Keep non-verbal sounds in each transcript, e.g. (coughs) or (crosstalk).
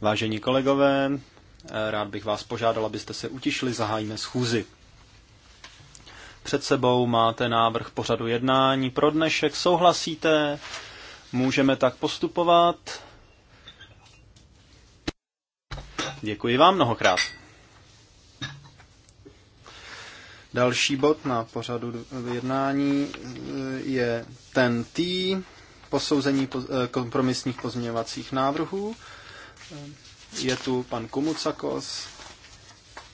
Vážení kolegové, eh, rád bych vás požádal, abyste se utišili, zahájíme schůzi. Před sebou máte návrh pořadu jednání pro dnešek, souhlasíte, můžeme tak postupovat. Děkuji vám mnohokrát. Další bod na pořadu jednání eh, je ten tý posouzení eh, kompromisních pozměňovacích návrhů. Eh, je tu pan Kumucakos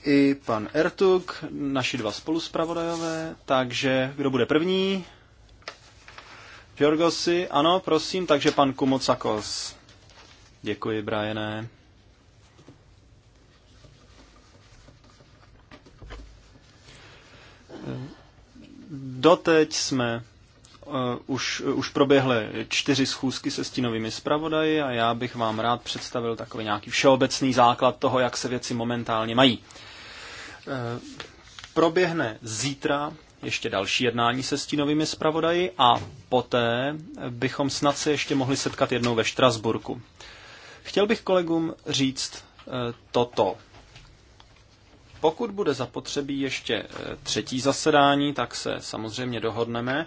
i pan Ertuk, naši dva spoluspravodajové, takže kdo bude první? Jorgosi, ano, prosím, takže pan Kumocakos. Děkuji, Brajené. Eh, doteď jsme Eh, už, eh, už proběhly čtyři schůzky se stínovými zpravodaji a já bych vám rád představil takový nějaký všeobecný základ toho, jak se věci momentálně mají. Eh, proběhne zítra ještě další jednání se stínovými zpravodaji a poté bychom snad se ještě mohli setkat jednou ve Štrasburku. Chtěl bych kolegům říct toto. Pokud bude zapotřebí ještě třetí zasedání, tak se samozřejmě dohodneme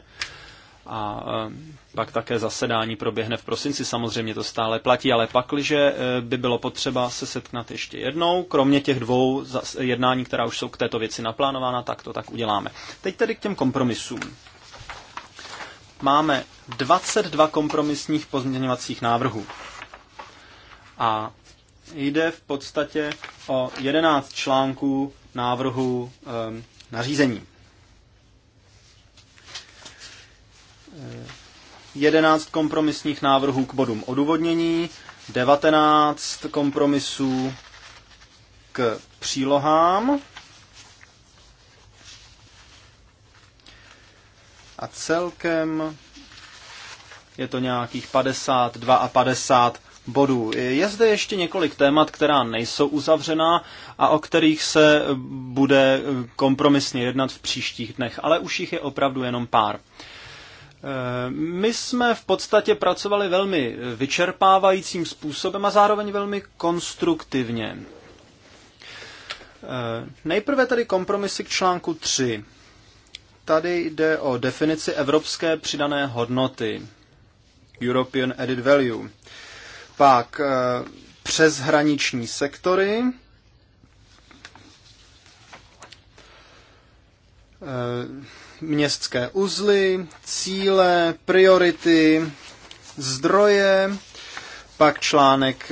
a e, pak také zasedání proběhne v prosinci, samozřejmě to stále platí, ale pakliže e, by bylo potřeba se setkat ještě jednou, kromě těch dvou jednání, která už jsou k této věci naplánována, tak to tak uděláme. Teď tedy k těm kompromisům. Máme 22 kompromisních pozměňovacích návrhů. A jde v podstatě o 11 článků návrhu e, nařízení. 11 kompromisních návrhů k bodům odůvodnění, 19 kompromisů k přílohám a celkem je to nějakých 52 a 50 bodů. Je zde ještě několik témat, která nejsou uzavřená a o kterých se bude kompromisně jednat v příštích dnech, ale už jich je opravdu jenom pár. Eh, my jsme v podstatě pracovali velmi vyčerpávajícím způsobem a zároveň velmi konstruktivně. Eh, nejprve tady kompromisy k článku 3. Tady jde o definici evropské přidané hodnoty. European Added Value. Pak eh, přeshraniční sektory. Uh, městské uzly, cíle, priority, zdroje, pak článek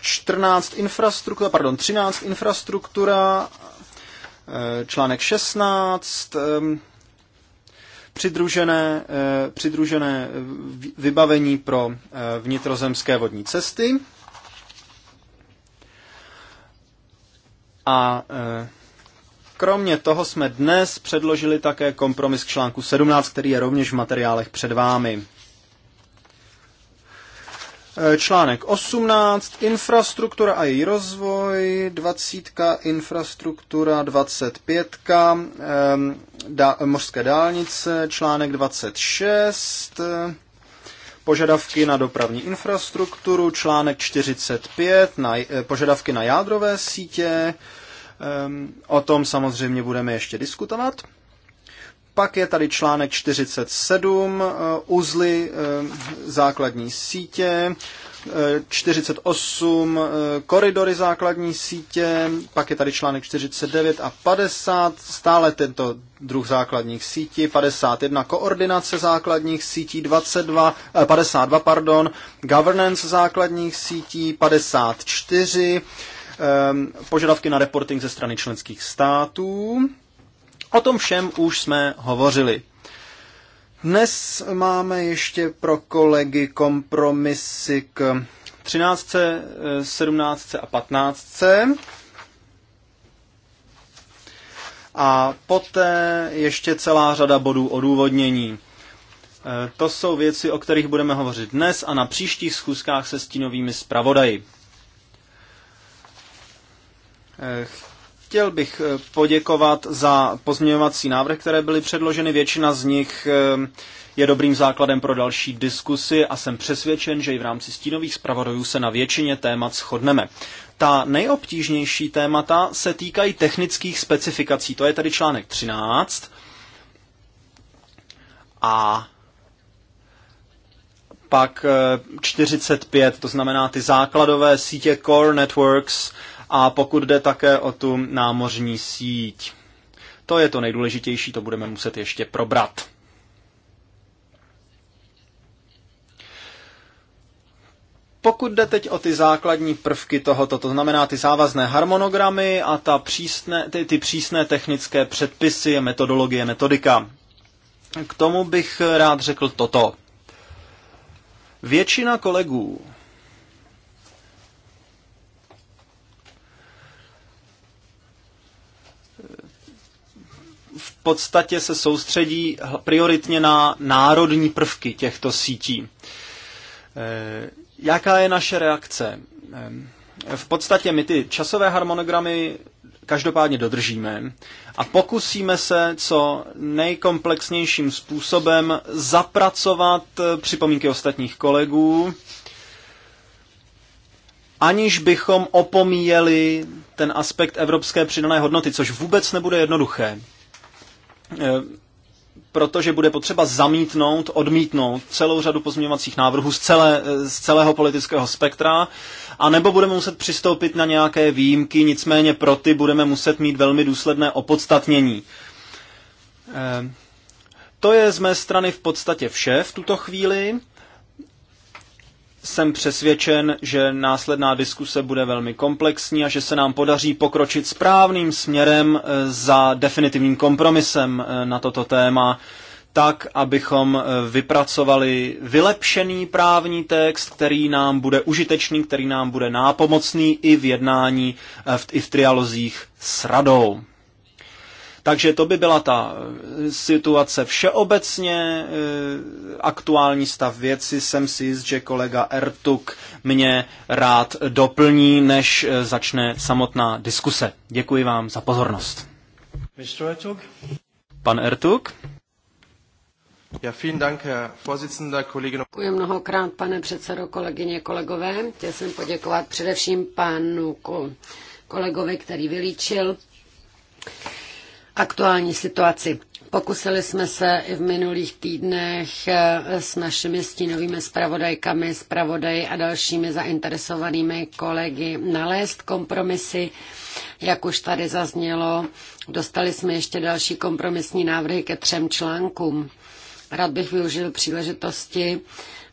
14 eh, infrastruktura, pardon, 13 infrastruktura, eh, článek 16, ehm, přidružené, eh, přidružené vybavení pro vnitrozemské vodní cesty a Kromě toho jsme dnes předložili také kompromis k článku 17, který je rovněž v materiálech před vámi. E, článek 18, infrastruktura a její rozvoj, 20, infrastruktura 25, mořské dálnice, článek 26, požadavky na dopravní infrastrukturu, článek 45, na, e, požadavky na jádrové sítě, Ehm, o tom samozřejmě budeme ještě diskutovat. Pak je tady článek 47, eh, uzly eh, základní sítě, 48 eh, koridory základní sítě, pak je tady článek 49 a 50, stále tento druh základních sítí, 51 koordinace základních sítí, 22, 52 pardon, governance základních sítí, 54 Ehm, požadavky na reporting ze strany členských států. O tom všem už jsme hovořili. Dnes máme ještě pro kolegy kompromisy k 13., 17. Eh, a 15. A poté ještě celá řada bodů odůvodnění. Eh, to jsou věci, o kterých budeme hovořit dnes a na příštích schůzkách se stínovými zpravodaji. Chtěl bych eh, poděkovat za pozměňovací návrh, které byly předloženy. Většina z nich eh, je dobrým základem pro další diskusy a jsem přesvědčen, že i v rámci stínových zpravodajů se na většině témat shodneme. Ta nejobtížnější témata se týkají technických specifikací. To je tady článek 13. A pak 45, eh, to znamená ty základové sítě Core Networks, a pokud jde také o tu námořní síť. To je to nejdůležitější, to budeme muset ještě probrat. Pokud jde teď o ty základní prvky tohoto, to znamená ty závazné harmonogramy a ta přísné, ty, ty přísné technické předpisy, metodologie, metodika, k tomu bych rád řekl toto. Většina kolegů podstatě se soustředí prioritně na národní prvky těchto sítí. E, jaká je naše reakce? E, v podstatě my ty časové harmonogramy každopádně dodržíme a pokusíme se co nejkomplexnějším způsobem zapracovat e, připomínky ostatních kolegů, aniž bychom opomíjeli ten aspekt evropské přidané hodnoty, což vůbec nebude jednoduché. Eh, protože bude potřeba zamítnout, odmítnout celou řadu pozměňovacích návrhů z, celé, eh, z celého politického spektra, a nebo budeme muset přistoupit na nějaké výjimky, nicméně pro ty budeme muset mít velmi důsledné opodstatnění. Eh, to je z mé strany v podstatě vše v tuto chvíli jsem přesvědčen, že následná diskuse bude velmi komplexní a že se nám podaří pokročit správným směrem eh, za definitivním kompromisem eh, na toto téma, tak, abychom eh, vypracovali vylepšený právní text, který nám bude užitečný, který nám bude nápomocný i v jednání, i v trialozích s radou. Takže to by byla ta eh, situace všeobecně. Eh, aktuální stav věci jsem si jist, že kolega Ertuk mě rád doplní, než eh, začne samotná diskuse. Děkuji vám za pozornost. Pan Ertuk. Ja, vielen Dank, Herr Děkuji mnohokrát, pane předsedo, kolegyně, kolegové. Chtěl jsem poděkovat především panu kolegovi, který vylíčil aktuální situaci. Pokusili jsme se i v minulých týdnech eh, s našimi stínovými zpravodajkami, zpravodaji a dalšími zainteresovanými kolegy nalézt kompromisy. Jak už tady zaznělo, dostali jsme ještě další kompromisní návrhy ke třem článkům. Rád bych využil příležitosti,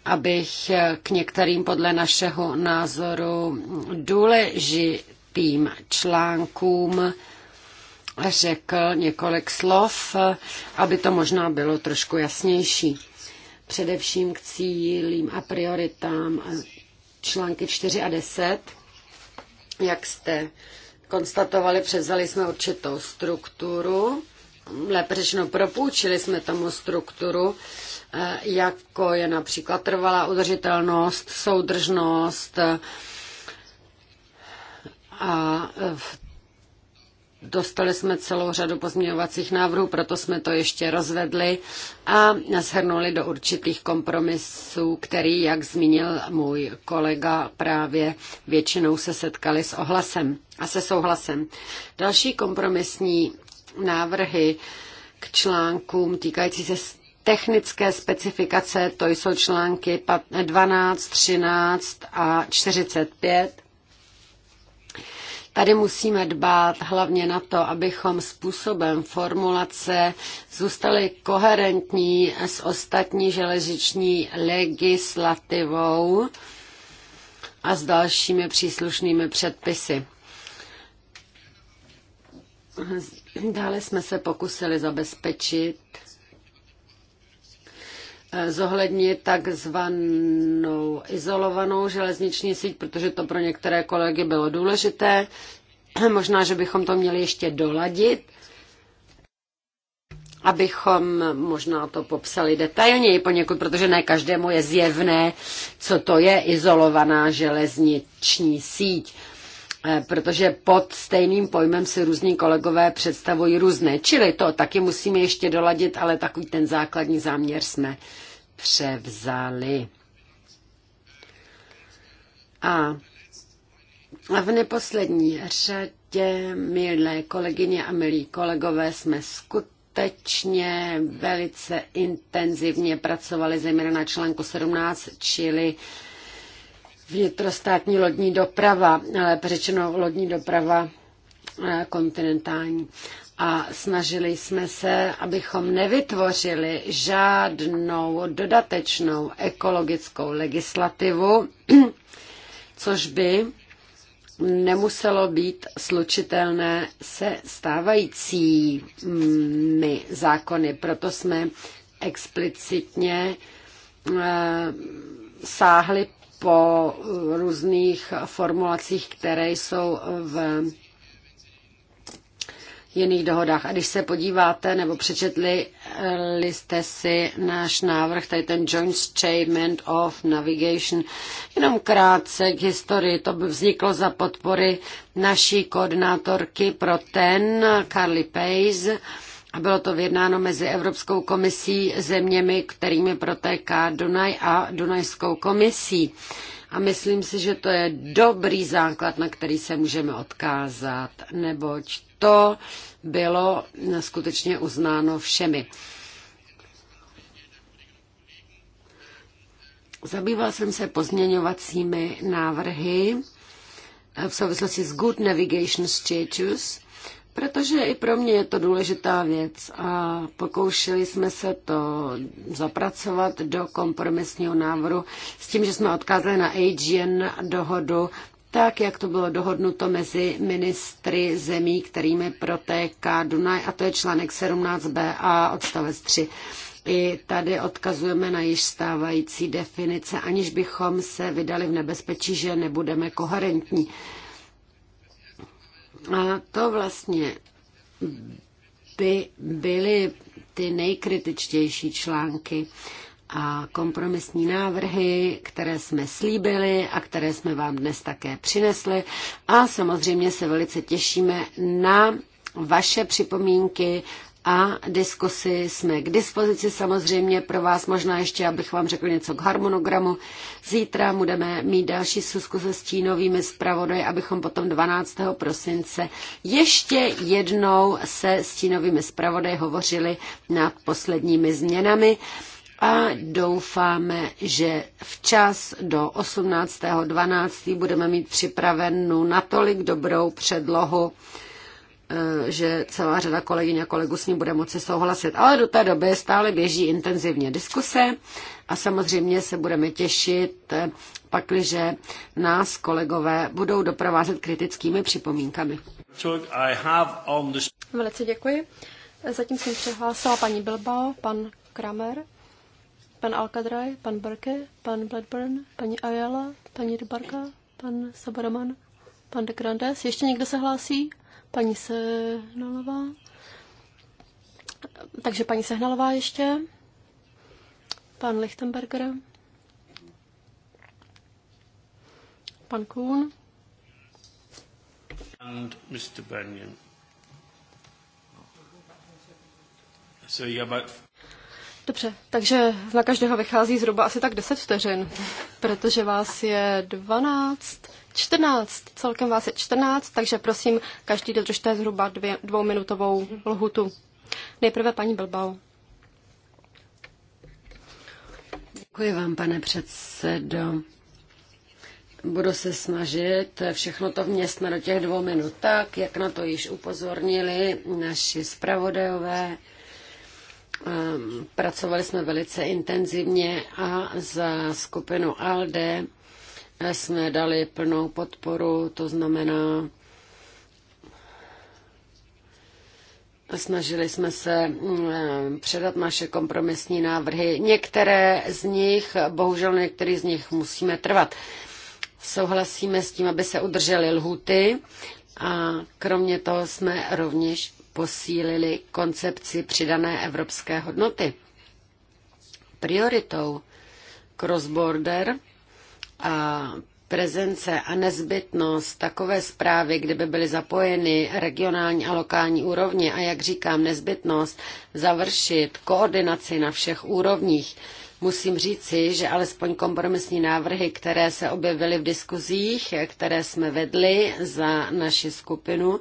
abych eh, k některým podle našeho názoru důležitým článkům řekl několik slov, aby to možná bylo trošku jasnější. Především k cílím a prioritám články 4 a 10. Jak jste konstatovali, převzali jsme určitou strukturu, lépe řečeno propůjčili jsme tomu strukturu, eh, jako je například trvalá udržitelnost, soudržnost, eh, a eh, Dostali jsme celou řadu pozměňovacích návrhů, proto jsme to ještě rozvedli a shrnuli do určitých kompromisů, který, jak zmínil můj kolega, právě většinou se setkali s ohlasem a se souhlasem. Další kompromisní návrhy k článkům týkající se technické specifikace, to jsou články 12, 13 a 45 Tady musíme dbát hlavně na to, abychom způsobem formulace zůstali koherentní s ostatní železniční legislativou a s dalšími příslušnými předpisy. Dále jsme se pokusili zabezpečit zohlednit takzvanou izolovanou železniční síť, protože to pro některé kolegy bylo důležité. (clears throat) Možná, že bychom to měli ještě doladit, abychom možná to popsali detailněji poněkud, protože ne každému je zjevné, co to je izolovaná železniční síť eh, protože pod stejným pojmem si různí kolegové představují různé. Čili to taky musíme ještě doladit, ale takový ten základní záměr jsme převzali. A v neposlední řadě, milé kolegyně a milí kolegové, jsme skutečně velice intenzivně pracovali, zejména na článku 17, čili vnitrostátní lodní doprava, ale řečeno lodní doprava eh, kontinentální a snažili jsme se, abychom nevytvořili žádnou dodatečnou ekologickou legislativu, (clears throat) což by nemuselo být slučitelné se stávajícími zákony. Proto jsme explicitně eh, sáhli po různých formulacích, které jsou v jiných dohodách. A když se podíváte nebo přečetli jste eh, si náš návrh, tady ten Joint Statement of Navigation, jenom krátce k historii, to by vzniklo za podpory naší koordinátorky pro ten, Carly Pace, a bylo to vyjednáno mezi Evropskou komisí, zeměmi, kterými protéká Dunaj a Dunajskou komisí. A myslím si, že to je dobrý základ, na který se můžeme odkázat, neboť to bylo skutečně uznáno všemi. Zabýval jsem se pozměňovacími návrhy v souvislosti s Good Navigation Status, protože i pro mě je to důležitá věc a pokoušeli jsme se to zapracovat do kompromisního návrhu s tím, že jsme odkázali na AGN dohodu tak, jak to bylo dohodnuto mezi ministry zemí, kterými protéká Dunaj, a to je článek 17b a odstavec 3. I tady odkazujeme na již stávající definice, aniž bychom se vydali v nebezpečí, že nebudeme koherentní. A to vlastně by byly ty nejkritičtější články a kompromisní návrhy, které jsme slíbili a které jsme vám dnes také přinesli. A samozřejmě se velice těšíme na vaše připomínky a diskusy jsme k dispozici samozřejmě pro vás. Možná ještě, abych vám řekl něco k harmonogramu. Zítra budeme mít další schůzku se stínovými zpravodaji, abychom potom 12. prosince ještě jednou se stínovými zpravodaji hovořili nad posledními změnami a doufáme, že včas do 18.12. budeme mít připravenou natolik dobrou předlohu, eh, že celá řada kolegyň a kolegů s ní bude moci souhlasit. Ale do té doby stále běží intenzivně diskuse a samozřejmě se budeme těšit, eh, pakliže nás kolegové budou doprovázet kritickými připomínkami. Velice děkuji. Zatím jsem přihlásila paní Bilbao, pan Kramer pan Alkadraj, pan Barke, pan Bladburn, paní Ayala, paní Rybarka, pan Sabaraman, pan de Grandes. Ještě někdo se hlásí? Paní Sehnalová. Takže paní Sehnalová ještě. Pan Lichtenberger. Pan Kuhn. And Mr. Benyon. So have about Dobře, takže na každého vychází zhruba asi tak 10 vteřin, protože vás je 12, 14, celkem vás je 14, takže prosím, každý dodržte zhruba dvě, dvouminutovou lhutu. Nejprve paní Bilbao. Děkuji vám, pane předsedo. Budu se snažit všechno to vměst na do těch dvou minut tak, jak na to již upozornili naši zpravodajové Ehm, pracovali jsme velice intenzivně a za skupinu ALD eh, jsme dali plnou podporu, to znamená, Snažili jsme se ehm, předat naše kompromisní návrhy. Některé z nich, bohužel některý z nich musíme trvat. Souhlasíme s tím, aby se udržely lhuty a kromě toho jsme rovněž posílili koncepci přidané evropské hodnoty. Prioritou cross-border a prezence a nezbytnost takové zprávy, kdyby byly zapojeny regionální a lokální úrovně a jak říkám, nezbytnost završit koordinaci na všech úrovních. Musím říci, že alespoň kompromisní návrhy, které se objevily v diskuzích, které jsme vedli za naši skupinu,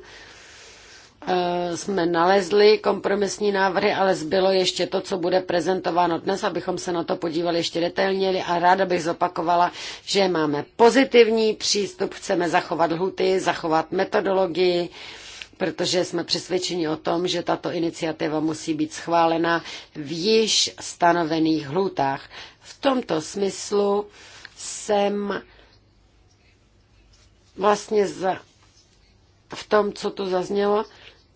Eh, jsme nalezli kompromisní návrhy, ale zbylo ještě to, co bude prezentováno dnes, abychom se na to podívali ještě detailně a ráda bych zopakovala, že máme pozitivní přístup, chceme zachovat lhuty, zachovat metodologii, protože jsme přesvědčeni o tom, že tato iniciativa musí být schválena v již stanovených hlutách. V tomto smyslu jsem vlastně za, v tom, co tu zaznělo,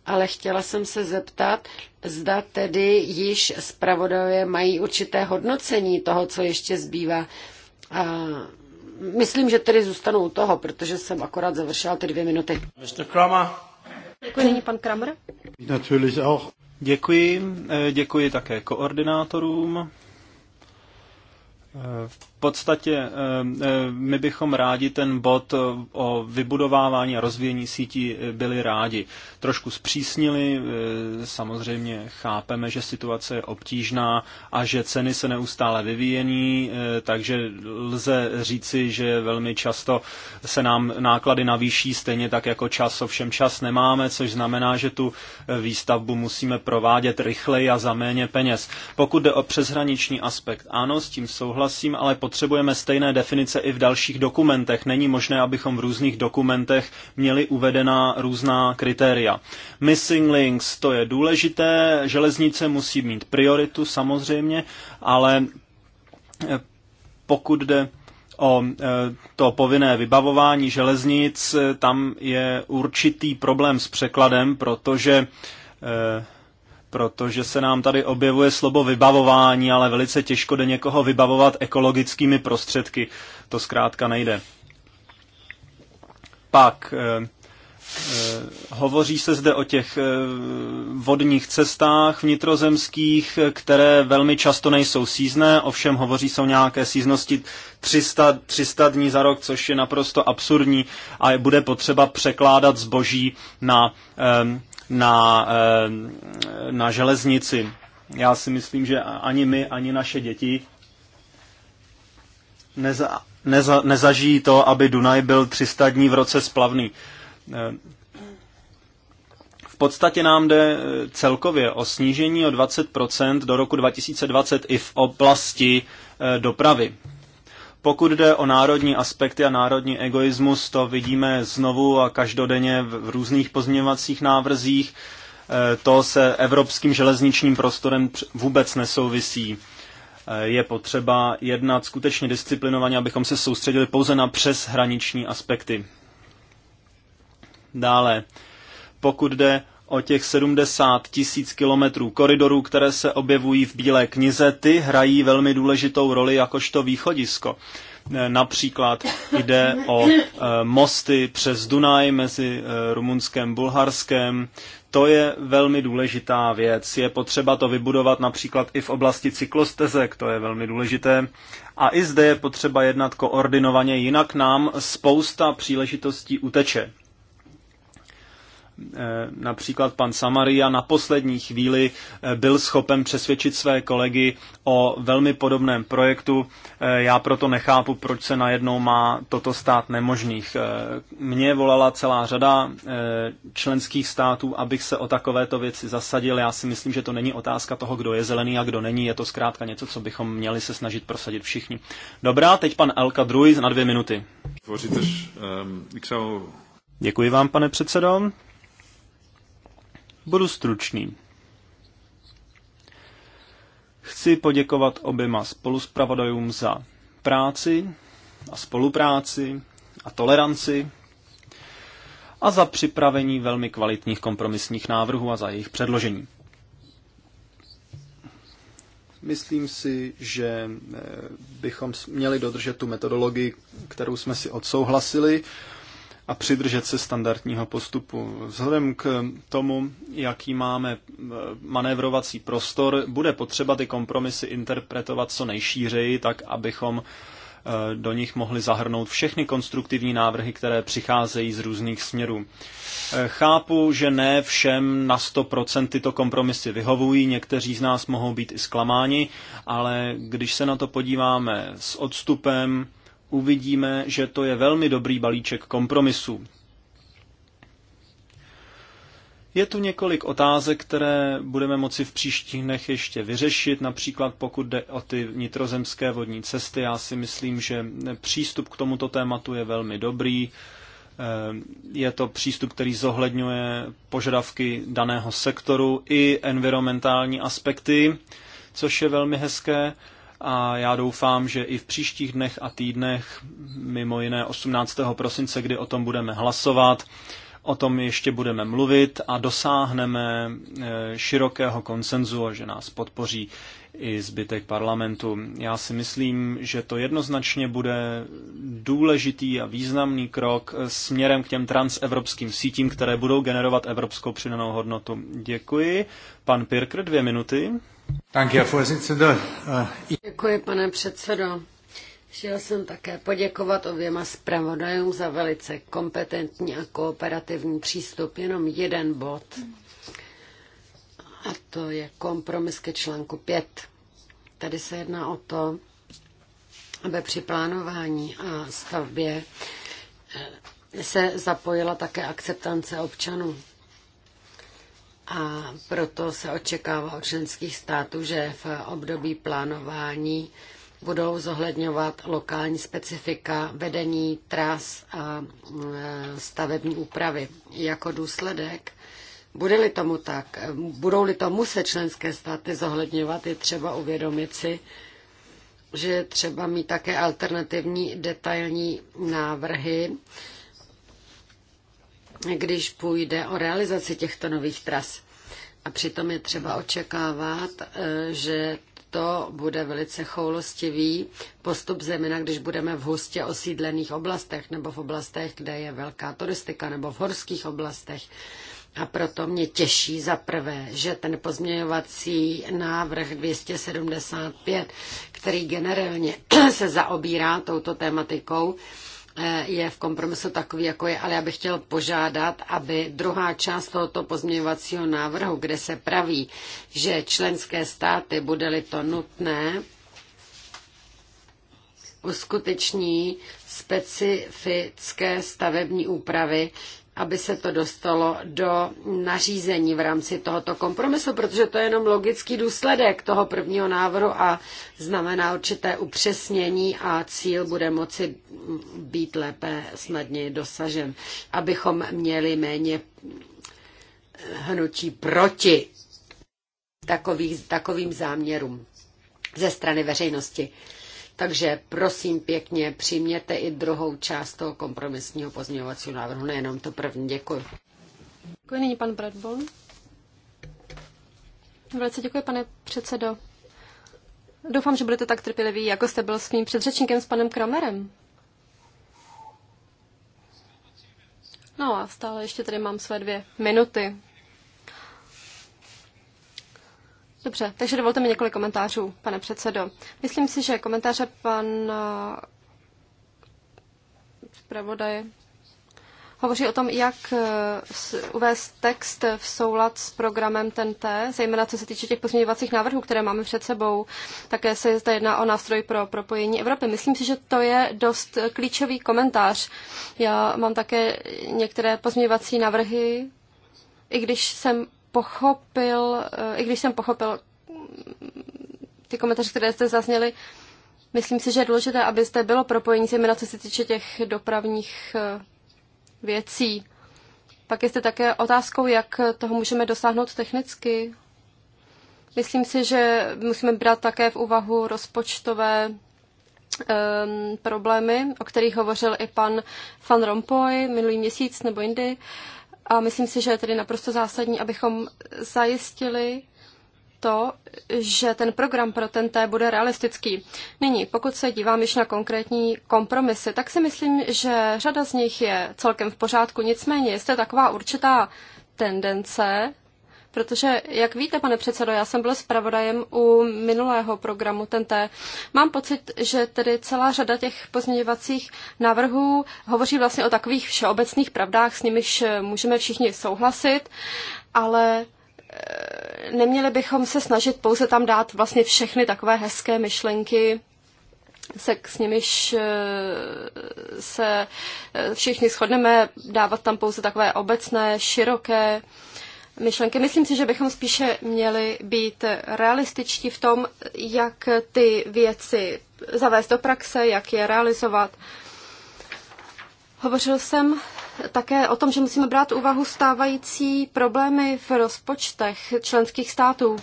ale chtěla jsem se zeptat, zda tedy již zpravodajové mají určité hodnocení toho, co ještě zbývá. A myslím, že tedy zůstanu u toho, protože jsem akorát završila ty dvě minuty. Mr. Kramer. Děkuji, není pan Kramer. Děkuji, eh, děkuji také koordinátorům. Eh, podstatě eh, eh, my bychom rádi ten bod eh, o vybudovávání a rozvíjení sítí byli rádi. Trošku zpřísnili, samozřejmě chápeme, že situace je obtížná a že ceny se neustále vyvíjení, takže lze říci, že velmi často se nám náklady navýší, stejně tak jako čas, ovšem čas nemáme, což znamená, že tu výstavbu musíme provádět rychleji a za méně peněz. Pokud jde o přeshraniční aspekt, ano, s tím souhlasím, ale pod potřebujeme stejné definice i v dalších dokumentech. Není možné, abychom v různých dokumentech měli uvedená různá kritéria. Missing links, to je důležité, železnice musí mít prioritu samozřejmě, ale eh, pokud jde o eh, to povinné vybavování železnic, eh, tam je určitý problém s překladem, protože protože se nám tady objevuje slovo vybavování, ale velice těžko jde někoho vybavovat ekologickými prostředky. To zkrátka nejde. Pak eh, eh, Hovoří se zde o těch eh, vodních cestách vnitrozemských, které velmi často nejsou sízné, ovšem hovoří se o nějaké síznosti 300, 300 dní za rok, což je naprosto absurdní a bude potřeba překládat zboží na um, na, eh, na železnici. Já si myslím, že ani my, ani naše děti neza, neza, nezažijí to, aby Dunaj byl 300 dní v roce splavný. Eh, v podstatě nám jde eh, celkově o snížení o 20% do roku 2020 i v oblasti dopravy. Pokud jde o národní aspekty a národní egoismus, to vidíme znovu a každodenně v různých pozměňovacích návrzích. E, to se evropským železničním prostorem vůbec nesouvisí. E, je potřeba jednat skutečně disciplinovaně, abychom se soustředili pouze na přeshraniční aspekty. Dále, pokud jde o těch 70 tisíc kilometrů koridorů, které se objevují v Bílé knize, ty hrají velmi důležitou roli jakožto východisko. E, například jde o e, mosty přes Dunaj mezi e, Rumunskem a Bulharskem. To je velmi důležitá věc. Je potřeba to vybudovat například i v oblasti cyklostezek, to je velmi důležité. A i zde je potřeba jednat koordinovaně, jinak nám spousta příležitostí uteče. Eh, například pan Samaria na poslední chvíli eh, byl schopen přesvědčit své kolegy o velmi podobném projektu. Eh, já proto nechápu, proč se najednou má toto stát nemožných. Mně volala celá řada členských států, abych se o takovéto věci zasadil. Já si myslím, že to není otázka toho, kdo je zelený a kdo není. Je to zkrátka něco, co bychom měli se snažit prosadit všichni. Dobrá, teď pan Elka Druiz na dvě minuty. Ehm, Děkuji vám, pane předsedo. Budu stručný. Chci poděkovat oběma spoluspravodajům za práci a spolupráci a toleranci a za připravení velmi kvalitních kompromisních návrhů a za jejich předložení. Myslím si, že eh, bychom měli dodržet tu metodologii, kterou jsme si odsouhlasili a přidržet se standardního postupu. Vzhledem k tomu, jaký máme eh, manévrovací prostor, bude potřeba ty kompromisy interpretovat co nejšířeji, tak abychom eh, do nich mohli zahrnout všechny konstruktivní návrhy, které přicházejí z různých směrů. Eh, chápu, že ne všem na 100% tyto kompromisy vyhovují, někteří z nás mohou být i zklamáni, ale když se na to podíváme s odstupem, uvidíme, že to je velmi dobrý balíček kompromisu. Je tu několik otázek, které budeme moci v příštích dnech ještě vyřešit, například pokud jde o ty nitrozemské vodní cesty. Já si myslím, že přístup k tomuto tématu je velmi dobrý. Eh, je to přístup, který zohledňuje požadavky daného sektoru i environmentální aspekty, což je velmi hezké a já doufám, že i v příštích dnech a týdnech, mimo jiné 18. prosince, kdy o tom budeme hlasovat, o tom ještě budeme mluvit a dosáhneme eh, širokého konsenzu a že nás podpoří i zbytek parlamentu. Já si myslím, že to jednoznačně bude důležitý a významný krok eh, směrem k těm transevropským sítím, které budou generovat evropskou přidanou hodnotu. Děkuji. Pan Pirker, dvě minuty. Danke, Herr Vorsitzender. Äh, Děkuji, pane předsedo. Chtěl jsem také poděkovat oběma zpravodajům za velice kompetentní a kooperativní přístup. Jenom jeden bod. A to je kompromis ke článku 5. Tady se jedná o to, aby při plánování a stavbě eh, se zapojila také akceptance občanů a proto se očekává od členských států, že v období plánování budou zohledňovat lokální specifika vedení tras a e, stavební úpravy. Jako důsledek, bude-li tomu tak, budou-li to muset členské státy zohledňovat, je třeba uvědomit si, že je třeba mít také alternativní detailní návrhy, když půjde o realizaci těchto nových tras. A přitom je třeba očekávat, eh, že to bude velice choulostivý postup, zemina, když budeme v hustě osídlených oblastech nebo v oblastech, kde je velká turistika nebo v horských oblastech. A proto mě těší za prvé, že ten pozměňovací návrh 275, který generálně (clears throat) se zaobírá touto tématikou, Eh, je v kompromisu takový, jako je, ale já bych chtěl požádat, aby druhá část tohoto pozměňovacího návrhu, kde se praví, že členské státy, bude-li to nutné, uskuteční specifické stavební úpravy, aby se to dostalo do nařízení v rámci tohoto kompromisu, protože to je jenom logický důsledek toho prvního návrhu a znamená určité upřesnění a cíl bude moci být lépe snadněji dosažen, abychom měli méně hnutí proti takových, takovým záměrům ze strany veřejnosti. Takže prosím pěkně, přijměte i druhou část toho kompromisního pozměňovacího návrhu, nejenom to první. Děkuji. Děkuji nyní pan Bradbon. Velice děkuji, pane předsedo. Doufám, že budete tak trpěliví, jako jste byl s mým předřečníkem s panem Kramerem. No a stále ještě tady mám své dvě minuty. Dobře, takže dovolte mi několik komentářů, pane předsedo. Myslím si, že komentáře pan eh, zpravodaj hovoří o tom, jak eh, uvést text v soulad s programem TNT, zejména co se týče těch pozměňovacích návrhů, které máme před sebou. Také se zde jedná o nástroj pro propojení Evropy. Myslím si, že to je dost klíčový komentář. Já mám také některé pozměňovací návrhy, i když jsem pochopil, eh, i když jsem pochopil ty komentáře, které jste zazněli, myslím si, že je důležité, abyste bylo propojení s co se týče těch dopravních eh, věcí. Pak jste také otázkou, jak toho můžeme dosáhnout technicky. Myslím si, že musíme brát také v úvahu rozpočtové um, problémy, o kterých hovořil i pan Van Rompuy minulý měsíc nebo jindy. Uh, a myslím si, že je tedy naprosto zásadní, abychom zajistili to, že ten program pro ten té bude realistický. Nyní, pokud se dívám již na konkrétní kompromisy, tak si myslím, že řada z nich je celkem v pořádku. Nicméně, jestli je taková určitá tendence, Protože, jak víte, pane předsedo, já jsem byl zpravodajem u minulého programu TNT. Mám pocit, že tedy celá řada těch pozměňovacích návrhů hovoří vlastně o takových všeobecných pravdách, s nimiž eh, můžeme všichni souhlasit, ale eh, neměli bychom se snažit pouze tam dát vlastně všechny takové hezké myšlenky, se s nimiž eh, se všichni shodneme, dávat tam pouze takové obecné, široké myšlenky. Myslím si, že bychom spíše měli být realističtí v tom, jak ty věci zavést do praxe, jak je realizovat. Hovořil jsem také o tom, že musíme brát úvahu stávající problémy v rozpočtech členských států.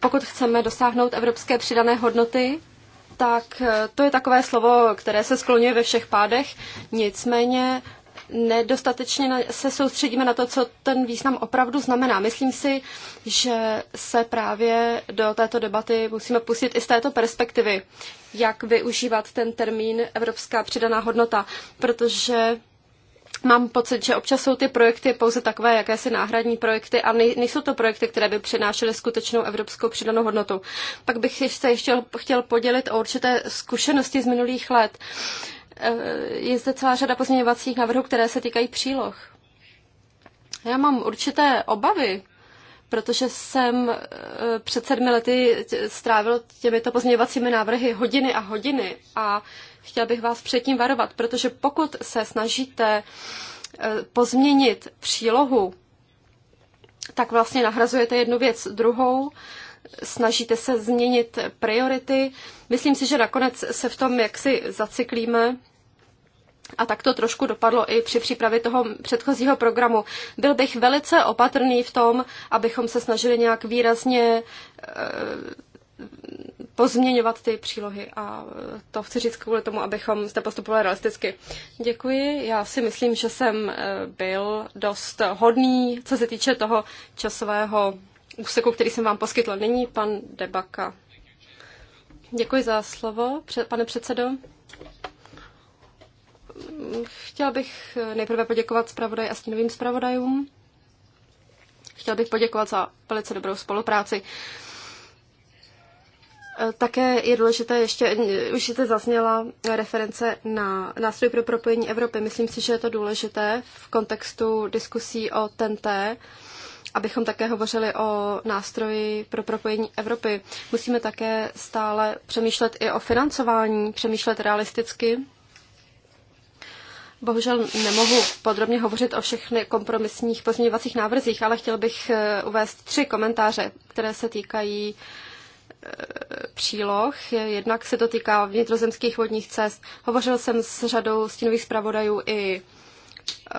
Pokud chceme dosáhnout evropské přidané hodnoty, tak to je takové slovo, které se skloňuje ve všech pádech. Nicméně nedostatečně se soustředíme na to, co ten význam opravdu znamená. Myslím si, že se právě do této debaty musíme pustit i z této perspektivy, jak využívat ten termín evropská přidaná hodnota, protože mám pocit, že občas jsou ty projekty pouze takové jakési náhradní projekty a nejsou to projekty, které by přinášely skutečnou evropskou přidanou hodnotu. Pak bych se ještě chtěl podělit o určité zkušenosti z minulých let. Uh, Eh, je zde celá řada pozměňovacích návrhů, které se týkají příloh. Já mám určité obavy, protože jsem eh, před sedmi lety strávil těmito pozměňovacími návrhy hodiny a hodiny a chtěl bych vás předtím varovat, protože pokud se snažíte eh, pozměnit přílohu, tak vlastně nahrazujete jednu věc druhou, snažíte se změnit priority. Myslím si, že nakonec se v tom jaksi zacyklíme a tak to trošku dopadlo i při přípravě toho předchozího programu. Byl bych velice opatrný v tom, abychom se snažili nějak výrazně eh, pozměňovat ty přílohy a eh, to chci říct kvůli tomu, abychom zde postupovali realisticky. Děkuji, já si myslím, že jsem eh, byl dost hodný, co se týče toho časového úseku, který jsem vám poskytl. Nyní pan Debaka. Děkuji za slovo, pane předsedo chtěla bych nejprve poděkovat zpravodaj a stínovým zpravodajům. Chtěla bych poděkovat za velice dobrou spolupráci. E, také je důležité, ještě, e, už jste zazněla reference na nástroj pro propojení Evropy. Myslím si, že je to důležité v kontextu diskusí o TNT, abychom také hovořili o nástroji pro propojení Evropy. Musíme také stále přemýšlet i o financování, přemýšlet realisticky Bohužel nemohu podrobně hovořit o všech kompromisních pozměňovacích návrzích, ale chtěl bych eh, uvést tři komentáře, které se týkají eh, příloh. Jednak se to týká vnitrozemských vodních cest. Hovořil jsem s řadou stínových zpravodajů i eh,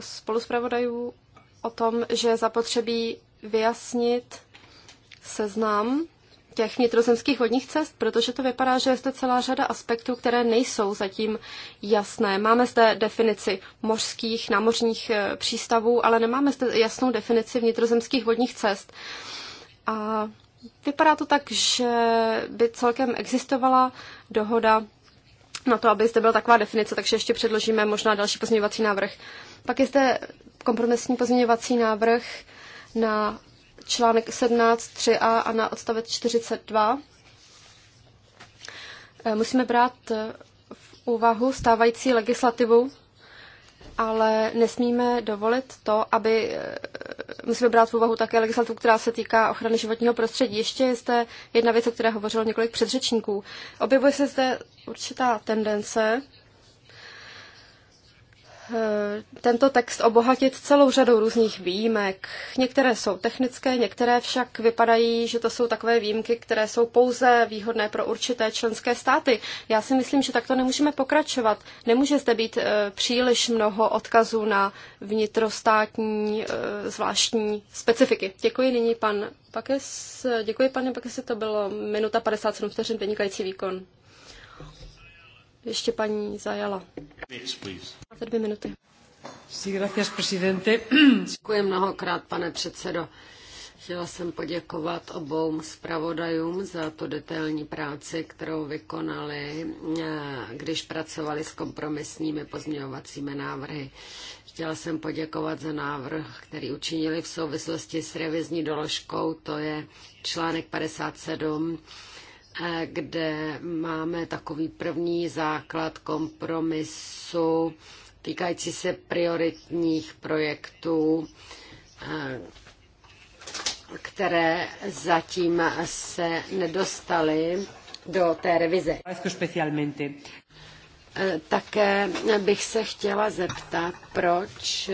spoluzpravodajů o tom, že zapotřebí vyjasnit seznam těch vnitrozemských vodních cest, protože to vypadá, že je zde celá řada aspektů, které nejsou zatím jasné. Máme zde definici mořských, námořních eh, přístavů, ale nemáme zde jasnou definici vnitrozemských vodních cest. A vypadá to tak, že by celkem existovala dohoda na to, aby zde byla taková definice, takže ještě předložíme možná další pozměňovací návrh. Pak je zde kompromisní pozměňovací návrh na článek 17, 3a a na odstavec 42. Eh, musíme brát eh, v úvahu stávající legislativu, ale nesmíme dovolit to, aby eh, musíme brát v úvahu také legislativu, která se týká ochrany životního prostředí. Ještě je zde jedna věc, o které hovořilo několik předřečníků. Objevuje se zde určitá tendence Eh, tento text obohatit celou řadou různých výjimek. Některé jsou technické, některé však vypadají, že to jsou takové výjimky, které jsou pouze výhodné pro určité členské státy. Já si myslím, že takto nemůžeme pokračovat. Nemůže zde být eh, příliš mnoho odkazů na vnitrostátní eh, zvláštní specifiky. Děkuji nyní pan Pakes. Děkuji pane Pakesi, to bylo minuta 57 vteřin, vynikající výkon. Ještě paní Zajala. Yes, za dvě minuty. Děkuji mnohokrát, pane předsedo. Chtěla jsem poděkovat obou zpravodajům za tu detailní práci, kterou vykonali, eh, když pracovali s kompromisními pozměňovacími návrhy. Chtěla jsem poděkovat za návrh, který učinili v souvislosti s revizní doložkou, to je článek 57 eh, kde máme takový první základ kompromisu týkající se prioritních projektů, eh, které zatím se nedostaly do té revize. Eh, také bych se chtěla zeptat, proč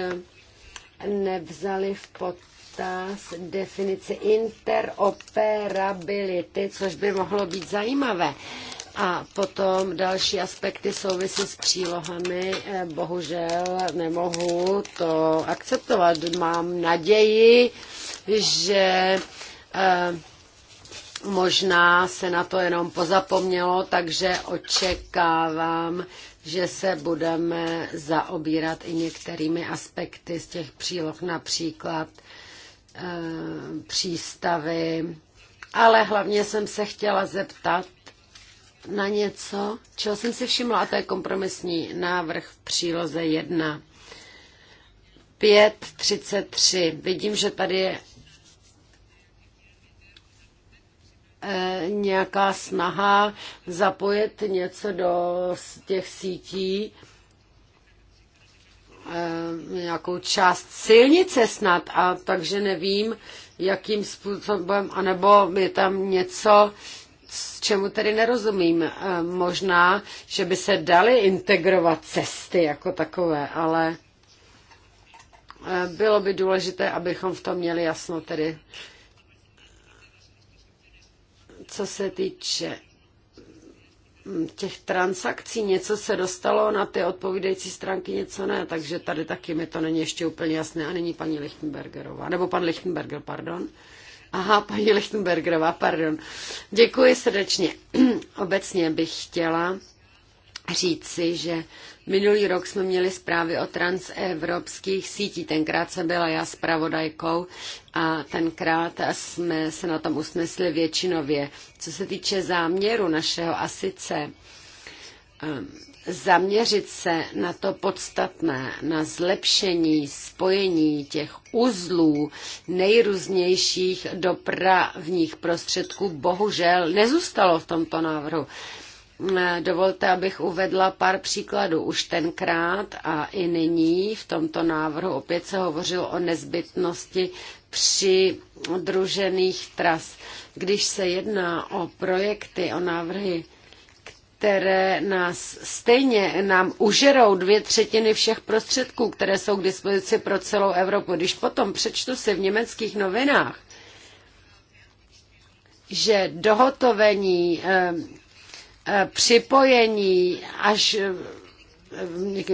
nevzali v potaz definici interoperability, což by mohlo být zajímavé a potom další aspekty souvisí s přílohami. Eh, bohužel nemohu to akceptovat. Mám naději, že eh, možná se na to jenom pozapomnělo, takže očekávám, že se budeme zaobírat i některými aspekty z těch příloh, například eh, přístavy. Ale hlavně jsem se chtěla zeptat, na něco, čeho jsem si všimla, a to je kompromisní návrh v příloze 1. 5.33. Vidím, že tady je e, nějaká snaha zapojit něco do těch sítí, e, nějakou část silnice snad, a takže nevím, jakým způsobem, anebo je tam něco, čemu tedy nerozumím. E, možná, že by se daly integrovat cesty jako takové, ale e, bylo by důležité, abychom v tom měli jasno tedy. Co se týče mm, těch transakcí, něco se dostalo na ty odpovídající stránky, něco ne, takže tady taky mi to není ještě úplně jasné. A není paní Lichtenbergerová, nebo pan Lichtenberger, pardon. Uh, Aha, paní Lichtenbergerová, pardon. Děkuji srdečně. (clears throat) Obecně bych chtěla říci, že minulý rok jsme měli zprávy o transevropských sítí. Tenkrát jsem byla já zpravodajkou a tenkrát jsme se na tom usnesli většinově. Co se týče záměru našeho a sice um, zaměřit se na to podstatné, na zlepšení spojení těch uzlů nejrůznějších dopravních prostředků, bohužel nezůstalo v tomto návrhu. Dovolte, abych uvedla pár příkladů. Už tenkrát a i nyní v tomto návrhu opět se hovořilo o nezbytnosti při družených tras. Když se jedná o projekty, o návrhy, které nás stejně nám užerou dvě třetiny všech prostředků, které jsou k dispozici pro celou Evropu. Když potom přečtu si v německých novinách, že dohotovení, eh, eh, připojení až eh,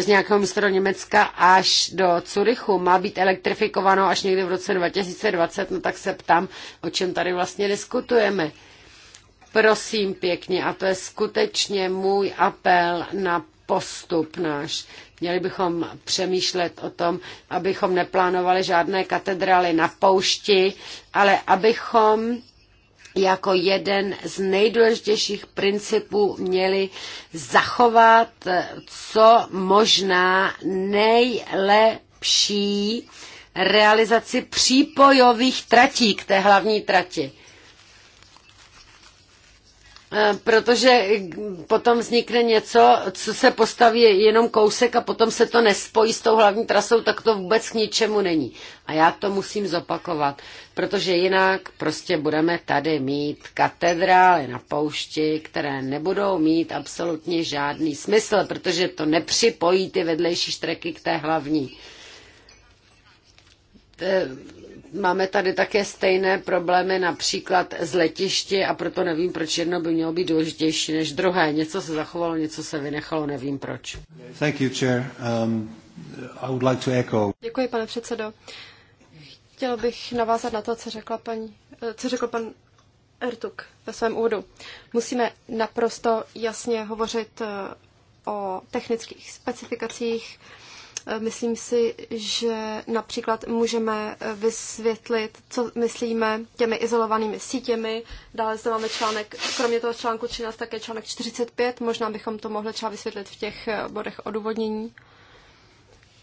z nějakého místa do Německa až do Curychu má být elektrifikováno až někdy v roce 2020, no tak se ptám, o čem tady vlastně diskutujeme. Prosím pěkně, a to je skutečně můj apel na postup náš. Měli bychom přemýšlet o tom, abychom neplánovali žádné katedrály na poušti, ale abychom jako jeden z nejdůležitějších principů měli zachovat co možná nejlepší realizaci přípojových tratí k té hlavní trati. Eh, protože potom vznikne něco, co se postaví jenom kousek a potom se to nespojí s tou hlavní trasou, tak to vůbec k ničemu není. A já to musím zopakovat, protože jinak prostě budeme tady mít katedrály na poušti, které nebudou mít absolutně žádný smysl, protože to nepřipojí ty vedlejší štreky k té hlavní eh, Máme tady také stejné problémy například z letiště a proto nevím, proč jedno by mělo být důležitější než druhé. Něco se zachovalo, něco se vynechalo, nevím proč. Thank you, chair. Um, I would like to echo. Děkuji, pane předsedo. Chtěl bych navázat na to, co, řekla paní, co řekl pan Ertuk ve svém úvodu. Musíme naprosto jasně hovořit eh, o technických specifikacích, Myslím si, že například můžeme vysvětlit, co myslíme těmi izolovanými sítěmi. Dále zde máme článek, kromě toho článku 13, také článek 45. Možná bychom to mohli třeba vysvětlit v těch eh, bodech odůvodnění.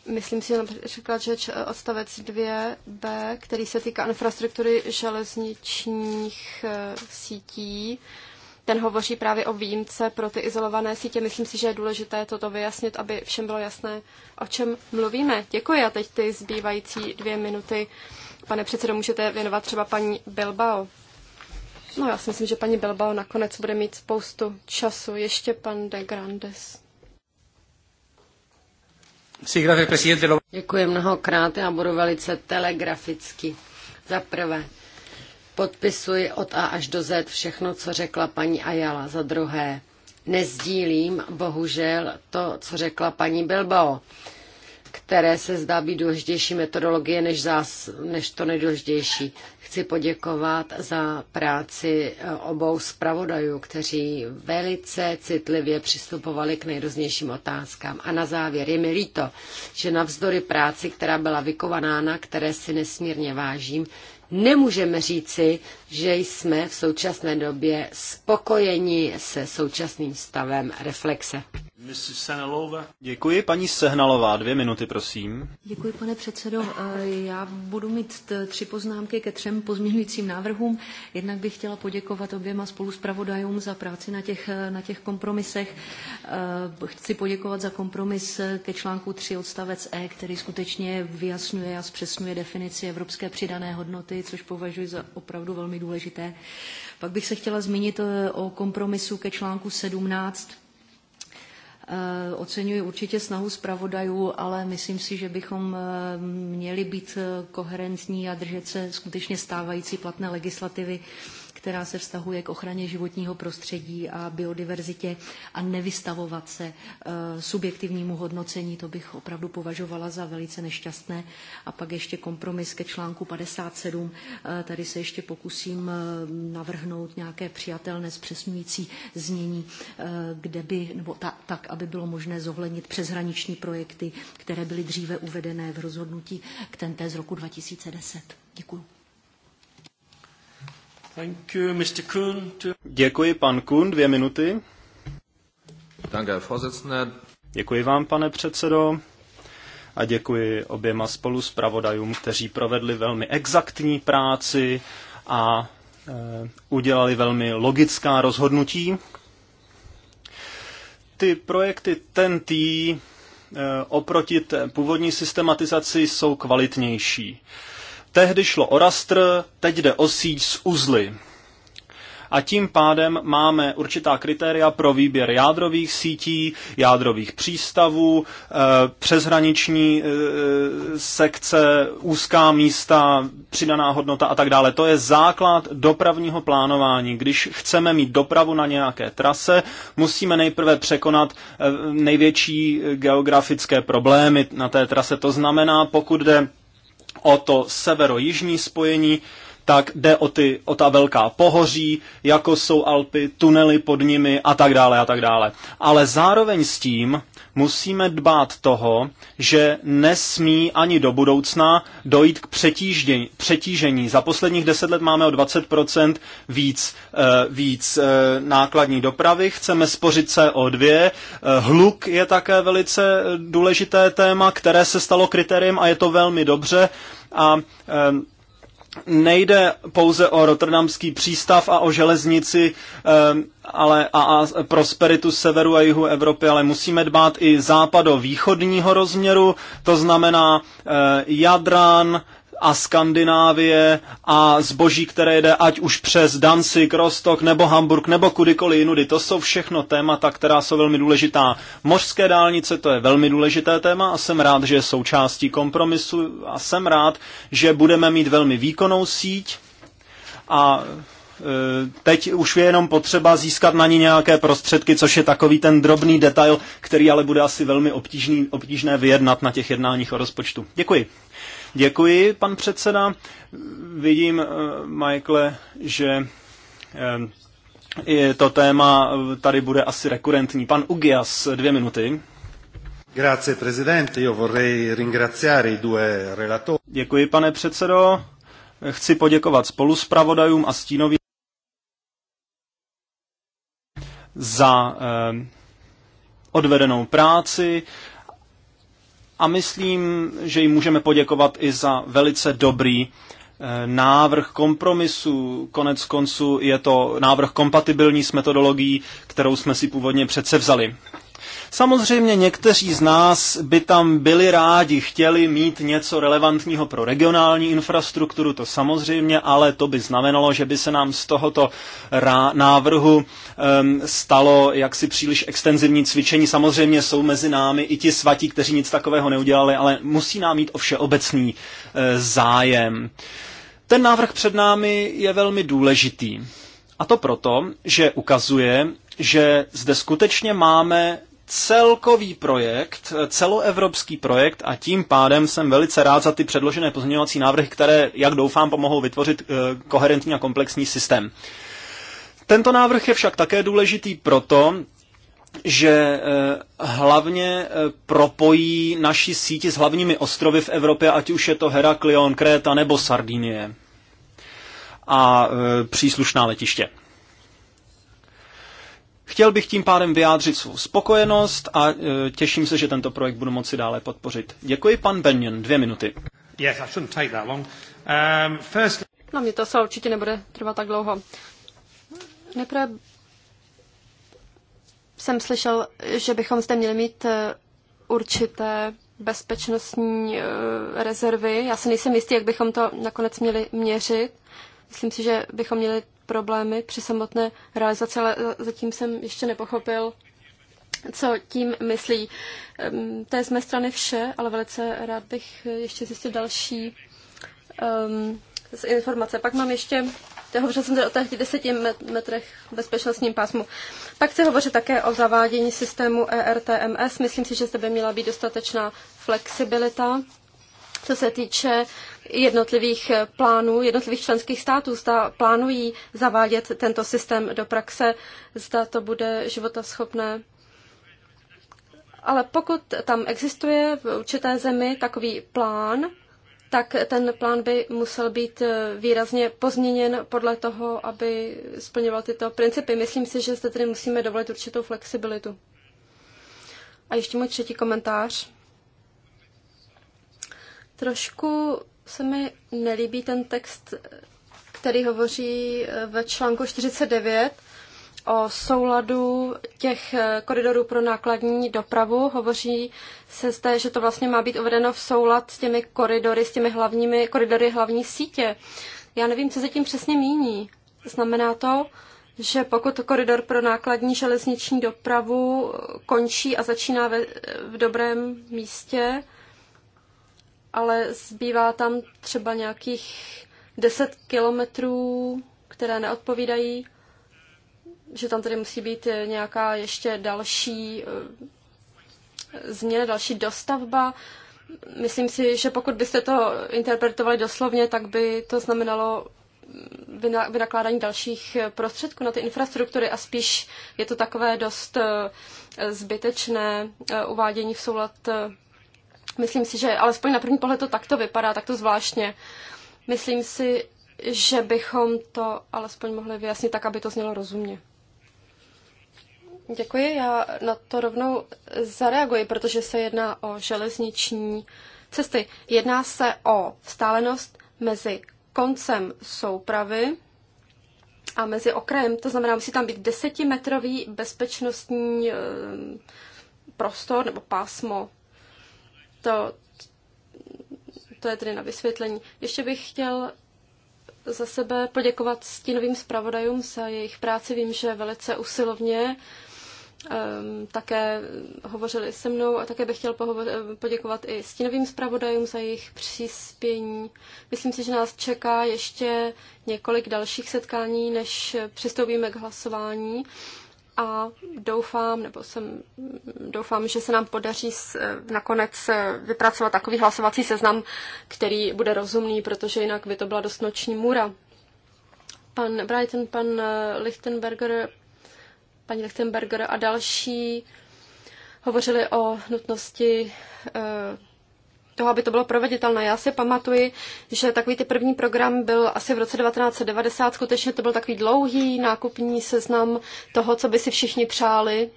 Myslím si že například, že odstavec 2b, který se týká infrastruktury železničních eh, sítí, ten hovoří právě o výjimce pro ty izolované sítě. Myslím si, že je důležité toto vyjasnit, aby všem bylo jasné, o čem mluvíme. Děkuji a teď ty zbývající dvě minuty, pane předsedo, můžete věnovat třeba paní Bilbao. No já si myslím, že paní Bilbao nakonec bude mít spoustu času. Ještě pan de Grandes. Děkuji mnohokrát, já budu velice telegraficky. Za prvé, Podpisuji od A až do Z všechno, co řekla paní Ajala. Za druhé, nezdílím bohužel to, co řekla paní Bilbao, které se zdá být důležitější metodologie než, zás, než to nejdůležitější. Chci poděkovat za práci eh, obou zpravodajů, kteří velice citlivě přistupovali k nejrůznějším otázkám. A na závěr je mi líto, že navzdory práci, která byla na které si nesmírně vážím, nemůžeme říci, že jsme v současné době spokojeni se současným stavem reflexe. Děkuji, paní Sehnalová. Dvě minuty, prosím. Děkuji, pane předsedo. Eh, já budu mít tři poznámky ke třem pozměňujícím návrhům. Jednak bych chtěla poděkovat oběma spoluspravodajům za práci na těch, eh, na těch kompromisech. Eh, chci poděkovat za kompromis ke článku 3 odstavec E, který skutečně vyjasňuje a zpřesňuje definici evropské přidané hodnoty, což považuji za opravdu velmi důležité. Pak bych se chtěla zmínit o kompromisu ke článku 17 Eh, oceňuji určitě snahu zpravodajů, ale myslím si, že bychom eh, měli být eh, koherentní a držet se skutečně stávající platné legislativy která se vztahuje k ochraně životního prostředí a biodiverzitě a nevystavovat se eh, subjektivnímu hodnocení, to bych opravdu považovala za velice nešťastné. A pak ještě kompromis ke článku 57. Eh, tady se ještě pokusím eh, navrhnout nějaké přijatelné zpřesňující znění, kde by, nebo ta, tak, aby bylo možné zohlednit přeshraniční projekty, které byly dříve uvedené v rozhodnutí k TNT z roku 2010. Děkuji. Thank you, Mr. Kuhn. Děkuji, pan Kuhn, dvě minuty. Děkuji vám, pane předsedo, a děkuji oběma spolu zpravodajům, kteří provedli velmi exaktní práci a e, udělali velmi logická rozhodnutí. Ty projekty TNT e, eh, oproti té původní systematizaci jsou kvalitnější. E, Tehdy šlo o rastr, teď jde o síť s uzly. A tím pádem máme určitá kritéria pro výběr jádrových sítí, jádrových přístavů, eh, přeshraniční eh, sekce, úzká místa, přidaná hodnota a tak dále. To je základ dopravního plánování. Když chceme mít dopravu na nějaké trase, musíme nejprve překonat eh, největší geografické problémy na té trase. To znamená, pokud jde o to severo-jižní spojení, tak jde o, ty, o ta velká pohoří, jako jsou Alpy, tunely pod nimi a tak dále a tak dále. Ale zároveň s tím musíme dbát toho, že nesmí ani do budoucna dojít k přetížení. přetížení. Za posledních deset let máme o 20% víc, eh, víc eh, nákladní dopravy, chceme spořit CO2, eh, hluk je také velice důležité téma, které se stalo kritériem a je to velmi dobře a nejde pouze o rotterdamský přístav a o železnici ehm, ale, a, a prosperitu severu a jihu Evropy, ale musíme dbát i západo-východního rozměru, to znamená eh, Jadran, a Skandinávie a zboží, které jde ať už přes Danzig, Rostock nebo Hamburg nebo kudykoliv jinudy. To jsou všechno témata, která jsou velmi důležitá. Mořské dálnice to je velmi důležité téma a jsem rád, že je součástí kompromisu a jsem rád, že budeme mít velmi výkonnou síť a e, teď už je jenom potřeba získat na ní nějaké prostředky, což je takový ten drobný detail, který ale bude asi velmi obtížný, obtížné vyjednat na těch jednáních o rozpočtu. Děkuji. Děkuji, pan předseda. Vidím, eh, Michael, že eh, to téma tady bude asi rekurentní. Pan Ugias, dvě minuty. Grazie, presidente. Io vorrei ringraziare i due relatori. Děkuji, pane předsedo. Chci poděkovat spoluspravodajům a stínovým za eh, odvedenou práci. Eh, a myslím, že jim můžeme poděkovat i za velice dobrý eh, návrh kompromisu. Konec konců je to návrh kompatibilní s metodologií, kterou jsme si původně přece vzali. Samozřejmě někteří z nás by tam byli rádi, chtěli mít něco relevantního pro regionální infrastrukturu, to samozřejmě, ale to by znamenalo, že by se nám z tohoto návrhu um, stalo jaksi příliš extenzivní cvičení. Samozřejmě jsou mezi námi i ti svatí, kteří nic takového neudělali, ale musí nám mít o všeobecný uh, zájem. Ten návrh před námi je velmi důležitý. A to proto, že ukazuje, že zde skutečně máme celkový projekt, celoevropský projekt a tím pádem jsem velice rád za ty předložené pozměňovací návrhy, které, jak doufám, pomohou vytvořit eh, koherentní a komplexní systém. Tento návrh je však také důležitý proto, že eh, hlavně eh, propojí naši síti s hlavními ostrovy v Evropě, ať už je to Heraklion, Kréta nebo Sardinie a příslušná letiště. Chtěl bych tím pádem vyjádřit svou spokojenost a e, těším se, že tento projekt budu moci dále podpořit. Děkuji, pan Benjen. Dvě minuty. Yes, I shouldn't take that long. Um, first... No, mě to se určitě nebude trvat tak dlouho. Nejprve jsem slyšel, že bychom zde měli mít e, určité bezpečnostní e, rezervy. Já si nejsem jistý, jak bychom to nakonec měli měřit. Myslím si, že bychom měli problémy při samotné realizaci, ale eh, zatím jsem ještě nepochopil, co tím myslí. Ehm, to je z mé strany vše, ale velice rád bych eh, ještě zjistil další um, z informace. Pak mám ještě, hovořil jsem o těch 10 metrech bezpečnostním pásmu. Pak chci hovořit také o zavádění systému ERTMS. Myslím si, že zde by měla být dostatečná flexibilita, co se týče jednotlivých plánů jednotlivých členských států. Zda plánují zavádět tento systém do praxe, zda to bude životaschopné. Ale pokud tam existuje v určité zemi takový plán, tak ten plán by musel být eh, výrazně pozměněn podle toho, aby splňoval tyto principy. Myslím si, že zde tedy musíme dovolit určitou flexibilitu. A ještě můj třetí komentář. Trošku se mi nelíbí ten text, který hovoří eh, ve článku 49 o souladu těch eh, koridorů pro nákladní dopravu. Hovoří se zde, že to vlastně má být uvedeno v soulad s těmi koridory, s těmi hlavními koridory hlavní sítě. Já nevím, co se tím přesně míní. Znamená to, že pokud koridor pro nákladní železniční dopravu končí a začíná ve, v dobrém místě, ale zbývá tam třeba nějakých 10 kilometrů, které neodpovídají, že tam tedy musí být nějaká ještě další eh, změna, další dostavba. Myslím si, že pokud byste to interpretovali doslovně, tak by to znamenalo mm, vynakládání dalších prostředků na ty infrastruktury a spíš je to takové dost eh, zbytečné eh, uvádění v soulad Myslím si, že alespoň na první pohled to takto vypadá, takto zvláštně. Myslím si, že bychom to alespoň mohli vyjasnit tak, aby to znělo rozumně. Děkuji, já na to rovnou zareaguji, protože se jedná o železniční cesty. Jedná se o vstálenost mezi koncem soupravy a mezi okrajem, to znamená, musí tam být desetimetrový bezpečnostní eh, prostor nebo pásmo to, to je tedy na vysvětlení. Ještě bych chtěl za sebe poděkovat stínovým zpravodajům za jejich práci. Vím, že velice usilovně um, také hovořili se mnou a také bych chtěl eh, poděkovat i stínovým zpravodajům za jejich přispění. Myslím si, že nás čeká ještě několik dalších setkání, než přistoupíme k hlasování a doufám, nebo jsem, doufám, že se nám podaří nakonec vypracovat takový hlasovací seznam, který bude rozumný, protože jinak by to byla dost noční můra. Pan Brighton, pan Lichtenberger, paní Lichtenberger a další hovořili o nutnosti eh, toho, aby to bylo proveditelné. Já si pamatuji, že takový ty první program byl asi v roce 1990, skutečně to byl takový dlouhý nákupní seznam toho, co by si všichni přáli.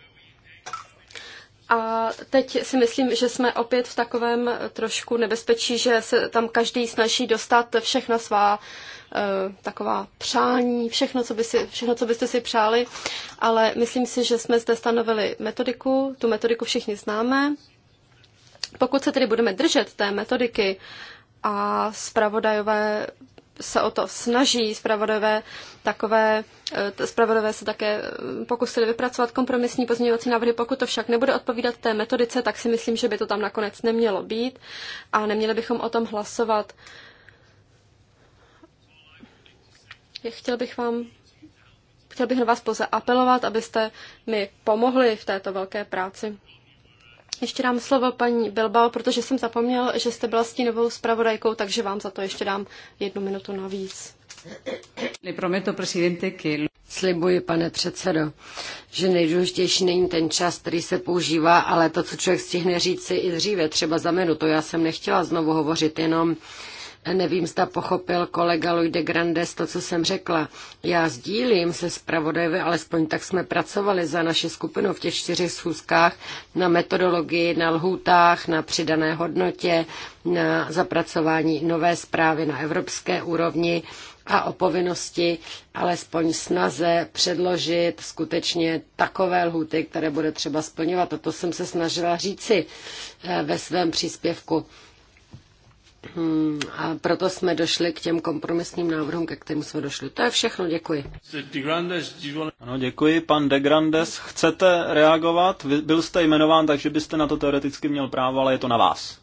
A teď si myslím, že jsme opět v takovém eh, trošku nebezpečí, že se tam každý snaží dostat všechna svá eh, taková přání, všechno co, by si, všechno, co byste si přáli, ale myslím si, že jsme zde stanovili metodiku, tu metodiku všichni známe, pokud se tedy budeme držet té metodiky a zpravodajové se o to snaží, zpravodajové, takové, eh, zpravodajové se také eh, pokusili vypracovat kompromisní pozměňovací návrhy. Pokud to však nebude odpovídat té metodice, tak si myslím, že by to tam nakonec nemělo být a neměli bychom o tom hlasovat. Chtěl bych vám chtěl bych na vás pouze apelovat, abyste mi pomohli v této velké práci ještě dám slovo paní Bilbao, protože jsem zapomněl, že jste byla stínovou zpravodajkou, takže vám za to ještě dám jednu minutu navíc. Slibuji, pane předsedo, že nejdůležitější není ten čas, který se používá, ale to, co člověk stihne říct si i dříve, třeba za minutu. Já jsem nechtěla znovu hovořit, jenom Nevím, zda pochopil kolega Lloyd de Grandes to, co jsem řekla. Já sdílím se zpravodajové, alespoň tak jsme pracovali za naši skupinu v těch čtyřech schůzkách na metodologii, na lhůtách, na přidané hodnotě, na zapracování nové zprávy na evropské úrovni a o povinnosti alespoň snaze předložit skutečně takové lhuty, které bude třeba splňovat. A to jsem se snažila říci eh, ve svém příspěvku. Hmm, a proto jsme došli k těm kompromisním návrhům, ke kterým jsme došli. To je všechno, děkuji. Ano, děkuji. Pan De Grandes, chcete reagovat? Vy, byl jste jmenován, takže byste na to teoreticky měl právo, ale je to na vás.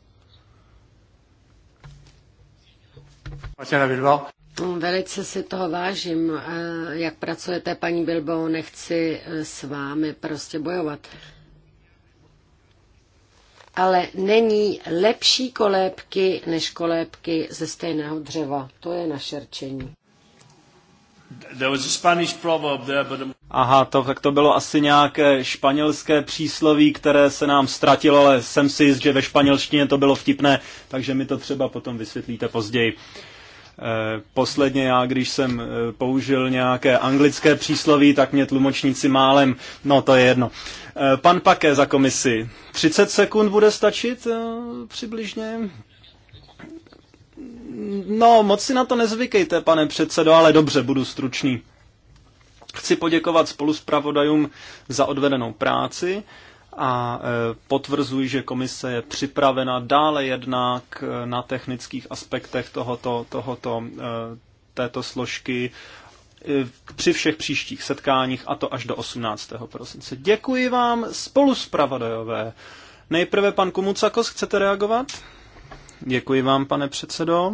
Hmm, velice si toho vážím, eh, jak pracujete, paní Bilbo, nechci eh, s vámi prostě bojovat ale není lepší kolébky než kolébky ze stejného dřeva. To je našerčení. Um, Aha, to, tak to bylo asi nějaké španělské přísloví, které se nám ztratilo, ale jsem si jist, že ve španělštině to bylo vtipné, takže mi to třeba potom vysvětlíte později. Eh, posledně já, když jsem eh, použil nějaké anglické přísloví, tak mě tlumočníci málem, no to je jedno. Eh, pan Paké za komisi. 30 sekund bude stačit přibližně? No, moc si na to nezvykejte, pane předsedo, ale dobře, budu stručný. Chci poděkovat spoluspravodajům za odvedenou práci a e, potvrzuji, že komise je připravena dále jednak e, na technických aspektech tohoto, tohoto, e, této složky při všech příštích setkáních, a to až do 18. prosince. Děkuji vám spolu zpravodajové. Nejprve pan Kumucakos, chcete reagovat? Děkuji vám, pane předsedo.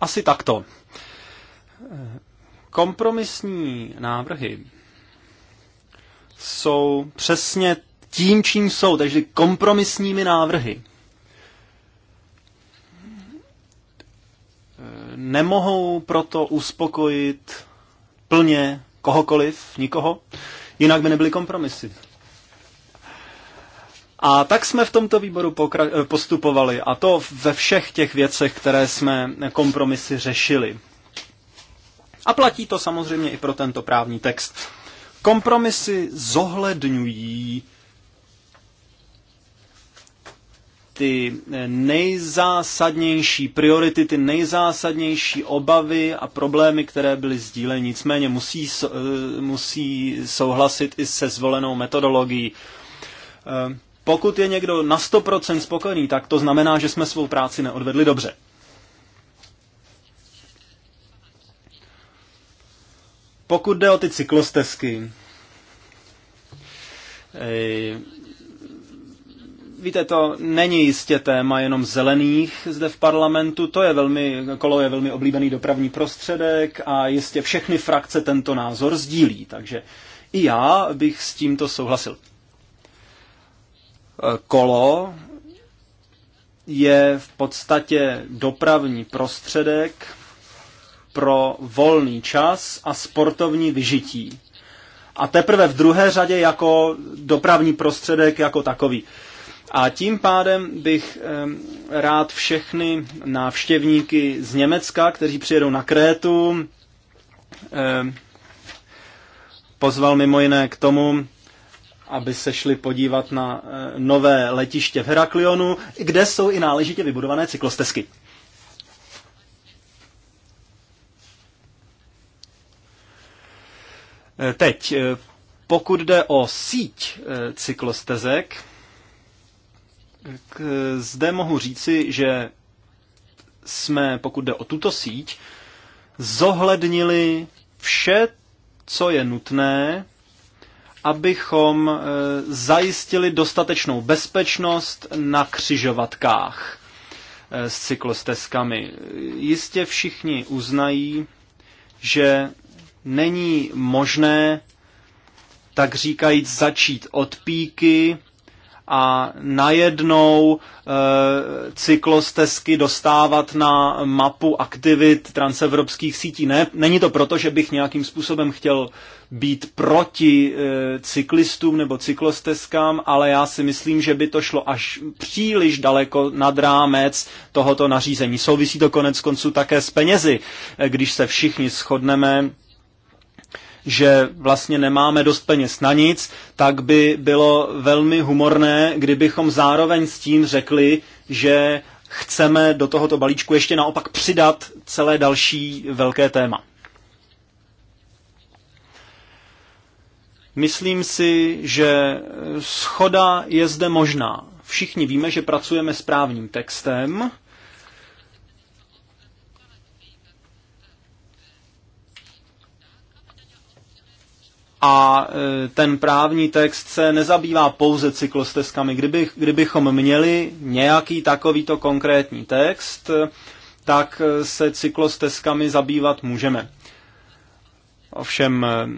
Asi takto. Kompromisní návrhy jsou přesně tím, čím jsou, takže kompromisními návrhy. Nemohou proto uspokojit plně kohokoliv, nikoho, jinak by nebyly kompromisy. A tak jsme v tomto výboru eh, postupovali, a to ve všech těch věcech, které jsme kompromisy řešili. A platí to samozřejmě i pro tento právní text. Kompromisy zohledňují ty eh, nejzásadnější priority, ty nejzásadnější obavy a problémy, které byly sdíleny. Nicméně musí, eh, musí souhlasit i se zvolenou metodologií. Eh, pokud je někdo na 100% spokojený, tak to znamená, že jsme svou práci neodvedli dobře. Pokud jde o ty cyklostezky, Víte, to není jistě téma jenom zelených zde v parlamentu, to je velmi, kolo je velmi oblíbený dopravní prostředek a jistě všechny frakce tento názor sdílí, takže i já bych s tímto souhlasil. Kolo je v podstatě dopravní prostředek, pro volný čas a sportovní vyžití. A teprve v druhé řadě jako dopravní prostředek jako takový. A tím pádem bych rád všechny návštěvníky z Německa, kteří přijedou na Krétu, pozval mimo jiné k tomu, aby se šli podívat na e, nové letiště v Heraklionu, kde jsou i náležitě vybudované cyklostezky. Eh, teď, eh, pokud jde o síť eh, cyklostezek, zde mohu říci, že jsme, pokud jde o tuto síť, zohlednili vše, co je nutné, abychom zajistili dostatečnou bezpečnost na křižovatkách s cyklostezkami. Jistě všichni uznají, že není možné, tak říkajíc, začít od píky a najednou e, cyklostezky dostávat na mapu aktivit transevropských sítí. Ne, není to proto, že bych nějakým způsobem chtěl být proti e, cyklistům nebo cyklostezkám, ale já si myslím, že by to šlo až příliš daleko nad rámec tohoto nařízení. Souvisí to konec konců také s penězi, eh, když se všichni shodneme že vlastně nemáme dost peněz na nic, tak by bylo velmi humorné, kdybychom zároveň s tím řekli, že chceme do tohoto balíčku ještě naopak přidat celé další velké téma. Myslím si, že schoda je zde možná. Všichni víme, že pracujeme s právním textem, a e, ten právní text se nezabývá pouze cyklostezkami. Kdyby, kdybychom měli nějaký takovýto konkrétní text, tak e, se cyklostezkami zabývat můžeme. Ovšem e,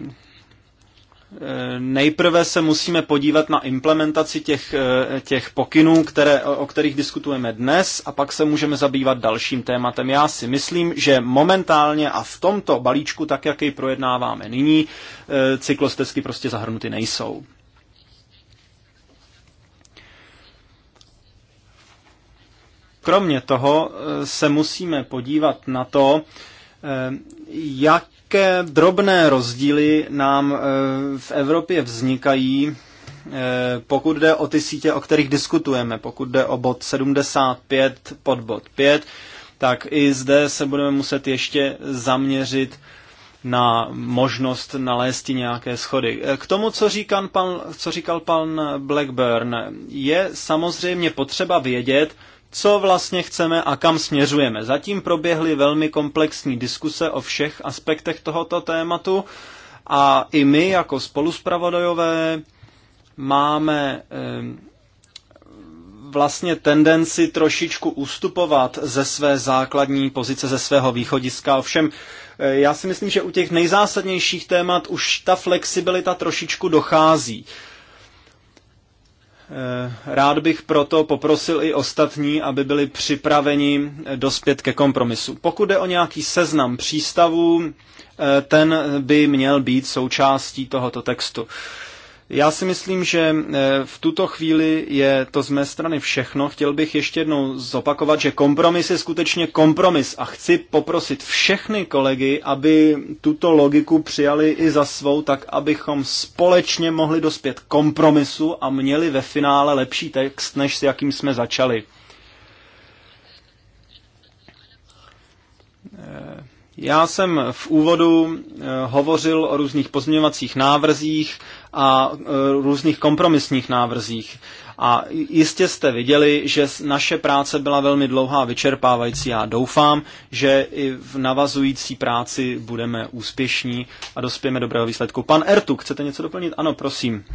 Nejprve se musíme podívat na implementaci těch, eh, těch pokynů, které, o kterých diskutujeme dnes, a pak se můžeme zabývat dalším tématem. Já si myslím, že momentálně a v tomto balíčku, tak jak jej projednáváme nyní, eh, cyklostezky prostě zahrnuty nejsou. Kromě toho eh, se musíme podívat na to, jak Jaké drobné rozdíly nám eh, v Evropě vznikají, eh, pokud jde o ty sítě, o kterých diskutujeme, pokud jde o bod 75 pod bod 5, tak i zde se budeme muset ještě zaměřit na možnost nalézt nějaké schody. Eh, k tomu, co říkan pan, co říkal pan Blackburn, je samozřejmě potřeba vědět, co vlastně chceme a kam směřujeme. Zatím proběhly velmi komplexní diskuse o všech aspektech tohoto tématu a i my jako spoluspravodajové máme vlastně tendenci trošičku ustupovat ze své základní pozice, ze svého východiska. Ovšem, eh, já si myslím, že u těch nejzásadnějších témat už ta flexibilita trošičku dochází. Eh, rád bych proto poprosil i ostatní, aby byli připraveni eh, dospět ke kompromisu. Pokud jde o nějaký seznam přístavů, eh, ten by měl být součástí tohoto textu. Já si myslím, že eh, v tuto chvíli je to z mé strany všechno. Chtěl bych ještě jednou zopakovat, že kompromis je skutečně kompromis a chci poprosit všechny kolegy, aby tuto logiku přijali i za svou, tak abychom společně mohli dospět kompromisu a měli ve finále lepší text, než s jakým jsme začali. Eh, já jsem v úvodu eh, hovořil o různých pozměňovacích návrzích a eh, různých kompromisních návrzích. A jistě jste viděli, že naše práce byla velmi dlouhá a vyčerpávající. Já doufám, že i v navazující práci budeme úspěšní a dospějeme dobrého výsledku. Pan Ertu, chcete něco doplnit? Ano, prosím.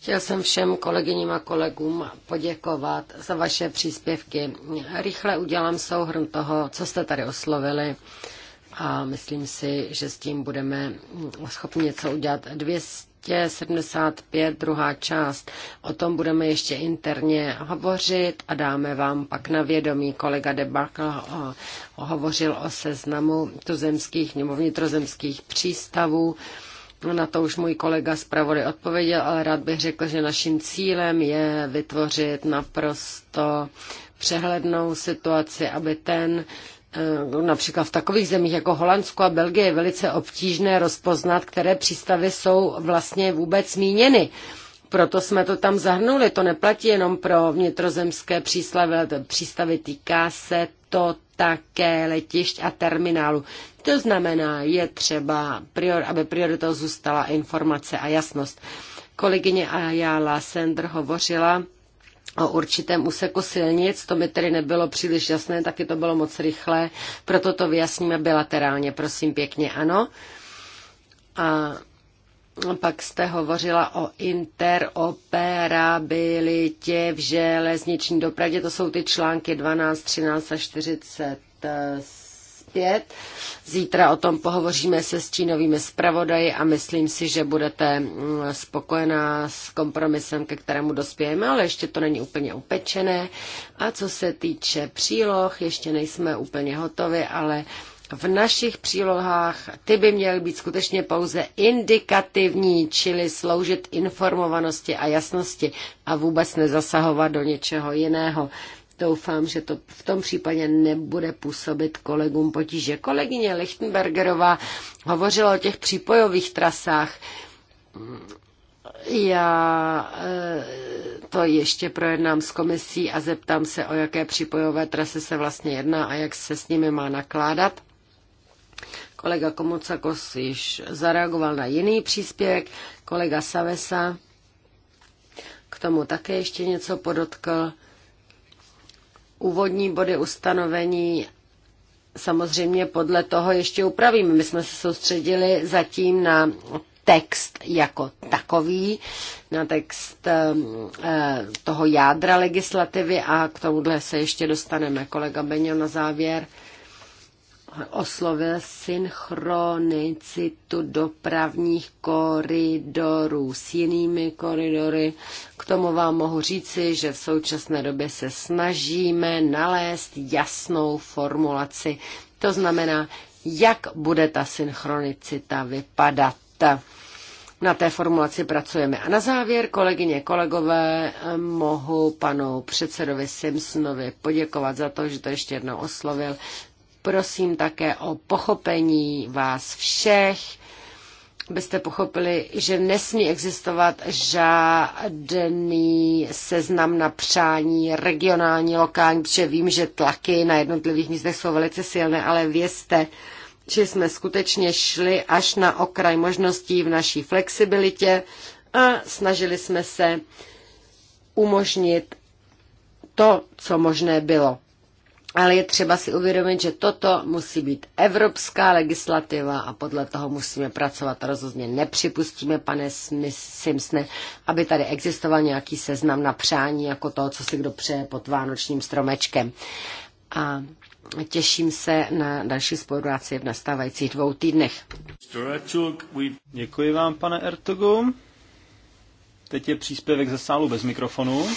Chtěl jsem všem kolegyním a kolegům poděkovat za vaše příspěvky. Rychle udělám souhrn toho, co jste tady oslovili a myslím si, že s tím budeme schopni něco udělat. 275, druhá část. O tom budeme ještě interně hovořit a dáme vám pak na vědomí. Kolega Debakl hovořil o seznamu tuzemských nebo vnitrozemských přístavů. No, na to už můj kolega zpravodaj odpověděl, ale rád bych řekl, že naším cílem je vytvořit naprosto přehlednou situaci, aby ten, Eh, například v takových zemích jako Holandsko a Belgie je velice obtížné rozpoznat, které přístavy jsou vlastně vůbec míněny. Proto jsme to tam zahrnuli. To neplatí jenom pro vnitrozemské přístavy, přístavy týká se to také letišť a terminálu. To znamená, je třeba, prior, aby prioritou zůstala informace a jasnost. Kolegyně Ayala Sender hovořila o určitém úseku silnic, to mi tedy nebylo příliš jasné, taky to bylo moc rychlé, proto to vyjasníme bilaterálně, prosím pěkně, ano. A pak jste hovořila o interoperabilitě v železniční dopravě, to jsou ty články 12, 13 a 47 zpět. Zítra o tom pohovoříme se stínovými zpravodaji a myslím si, že budete mm, spokojená s kompromisem, ke kterému dospějeme, ale ještě to není úplně upečené. A co se týče příloh, ještě nejsme úplně hotovi, ale v našich přílohách ty by měly být skutečně pouze indikativní, čili sloužit informovanosti a jasnosti a vůbec nezasahovat do něčeho jiného. Doufám, že to v tom případě nebude působit kolegům potíže. Kolegyně Lichtenbergerová hovořila o těch přípojových trasách. Já eh, to ještě projednám s komisí a zeptám se, o jaké připojové trasy se vlastně jedná a jak se s nimi má nakládat. Kolega Komocakos již zareagoval na jiný příspěvek, kolega Savesa k tomu také ještě něco podotkl úvodní body ustanovení samozřejmě podle toho ještě upravíme. My jsme se soustředili zatím na text jako takový, na text ehm, eh, toho jádra legislativy a k tomuhle se ještě dostaneme. Kolega Beňo na závěr oslovil synchronicitu dopravních koridorů s jinými koridory. K tomu vám mohu říci, že v současné době se snažíme nalézt jasnou formulaci. To znamená, jak bude ta synchronicita vypadat. Na té formulaci pracujeme. A na závěr, kolegyně, kolegové, mohu panu předsedovi Simpsonovi poděkovat za to, že to ještě jednou oslovil prosím také o pochopení vás všech, abyste pochopili, že nesmí existovat žádný seznam na přání regionální, lokální, protože vím, že tlaky na jednotlivých místech jsou velice silné, ale vězte, že jsme skutečně šli až na okraj možností v naší flexibilitě a snažili jsme se umožnit to, co možné bylo ale je třeba si uvědomit, že toto musí být evropská legislativa a podle toho musíme pracovat. Rozhodně nepřipustíme, pane Simsne, aby tady existoval nějaký seznam na přání, jako toho, co si kdo přeje pod vánočním stromečkem. A těším se na další spolupráci v nastávajících dvou týdnech. Děkuji vám, pane Ertogu. Teď je příspěvek ze sálu bez mikrofonu.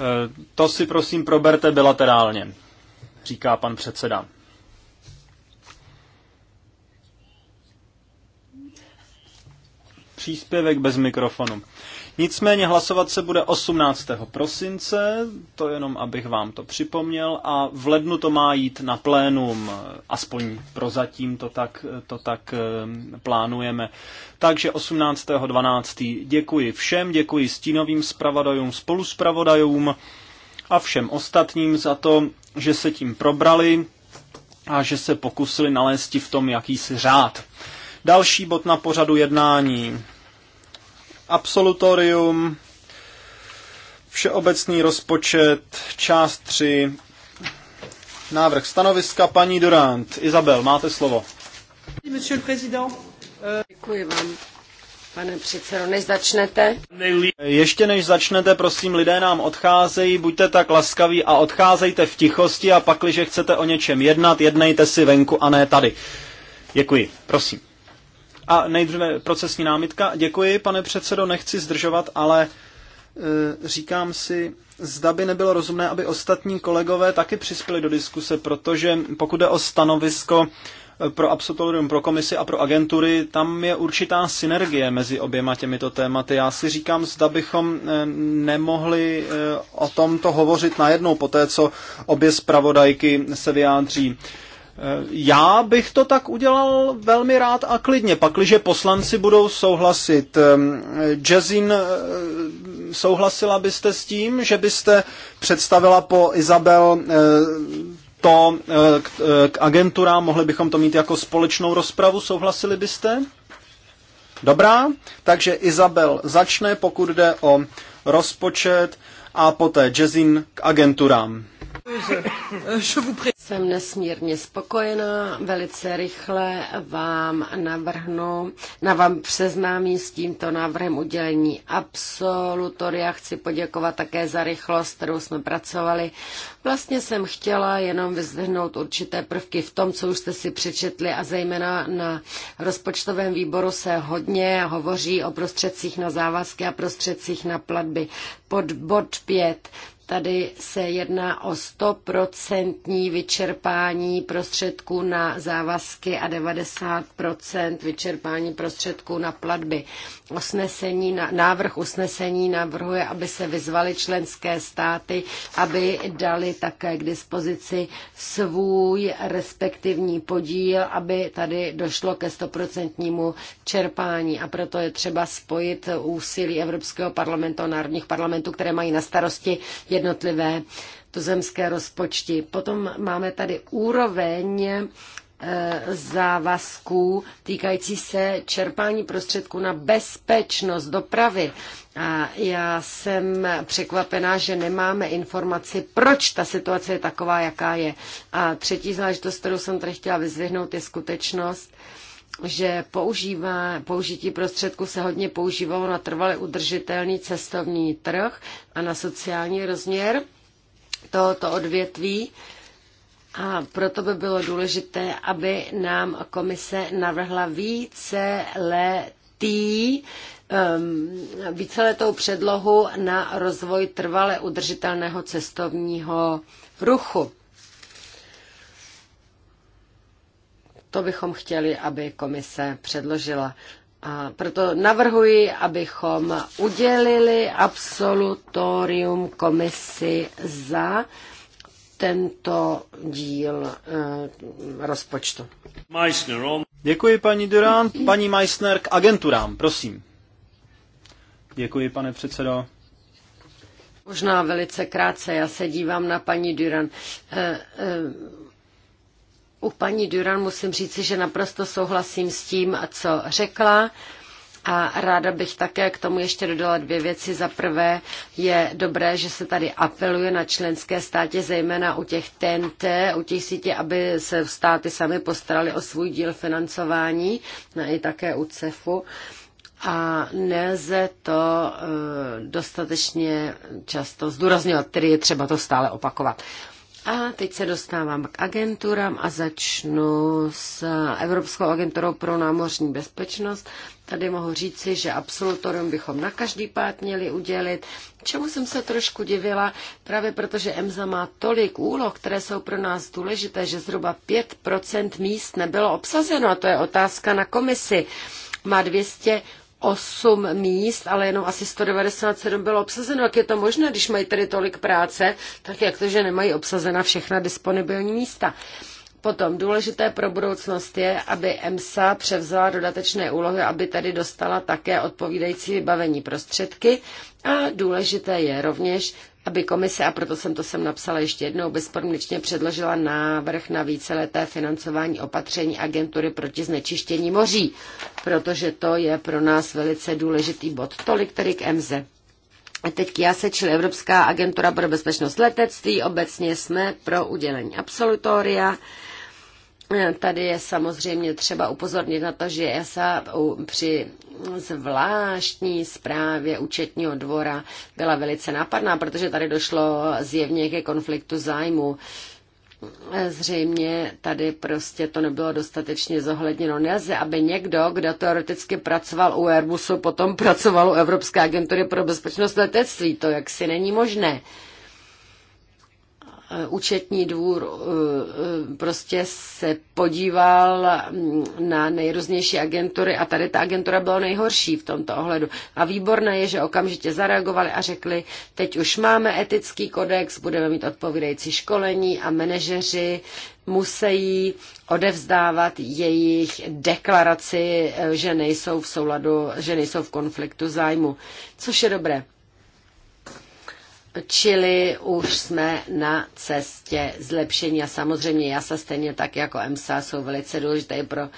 Eh, to si prosím proberte bilaterálně, říká pan předseda. Příspěvek bez mikrofonu. Nicméně hlasovat se bude 18. prosince, to jenom abych vám to připomněl, a v lednu to má jít na plénum, aspoň prozatím to tak, to tak ehm, plánujeme. Takže 18.12. děkuji všem, děkuji stínovým zpravodajům, spoluspravodajům a všem ostatním za to, že se tím probrali a že se pokusili nalézt v tom jakýsi řád. Další bod na pořadu jednání absolutorium, všeobecný rozpočet, část 3, návrh stanoviska paní Durant. Izabel, máte slovo. Euh, Děkuji vám, Pane předsedo, než začnete? Ještě než začnete, prosím, lidé nám odcházejí, buďte tak laskaví a odcházejte v tichosti a pakliže chcete o něčem jednat, jednejte si venku a ne tady. Děkuji, prosím. A nejdříve procesní námitka. Děkuji, pane předsedo, nechci zdržovat, ale e, říkám si, zda by nebylo rozumné, aby ostatní kolegové taky přispěli do diskuse, protože pokud jde o stanovisko e, pro absolutorium, pro komisi a pro agentury, tam je určitá synergie mezi oběma těmito tématy. Já si říkám, zda bychom e, nemohli o tomto hovořit najednou po té, co obě zpravodajky se vyjádří. Eh, já bych to tak udělal velmi rád a klidně, pakliže poslanci budou souhlasit. Ehm, Jezin, eh, souhlasila byste s tím, že byste představila po Izabel eh, to k, k agenturám, mohli bychom to mít jako společnou rozpravu, souhlasili byste? Dobrá, takže Izabel začne, pokud jde o rozpočet a poté Jezin k agenturám. Jsem nesmírně spokojená, velice rychle vám navrhnu, na vám přeznámí s tímto návrhem udělení absolutoria. Chci poděkovat také za rychlost, kterou jsme pracovali. Vlastně jsem chtěla jenom vyzdvihnout určité prvky v tom, co už jste si přečetli a zejména na rozpočtovém výboru se hodně hovoří o prostředcích na závazky a prostředcích na platby. Pod bod 5 Tady se jedná o 100% vyčerpání prostředků na závazky a 90% vyčerpání prostředků na platby. Usnesení, návrh usnesení navrhuje, aby se vyzvaly členské státy, aby dali také k dispozici svůj respektivní podíl, aby tady došlo ke 100% čerpání. A proto je třeba spojit úsilí Evropského parlamentu a národních parlamentů, které mají na starosti jednotlivé tuzemské rozpočty. Potom máme tady úroveň eh, závazků týkající se čerpání prostředků na bezpečnost dopravy. A já jsem překvapená, že nemáme informaci, proč ta situace je taková, jaká je. A třetí záležitost, kterou jsem tady chtěla vyzvihnout, je skutečnost, že používá, použití prostředků se hodně používalo na trvale udržitelný cestovní trh a na sociální rozměr tohoto odvětví. A proto by bylo důležité, aby nám komise navrhla více letý um, ehm, víceletou předlohu na rozvoj trvale udržitelného cestovního ruchu. To bychom chtěli, aby komise předložila. A proto navrhuji, abychom udělili absolutorium komisi za tento díl eh, rozpočtu. Meissner, on... Děkuji paní Durán. Paní Meissner k agenturám, prosím. Děkuji, pane předsedo. Možná velice krátce, já se dívám na paní Duran. Eh, eh, u paní Duran musím říci, že naprosto souhlasím s tím, co řekla. A ráda bych také k tomu ještě dodala dvě věci. Za prvé je dobré, že se tady apeluje na členské státy, zejména u těch TNT, u těch sítě, aby se státy sami postarali o svůj díl financování, i také u CEFu. A nelze to eh, dostatečně často zdůrazňovat, tedy je třeba to stále opakovat. A teď se dostávám k agenturám a začnu s Evropskou agenturou pro námořní bezpečnost. Tady mohu říci, že absolutorium bychom na každý pát měli udělit, čemu jsem se trošku divila, právě protože EMSA má tolik úloh, které jsou pro nás důležité, že zhruba 5% míst nebylo obsazeno a to je otázka na komisi. Má 200 8 míst, ale jenom asi 197 bylo obsazeno. Jak je to možné, když mají tedy tolik práce, tak jak to, že nemají obsazena všechna disponibilní místa? Potom důležité pro budoucnost je, aby EMSA převzala dodatečné úlohy, aby tady dostala také odpovídající vybavení prostředky. A důležité je rovněž aby komise, a proto jsem to sem napsala ještě jednou, bezpodmínečně předložila návrh na víceleté financování opatření agentury proti znečištění moří, protože to je pro nás velice důležitý bod. Tolik tedy k EMZE. A teď já se, čili Evropská agentura pro bezpečnost letectví, obecně jsme pro udělení absolutoria. Tady je samozřejmě třeba upozornit na to, že ESA při zvláštní zprávě účetního dvora byla velice nápadná, protože tady došlo zjevně ke konfliktu zájmu. Zřejmě tady prostě to nebylo dostatečně zohledněno. Nelze, aby někdo, kdo teoreticky pracoval u Airbusu, potom pracoval u Evropské agentury pro bezpečnost letectví. To jaksi není možné. Eh, účetní dvůr eh, eh, prostě se podíval mm, na nejrůznější agentury a tady ta agentura byla nejhorší v tomto ohledu. A výborné je, že okamžitě zareagovali a řekli, teď už máme etický kodex, budeme mít odpovídající školení a manažeři musí odevzdávat jejich deklaraci, že nejsou v souladu, že nejsou v konfliktu zájmu, což je dobré. Čili už jsme na cestě zlepšení a samozřejmě JASA stejně tak jako EMSA jsou velice důležité pro,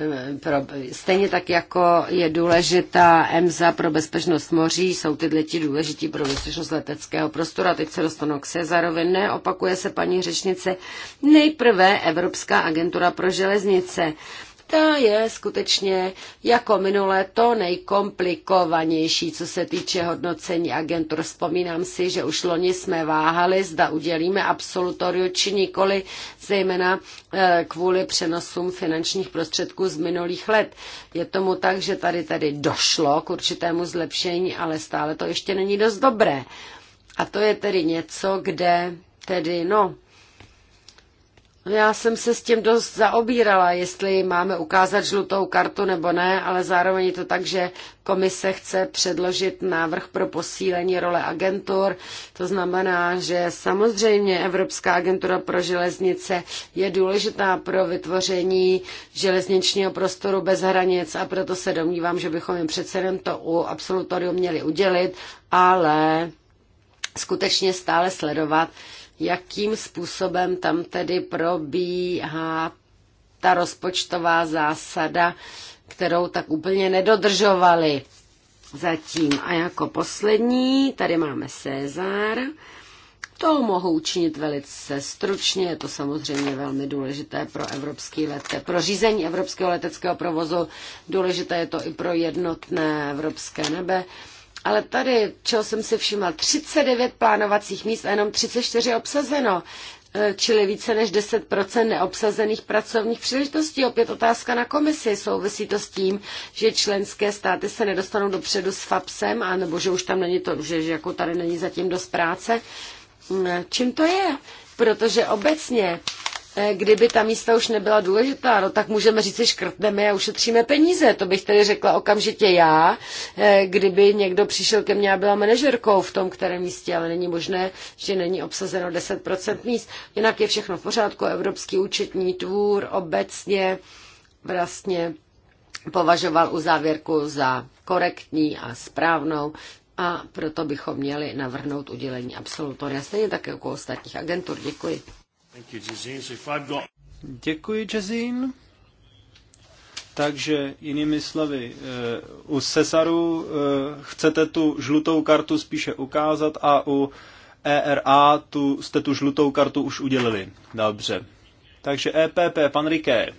eh, pro stejně tak jako je důležitá EMSA pro bezpečnost moří, jsou ty leti důležití pro bezpečnost leteckého prostoru. A teď se dostanu k Cezarovi. Ne, opakuje se paní řečnice. Nejprve Evropská agentura pro železnice ta je skutečně jako minulé to nejkomplikovanější, co se týče hodnocení agentur. Vzpomínám si, že už loni jsme váhali, zda udělíme absolutorium či nikoli, zejména eh, kvůli přenosům finančních prostředků z minulých let. Je tomu tak, že tady tady došlo k určitému zlepšení, ale stále to ještě není dost dobré. A to je tedy něco, kde tedy, no, já jsem se s tím dost zaobírala, jestli máme ukázat žlutou kartu nebo ne, ale zároveň je to tak, že komise chce předložit návrh pro posílení role agentur. To znamená, že samozřejmě Evropská agentura pro železnice je důležitá pro vytvoření železničního prostoru bez hranic a proto se domnívám, že bychom jim přece jenom to u absolutorium měli udělit, ale skutečně stále sledovat, jakým způsobem tam tedy probíhá ta rozpočtová zásada, kterou tak úplně nedodržovali zatím. A jako poslední, tady máme Cezar. To mohu učinit velice stručně, je to samozřejmě velmi důležité pro, evropský lete, pro řízení evropského leteckého provozu, důležité je to i pro jednotné evropské nebe. Ale tady, čeho jsem si všimla, 39 plánovacích míst a jenom 34 obsazeno, e, čili více než 10% neobsazených pracovních příležitostí. Opět otázka na komisi. Souvisí to s tím, že členské státy se nedostanou dopředu s FAPSem, anebo že už tam není to, že, že jako tady není zatím dost práce. E, čím to je? Protože obecně Eh, kdyby ta místa už nebyla důležitá, no tak můžeme říct, že škrtneme a ušetříme peníze. To bych tedy řekla okamžitě já, eh, kdyby někdo přišel ke mně a byla manažerkou v tom, kterém místě, ale není možné, že není obsazeno 10% míst. Jinak je všechno v pořádku, Evropský účetní tvůr obecně vlastně považoval uzávěrku za korektní a správnou a proto bychom měli navrhnout udělení absolutoria, stejně tak jako ostatních agentur. Děkuji. Děkuji, Jezín. Takže jinými slovy, eh, u Cesaru eh, chcete tu žlutou kartu spíše ukázat a u ERA tu, jste tu žlutou kartu už udělili. Dobře. Takže EPP, pan Riké.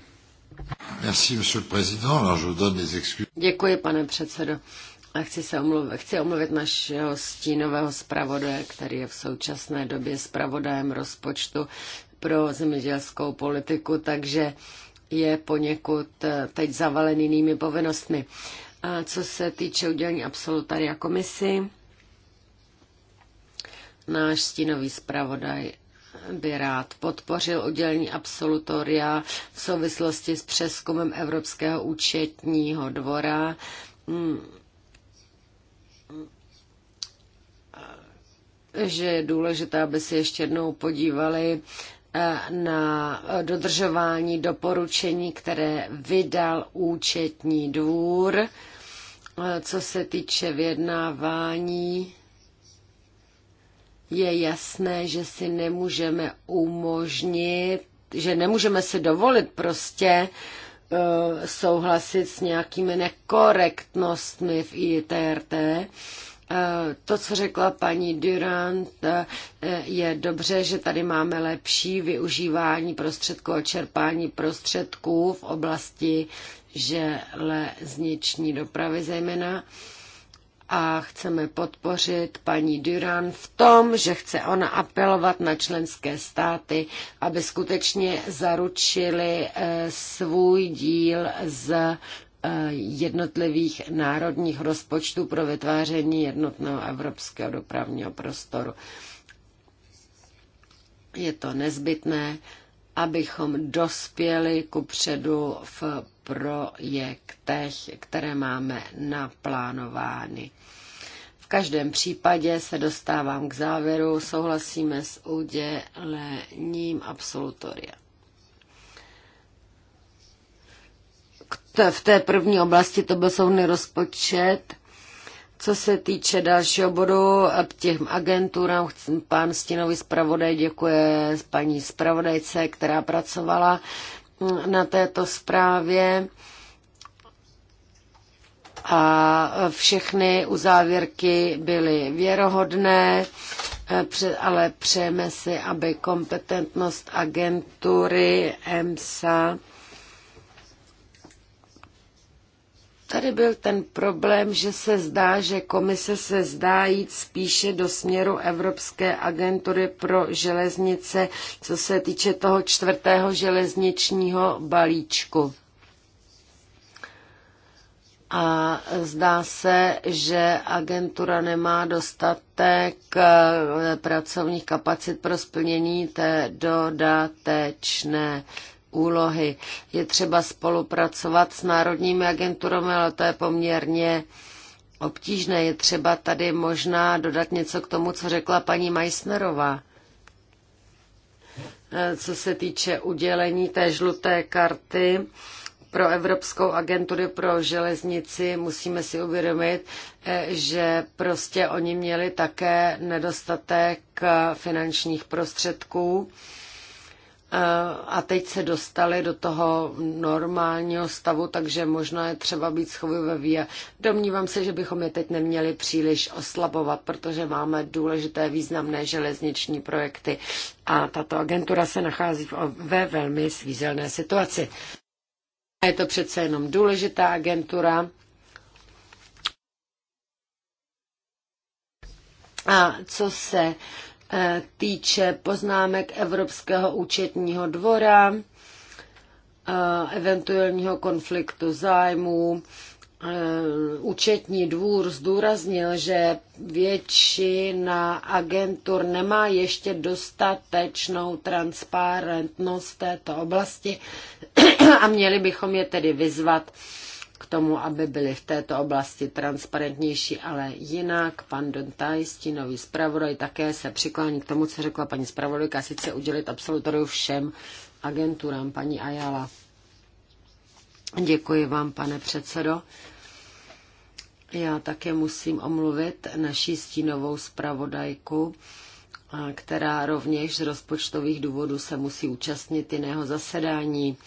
Děkuji, pane předsedo. A chci, se omluvit, chci omluvit našeho stínového zpravodaje, který je v současné době zpravodajem rozpočtu pro zemědělskou politiku, takže je poněkud eh, teď zavalen jinými povinnostmi. A co se týče udělení absolutaria komisi, náš stínový zpravodaj by rád podpořil udělení absolutoria v souvislosti s přeskumem Evropského účetního dvora. Hmm. že je důležité, aby si ještě jednou podívali na dodržování doporučení, které vydal účetní dvůr, co se týče vyjednávání je jasné, že si nemůžeme umožnit, že nemůžeme si dovolit prostě uh, souhlasit s nějakými nekorektnostmi v ITRT, to, co řekla paní Durant, eh, je dobře, že tady máme lepší využívání prostředků a čerpání prostředků v oblasti železniční dopravy zejména a chceme podpořit paní Duran v tom, že chce ona apelovat na členské státy, aby skutečně zaručili eh, svůj díl z Eh, jednotlivých národních rozpočtů pro vytváření jednotného evropského dopravního prostoru. Je to nezbytné, abychom dospěli ku předu v projektech, které máme naplánovány. V každém případě se dostávám k závěru, souhlasíme s udělením absolutoria. v té první oblasti to byl soudný rozpočet. Co se týče dalšího bodu, k těm agenturám, pán Stinový zpravodaj děkuje paní zpravodajce, která pracovala na této zprávě. A všechny uzávěrky byly věrohodné, ale přejeme si, aby kompetentnost agentury EMSA Tady byl ten problém, že se zdá, že komise se zdá jít spíše do směru Evropské agentury pro železnice, co se týče toho čtvrtého železničního balíčku. A zdá se, že agentura nemá dostatek eh, pracovních kapacit pro splnění té dodatečné úlohy. Je třeba spolupracovat s národními agenturami, ale to je poměrně obtížné. Je třeba tady možná dodat něco k tomu, co řekla paní Meissnerová. E, co se týče udělení té žluté karty, pro Evropskou agenturu pro železnici musíme si uvědomit, e, že prostě oni měli také nedostatek finančních prostředků Eh, a teď se dostali do toho normálního stavu, takže možná je třeba být schoviveví. Domnívám se, že bychom je teď neměli příliš oslabovat, protože máme důležité významné železniční projekty a tato agentura se nachází ve velmi svízelné situaci. Je to přece jenom důležitá agentura, A co se E, týče poznámek Evropského účetního dvora, e, eventuálního konfliktu zájmů. E, účetní dvůr zdůraznil, že většina agentur nemá ještě dostatečnou transparentnost v této oblasti (coughs) a měli bychom je tedy vyzvat, k tomu, aby byly v této oblasti transparentnější, ale jinak pan Dontaj, stínový zpravodaj, také se přiklání k tomu, co řekla paní zpravodajka, sice udělit absolutoriu všem agenturám, paní Ajala. Děkuji vám, pane předsedo. Já také musím omluvit naší stínovou zpravodajku, která rovněž z rozpočtových důvodů se musí účastnit jiného zasedání.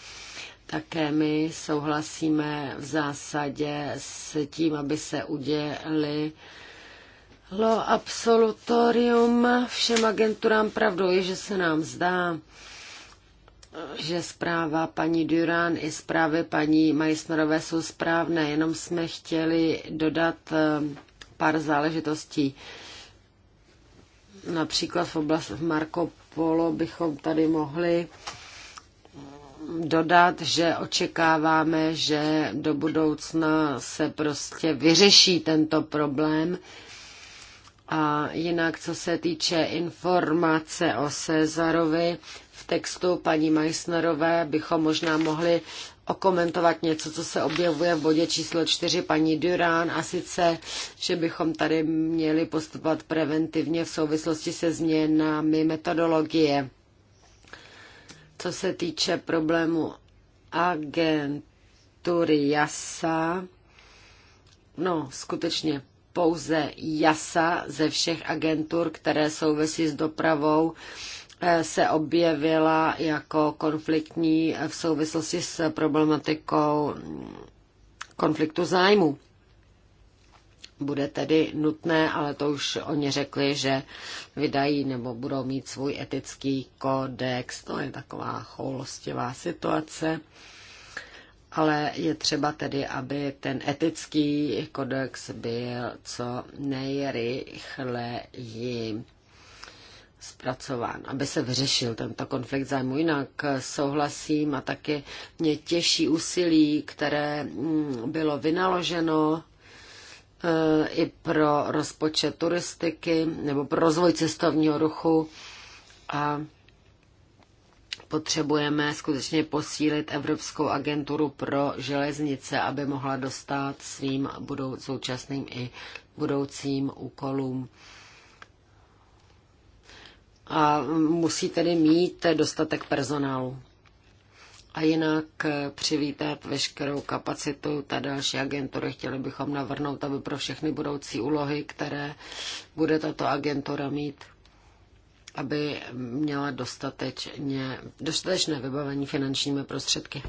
Také my souhlasíme v zásadě s tím, aby se udělili Lo absolutorium všem agenturám pravdou je, že se nám zdá, že zpráva paní Durán i zprávy paní Majsmerové jsou správné, jenom jsme chtěli dodat eh, pár záležitostí. Například v oblasti Marco Polo bychom tady mohli dodat, že očekáváme, že do budoucna se prostě vyřeší tento problém. A jinak, co se týče informace o Cezarovi, v textu paní Meissnerové bychom možná mohli okomentovat něco, co se objevuje v bodě číslo 4 paní Durán a sice, že bychom tady měli postupovat preventivně v souvislosti se změnami metodologie. Co se týče problému agentury JASA, no skutečně pouze JASA ze všech agentur, které souvisí s dopravou, eh, se objevila jako konfliktní v souvislosti s problematikou konfliktu zájmu bude tedy nutné, ale to už oni řekli, že vydají nebo budou mít svůj etický kodex. To je taková choulostivá situace. Ale je třeba tedy, aby ten etický kodex byl co nejrychleji zpracován, aby se vyřešil tento konflikt zájmu. Jinak souhlasím a taky mě těší úsilí, které mm, bylo vynaloženo Eh, i pro rozpočet turistiky nebo pro rozvoj cestovního ruchu a potřebujeme skutečně posílit Evropskou agenturu pro železnice, aby mohla dostat svým budou, současným i budoucím úkolům. A musí tedy mít dostatek personálu. A jinak eh, přivítat veškerou kapacitu ta další agentury. Chtěli bychom navrhnout, aby pro všechny budoucí úlohy, které bude tato agentura mít, aby měla dostatečně, dostatečné vybavení finančními prostředky.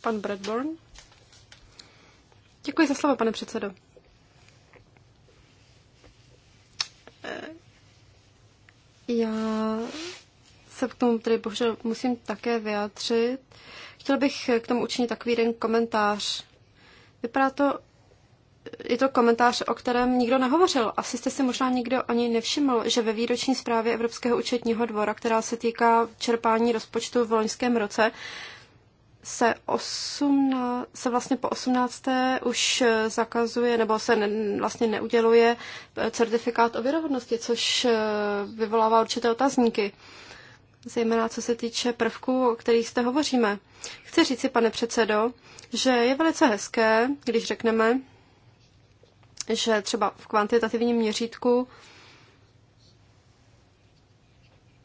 Pan Bradburn. Děkuji za slovo, pane předsedo. Eh, já se k tomu tedy bohužel musím také vyjádřit. Chtěl bych k tomu učinit takový jeden komentář. Vypadá to, je to komentář, o kterém nikdo nehovořil. Asi jste si možná nikdo ani nevšiml, že ve výroční zprávě Evropského účetního dvora, která se týká čerpání rozpočtu v loňském roce, se, osmna, se vlastně po 18. už zakazuje nebo se ne, vlastně neuděluje certifikát o věrohodnosti, což eh, vyvolává určité otazníky zejména co se týče prvků, o kterých jste hovoříme. Chci říci, pane předsedo, že je velice hezké, když řekneme, že třeba v kvantitativním měřítku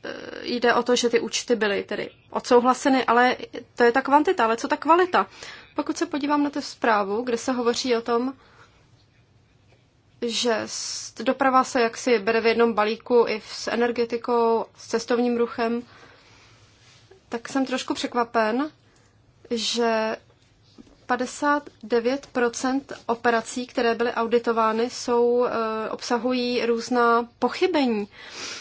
eh, jde o to, že ty účty byly tedy odsouhlaseny, ale to je ta kvantita, ale co ta kvalita? Pokud se podívám na tu zprávu, kde se hovoří o tom, že doprava se jaksi bere v jednom balíku i s energetikou, s cestovním ruchem, tak jsem trošku překvapen, že 59 operací, které byly auditovány, jsou, eh, obsahují různá pochybení.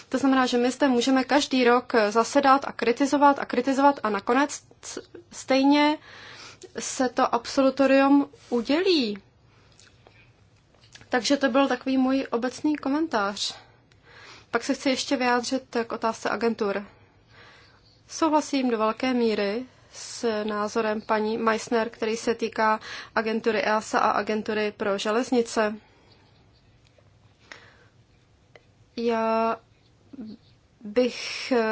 To znamená, že my zde můžeme každý rok zasedat a kritizovat a kritizovat a nakonec stejně se to absolutorium udělí. Takže to byl takový můj obecný komentář. Pak se chci ještě vyjádřit k otázce agentur. Souhlasím do velké míry s názorem paní Meissner, který se týká agentury EASA a agentury pro železnice. Já bych eh,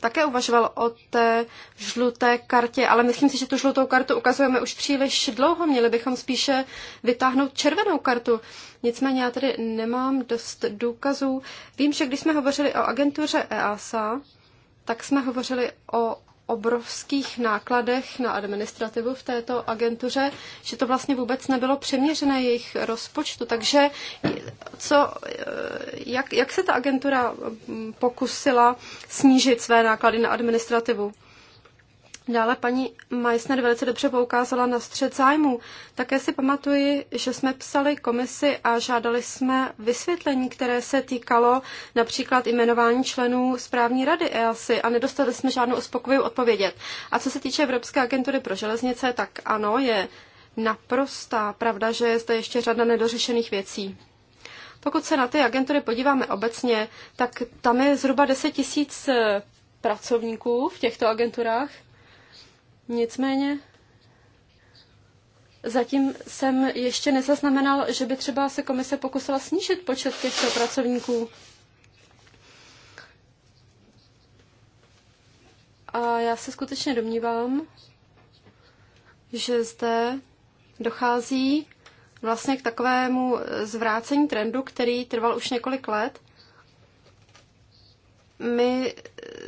také uvažoval o té žluté kartě, ale myslím si, že tu žlutou kartu ukazujeme už příliš dlouho. Měli bychom spíše vytáhnout červenou kartu. Nicméně já tady nemám dost důkazů. Vím, že když jsme hovořili o agentuře EASA, tak jsme hovořili o obrovských nákladech na administrativu v této agentuře, že to vlastně vůbec nebylo přeměřené jejich rozpočtu. Takže co, eh, jak, jak se ta agentura hm, pokusila snížit své náklady na administrativu? Dále paní Meissner velice dobře poukázala na střed zájmů. Také si pamatuji, že jsme psali komisi a žádali jsme vysvětlení, které se týkalo například jmenování členů správní rady EASY a nedostali jsme žádnou uspokojivou odpovědět. A co se týče Evropské agentury pro železnice, tak ano, je naprostá pravda, že je zde ještě řada nedořešených věcí. Pokud se na ty agentury podíváme obecně, tak tam je zhruba 10 tisíc eh, pracovníků v těchto agenturách Nicméně zatím jsem ještě nezaznamenal, že by třeba se komise pokusila snížit počet těchto pracovníků. A já se skutečně domnívám, že zde dochází vlastně k takovému zvrácení trendu, který trval už několik let my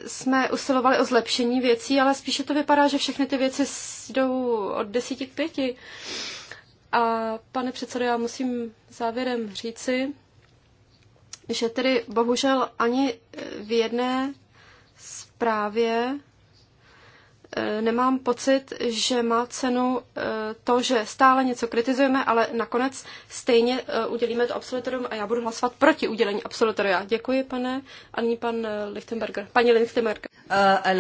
jsme usilovali o zlepšení věcí, ale spíše to vypadá, že všechny ty věci jdou od desíti k pěti. A pane předsedo, já musím závěrem říci, že tedy bohužel ani v jedné zprávě E, nemám pocit, že má cenu e, to, že stále něco kritizujeme, ale nakonec stejně e, udělíme to absolutorium a já budu hlasovat proti udělení absolutoria. Děkuji, pane, a nyní pan Lichtenberger. Paní Lichtenberger.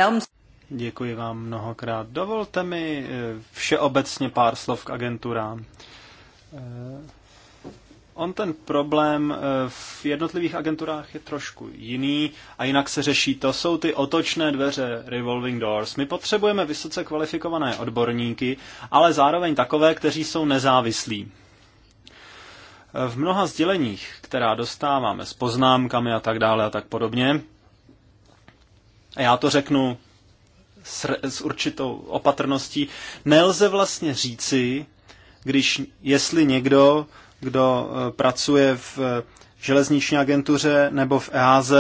Uh, Děkuji vám mnohokrát. Dovolte mi všeobecně pár slov k agenturám. On ten problém eh, v jednotlivých agenturách je trošku jiný a jinak se řeší. To jsou ty otočné dveře, revolving doors. My potřebujeme vysoce kvalifikované odborníky, ale zároveň takové, kteří jsou nezávislí. Eh, v mnoha sděleních, která dostáváme s poznámkami a tak dále a tak podobně, a já to řeknu s, s určitou opatrností, nelze vlastně říci, když jestli někdo kdo eh, pracuje v eh, železniční agentuře nebo v EAZ,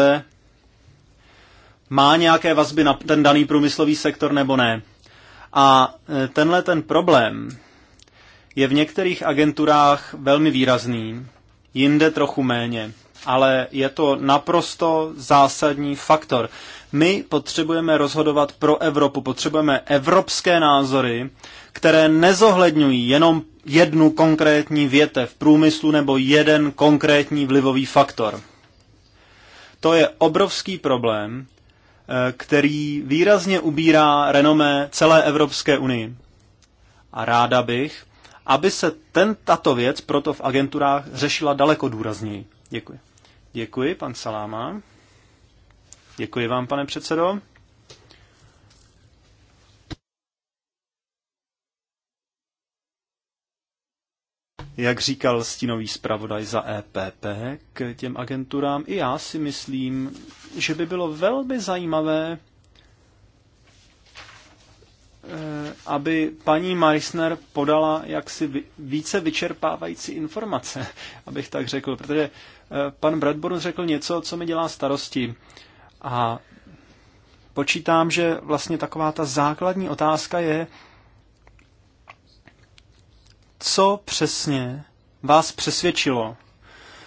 má nějaké vazby na ten daný průmyslový sektor nebo ne. A eh, tenhle ten problém je v některých agenturách velmi výrazný, jinde trochu méně, ale je to naprosto zásadní faktor. My potřebujeme rozhodovat pro Evropu, potřebujeme evropské názory, které nezohledňují jenom jednu konkrétní větev průmyslu nebo jeden konkrétní vlivový faktor. To je obrovský problém, eh, který výrazně ubírá renomé celé Evropské unii. A ráda bych, aby se ten, tato věc proto v agenturách řešila daleko důrazněji. Děkuji. Děkuji, pan Saláma. Děkuji vám, pane předsedo. Jak říkal stínový zpravodaj za EPP k těm agenturám, i já si myslím, že by bylo velmi zajímavé, eh, aby paní Meissner podala jaksi více vyčerpávající informace, (laughs) abych tak řekl, protože eh, pan Bradburn řekl něco, co mi dělá starosti. A počítám, že vlastně taková ta základní otázka je, co přesně vás přesvědčilo,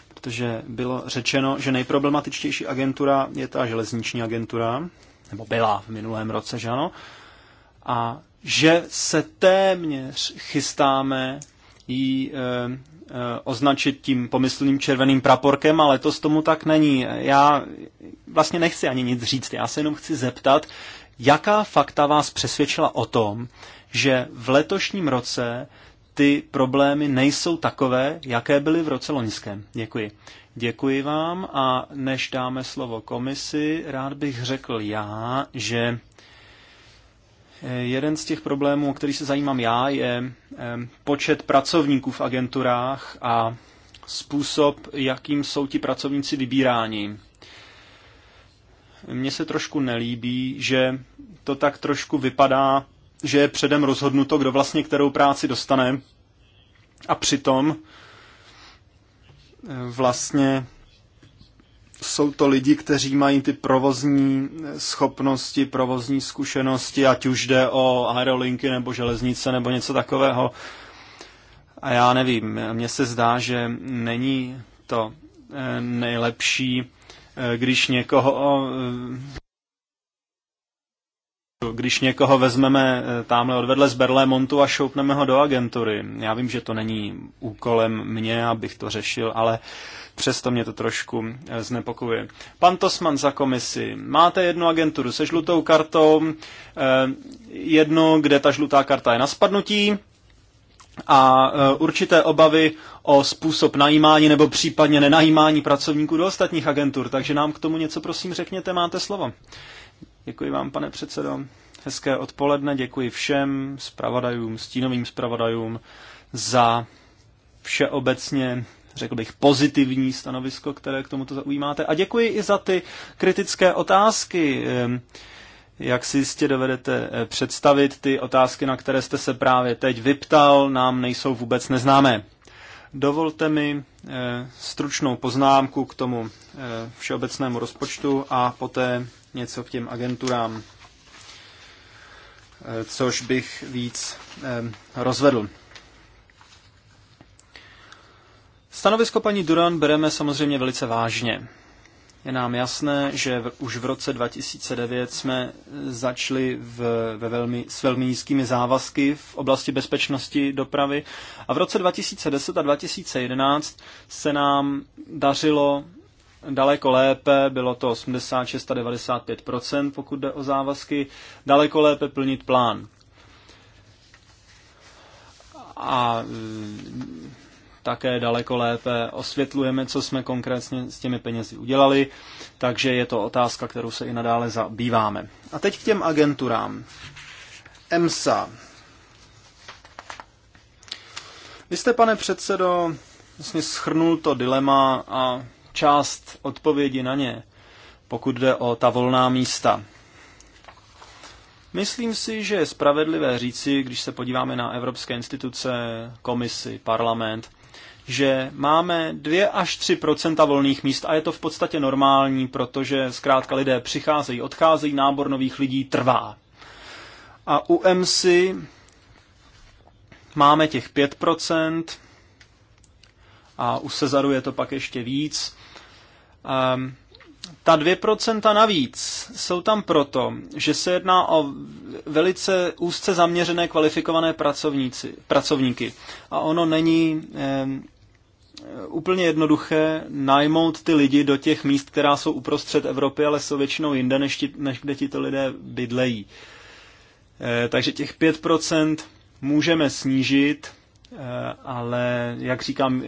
protože bylo řečeno, že nejproblematičtější agentura je ta železniční agentura, nebo byla v minulém roce, že ano, a že se téměř chystáme ji e, e, označit tím pomyslným červeným praporkem, ale to z tomu tak není. Já vlastně nechci ani nic říct, já se jenom chci zeptat, jaká fakta vás přesvědčila o tom, že v letošním roce ty problémy nejsou takové, jaké byly v roce loňském. Děkuji. Děkuji vám a než dáme slovo komisi, rád bych řekl já, že Eh, jeden z těch problémů, o který se zajímám já, je eh, počet pracovníků v agenturách a způsob, jakým jsou ti pracovníci vybíráni. Mně se trošku nelíbí, že to tak trošku vypadá, že je předem rozhodnuto, kdo vlastně kterou práci dostane. A přitom eh, vlastně jsou to lidi, kteří mají ty provozní schopnosti, provozní zkušenosti, ať už jde o aerolinky nebo železnice nebo něco takového. A já nevím, mně se zdá, že není to eh, nejlepší, eh, když někoho eh, když někoho vezmeme eh, tamhle odvedle z Montu a šoupneme ho do agentury, já vím, že to není úkolem mě, abych to řešil, ale přesto mě to trošku eh, znepokuje. Pan Tosman za komisi. Máte jednu agenturu se žlutou kartou, eh, jedno, kde ta žlutá karta je na spadnutí, a určité obavy o způsob najímání nebo případně nenajímání pracovníků do ostatních agentur. Takže nám k tomu něco prosím řekněte, máte slovo. Děkuji vám, pane předsedo. Hezké odpoledne, děkuji všem zpravodajům, stínovým zpravodajům za všeobecně řekl bych, pozitivní stanovisko, které k tomuto zaujímáte. A děkuji i za ty kritické otázky. Ehm, jak si jistě dovedete eh, představit, ty otázky, na které jste se právě teď vyptal, nám nejsou vůbec neznámé. Dovolte mi eh, stručnou poznámku k tomu eh, všeobecnému rozpočtu a poté něco k těm agenturám, eh, což bych víc eh, rozvedl. Stanovisko paní Duran bereme samozřejmě velice vážně. Je nám jasné, že v, už v roce 2009 jsme začali v, ve velmi, s velmi nízkými závazky v oblasti bezpečnosti dopravy a v roce 2010 a 2011 se nám dařilo daleko lépe, bylo to 86 95 pokud jde o závazky, daleko lépe plnit plán. A mm, také daleko lépe osvětlujeme, co jsme konkrétně s těmi penězi udělali, takže je to otázka, kterou se i nadále zabýváme. A teď k těm agenturám. EMSA. Vy jste, pane předsedo, vlastně schrnul to dilema a část odpovědi na ně, pokud jde o ta volná místa. Myslím si, že je spravedlivé říci, když se podíváme na evropské instituce, komisi, parlament, že máme 2 až 3 volných míst a je to v podstatě normální, protože zkrátka lidé přicházejí, odcházejí, nábor nových lidí trvá. A u MC máme těch 5 a u Cezaru je to pak ještě víc. Um, ta 2% navíc jsou tam proto, že se jedná o velice úzce zaměřené kvalifikované pracovníci, pracovníky. A ono není um, úplně jednoduché najmout ty lidi do těch míst, která jsou uprostřed Evropy, ale jsou většinou jinde, než, ti, než kde tito lidé bydlejí. E, takže těch 5% můžeme snížit Eh, ale jak říkám,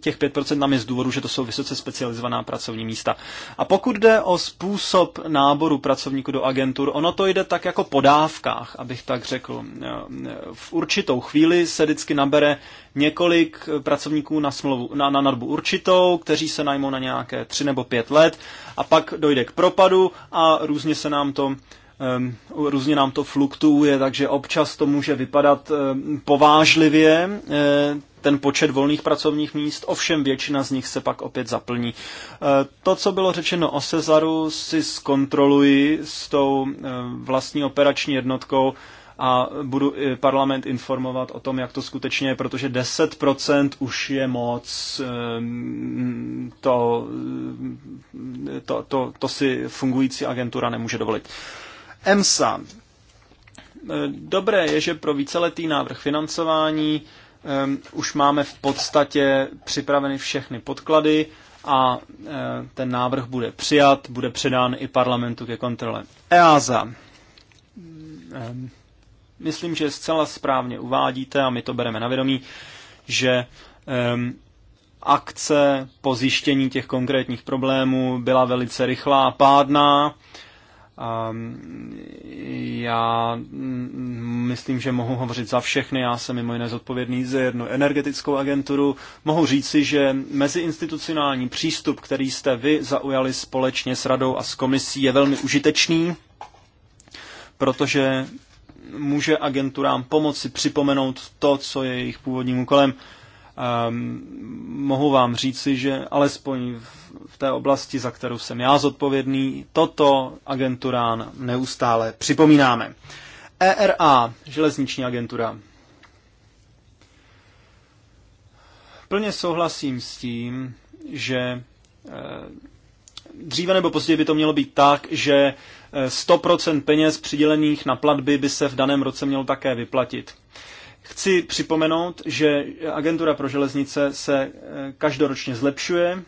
těch 5% nám je z důvodu, že to jsou vysoce specializovaná pracovní místa. A pokud jde o způsob náboru pracovníků do agentur, ono to jde tak jako po dávkách, abych tak řekl. Eh, eh, v určitou chvíli se vždycky nabere několik pracovníků na, smlouvu, na, na nadbu určitou, kteří se najmou na nějaké 3 nebo 5 let a pak dojde k propadu a různě se nám to Ehm, různě nám to fluktuuje, takže občas to může vypadat ehm, povážlivě, ehm, ten počet volných pracovních míst, ovšem většina z nich se pak opět zaplní. To, co bylo řečeno o Cezaru, si zkontroluji s tou vlastní operační jednotkou a budu eh, parlament informovat o tom, jak to skutečně je, protože 10% už je moc, to, to, to, to si fungující agentura nemůže dovolit. EMSA. Eh, dobré je, že pro víceletý návrh financování um, už máme v podstatě připraveny všechny podklady a um, ten návrh bude přijat, bude předán i parlamentu ke kontrole. EASA. Um, ehm, myslím, že zcela správně uvádíte a my to bereme na vědomí, že um, akce po zjištění těch konkrétních problémů byla velice rychlá a pádná. Ehm, já mm, myslím, že mohu hovořit za všechny, já jsem mimo jiné zodpovědný za jednu energetickou agenturu. Mohu říci, že meziinstitucionální přístup, který jste vy zaujali společně s radou a s komisí, je velmi užitečný, protože může agenturám pomoci připomenout to, co je jejich původním úkolem. Um, mohu vám říci, že alespoň v té oblasti, za kterou jsem já zodpovědný, toto agenturán neustále připomínáme. ERA, železniční agentura. Plně souhlasím s tím, že eh, dříve nebo později by to mělo být tak, že 100% eh, peněz přidělených na platby by se v daném roce mělo také vyplatit. Chci připomenout, že agentura pro železnice se eh, každoročně zlepšuje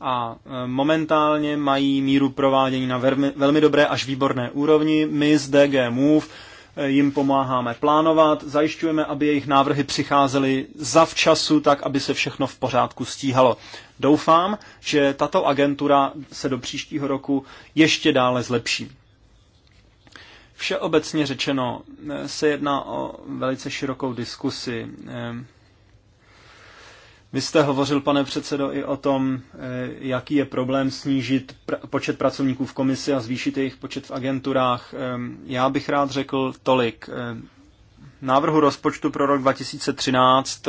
a eh, momentálně mají míru provádění na velmi, velmi dobré až výborné úrovni. My z DG Move eh, jim pomáháme plánovat, zajišťujeme, aby jejich návrhy přicházely za včasu, tak aby se všechno v pořádku stíhalo. Doufám, že tato agentura se do příštího roku ještě dále zlepší. Všeobecně řečeno eh, se jedná o velice širokou diskusi. Eh, vy jste hovořil, pane předsedo, i o tom, eh, jaký je problém snížit pr- počet pracovníků v komisi a zvýšit jejich počet v agenturách. Já bych rád řekl tolik. Návrhu rozpočtu pro rok 2013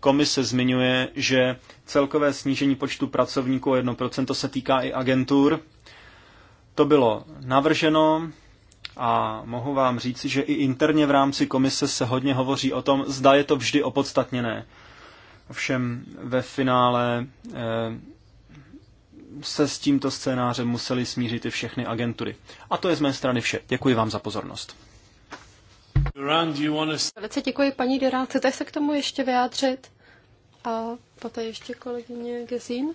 komise zmiňuje, že celkové snížení počtu pracovníků o 1% se týká i agentur. To bylo navrženo, a mohu vám říct, že i interně v rámci komise se hodně hovoří o tom, zda je to vždy opodstatněné. Ovšem ve finále eh, se s tímto scénářem museli smířit i všechny agentury. A to je z mé strany vše. Děkuji vám za pozornost. Velice děkuji, paní Durán. Chcete se k tomu ještě vyjádřit? A poté ještě kolegyně Gesín.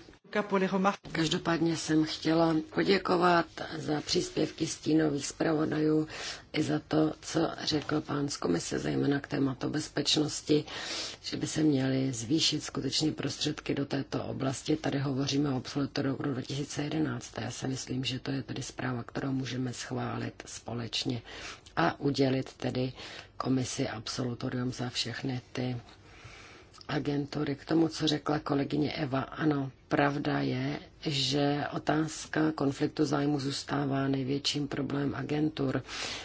Každopádně jsem chtěla poděkovat za příspěvky stínových zpravodajů i za to, co řekl pán z komise, zejména k tématu bezpečnosti, že by se měly zvýšit skutečně prostředky do této oblasti. Tady hovoříme o obsoletu roku 2011. Já si myslím, že to je tedy zpráva, kterou můžeme schválit společně a udělit tedy komisi absolutorium za všechny ty agentury. K tomu, co řekla kolegyně Eva, ano, Pravda je, že otázka konfliktu zájmu zůstává největším problém agentur,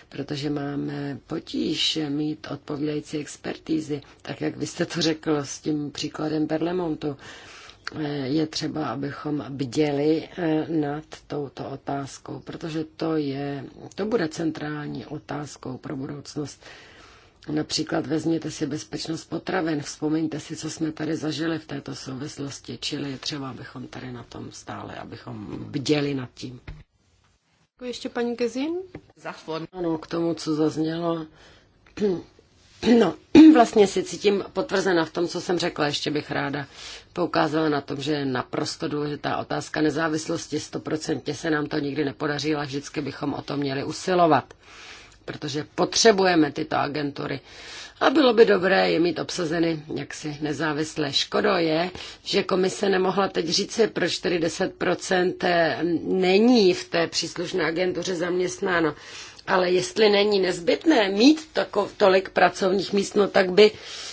protože máme potíž mít odpovídající expertízy, tak jak vy jste to řekl s tím příkladem Berlemontu je třeba, abychom bděli eh, nad touto otázkou, protože to, je, to bude centrální otázkou pro budoucnost Například vezměte si bezpečnost potravin, vzpomeňte si, co jsme tady zažili v této souvislosti, čili je třeba, abychom tady na tom stále, abychom bděli nad tím. Ještě paní Gezin? Ano, k tomu, co zaznělo. No, vlastně si cítím potvrzena v tom, co jsem řekla. Ještě bych ráda poukázala na tom, že je naprosto důležitá otázka nezávislosti. Stoprocentně se nám to nikdy nepodaří, ale vždycky bychom o to měli usilovat protože potřebujeme tyto agentury. A bylo by dobré je mít obsazeny jaksi nezávisle. Škodo je, že komise nemohla teď říci, proč 40% eh, není v té příslušné agentuře zaměstnáno. Ale jestli není nezbytné mít takov, tolik pracovních míst, no tak by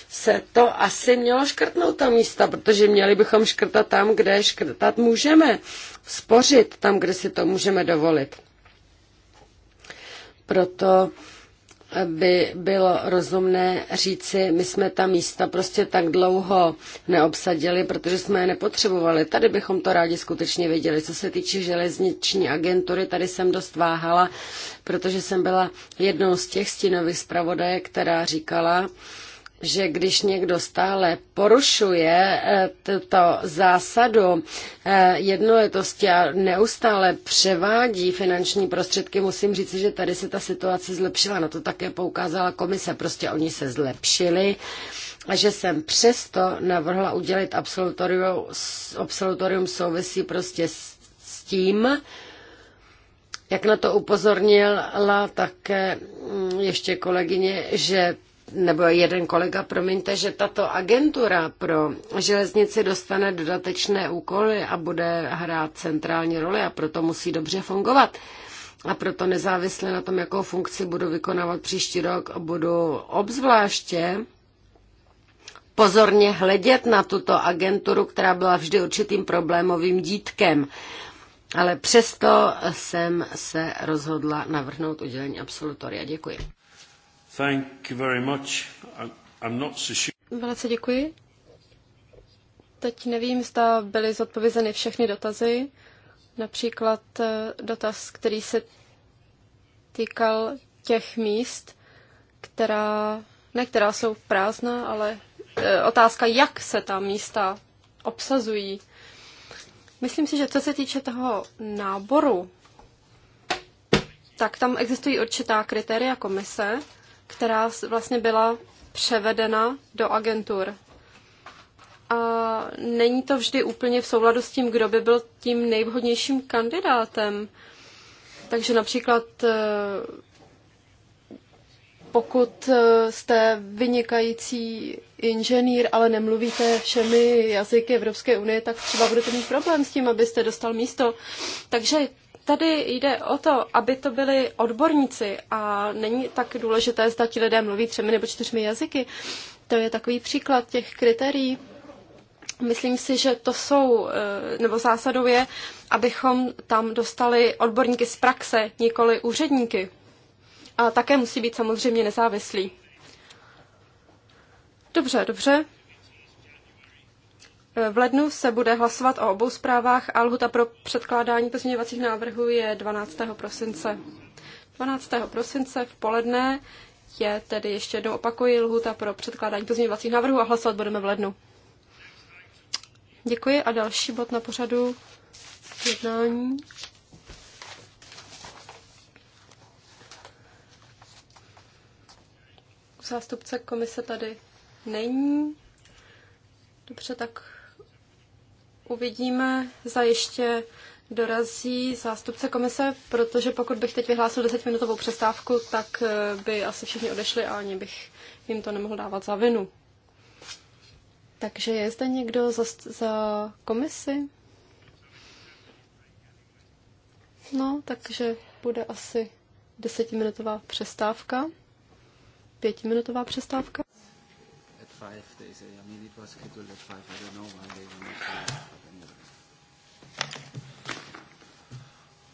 se to asi mělo škrtnout ta místa, protože měli bychom škrtat tam, kde škrtat můžeme, spořit tam, kde si to můžeme dovolit. Proto by bylo rozumné říci, my jsme ta místa prostě tak dlouho neobsadili, protože jsme je nepotřebovali. Tady bychom to rádi skutečně věděli. Co se týče železniční agentury, tady jsem dost váhala, protože jsem byla jednou z těch stínových zpravodajek, která říkala, že když někdo stále porušuje eh, tuto zásadu eh, jednoletosti a neustále převádí finanční prostředky, musím říct, že tady se ta situace zlepšila. Na to také poukázala komise. Prostě oni se zlepšili a že jsem přesto navrhla udělit absolutorium, absolutorium souvisí prostě s, s tím, jak na to upozornila také mm, ještě kolegyně, že nebo jeden kolega, promiňte, že tato agentura pro železnici dostane dodatečné úkoly a bude hrát centrální roli a proto musí dobře fungovat. A proto nezávisle na tom, jakou funkci budu vykonávat příští rok, budu obzvláště pozorně hledět na tuto agenturu, která byla vždy určitým problémovým dítkem. Ale přesto jsem se rozhodla navrhnout udělení absolutoria. Děkuji. Thank you very much. I'm not so sure. Velice děkuji. Teď nevím, zda byly zodpovězeny všechny dotazy. Například eh, dotaz, který se týkal těch míst, která, ne která jsou prázdná, ale eh, otázka, jak se ta místa obsazují. Myslím si, že co se týče toho náboru, tak tam existují určitá kritéria komise, která vlastně byla převedena do agentur. A není to vždy úplně v souladu s tím, kdo by byl tím nejvhodnějším kandidátem. Takže například eh, pokud eh, jste vynikající inženýr, ale nemluvíte všemi jazyky Evropské unie, tak třeba budete mít problém s tím, abyste dostal místo. Takže Tady jde o to, aby to byli odborníci a není tak důležité, zda ti lidé mluví třemi nebo čtyřmi jazyky. To je takový příklad těch kritérií. Myslím si, že to jsou, eh, nebo zásadou je, abychom tam dostali odborníky z praxe, nikoli úředníky. A také musí být samozřejmě nezávislí. Dobře, dobře. V lednu se bude hlasovat o obou zprávách a lhuta pro předkládání pozměňovacích návrhů je 12. prosince. 12. prosince v poledne je tedy ještě jednou opakuji lhuta pro předkládání pozměňovacích návrhů a hlasovat budeme v lednu. Děkuji a další bod na pořadu jednání. Zástupce komise tady není. Dobře, tak Uvidíme, za ještě dorazí zástupce komise, protože pokud bych teď vyhlásil desetiminutovou přestávku, tak eh, by asi všichni odešli a ani bych jim to nemohl dávat za vinu. Takže je zde někdo za, za komisi? No, takže bude asi desetiminutová přestávka. Pětiminutová přestávka five, they say. I mean, it was scheduled at five. I don't know why they were not five.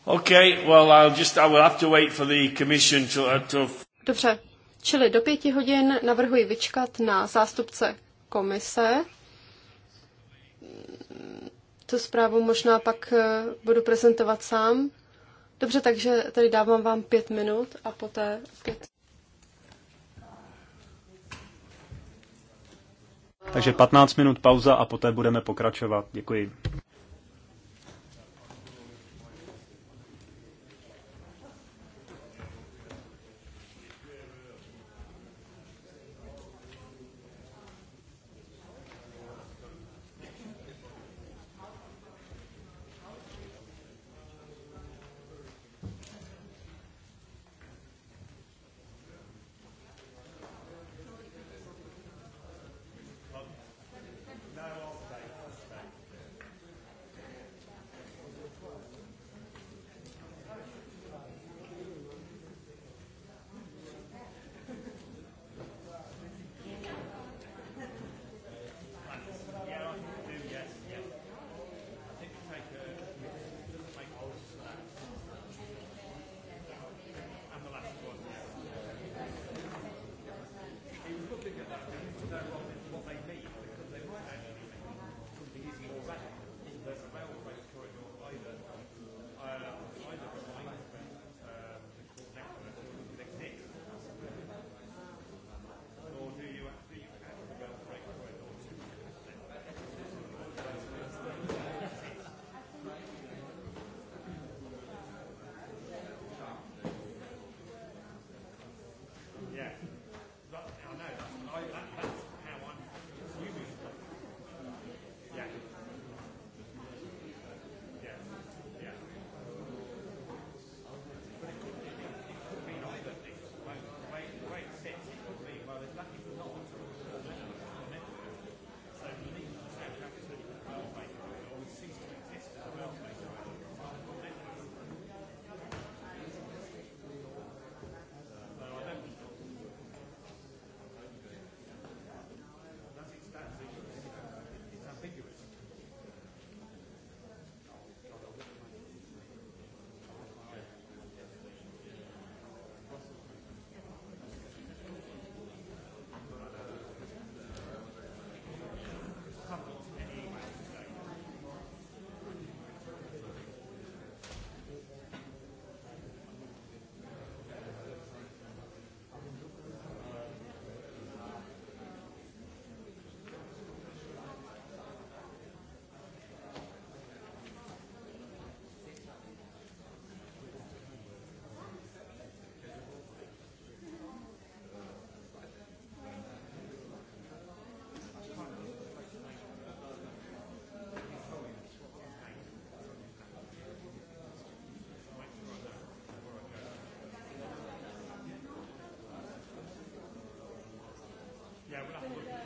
But Okay, well, I'll just, I will have to wait for the commission to, uh, to... Dobře, čili do pěti hodin navrhuji vyčkat na zástupce komise. Tu zprávu možná pak eh, budu prezentovat sám. Dobře, takže tady dávám vám pět minut a poté pět. Takže 15 minut pauza a poté budeme pokračovat. Děkuji. แล้วล่ะ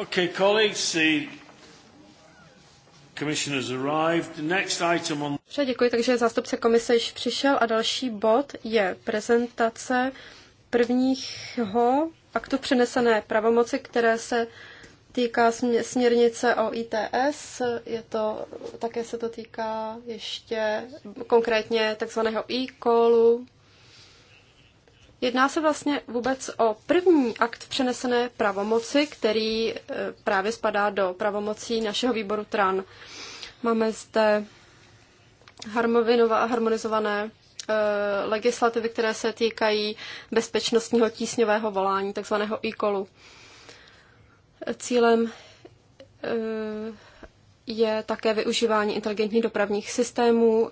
Okay, colleagues, the commissioners arrived. The next item on... Dobře, děkuji, takže zástupce komise již přišel a další bod je prezentace prvního aktu přenesené pravomoci, které se týká směrnice o ITS, je to, také se to týká ještě konkrétně takzvaného e-callu, Jedná se vlastně vůbec o první akt přenesené pravomoci, který e, právě spadá do pravomocí našeho výboru TRAN. Máme zde harmonizované e, legislativy, které se týkají bezpečnostního tísňového volání, takzvaného e-callu. Cílem e, je také využívání inteligentních dopravních systémů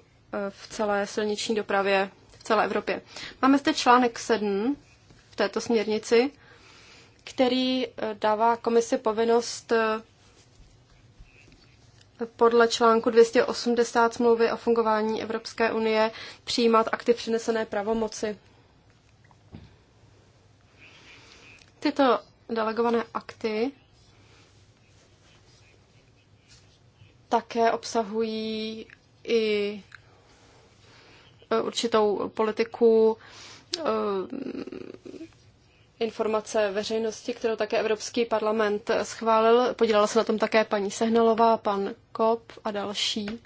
v celé silniční dopravě celé Evropě. Máme zde článek 7 v této směrnici, který eh, dává komisi povinnost eh, podle článku 280 smlouvy o fungování Evropské unie přijímat akty přinesené pravomoci. Tyto delegované akty také obsahují i určitou politiku eh, informace veřejnosti, kterou také Evropský parlament schválil. podílala se na tom také paní Sehnalová, pan Kop a další.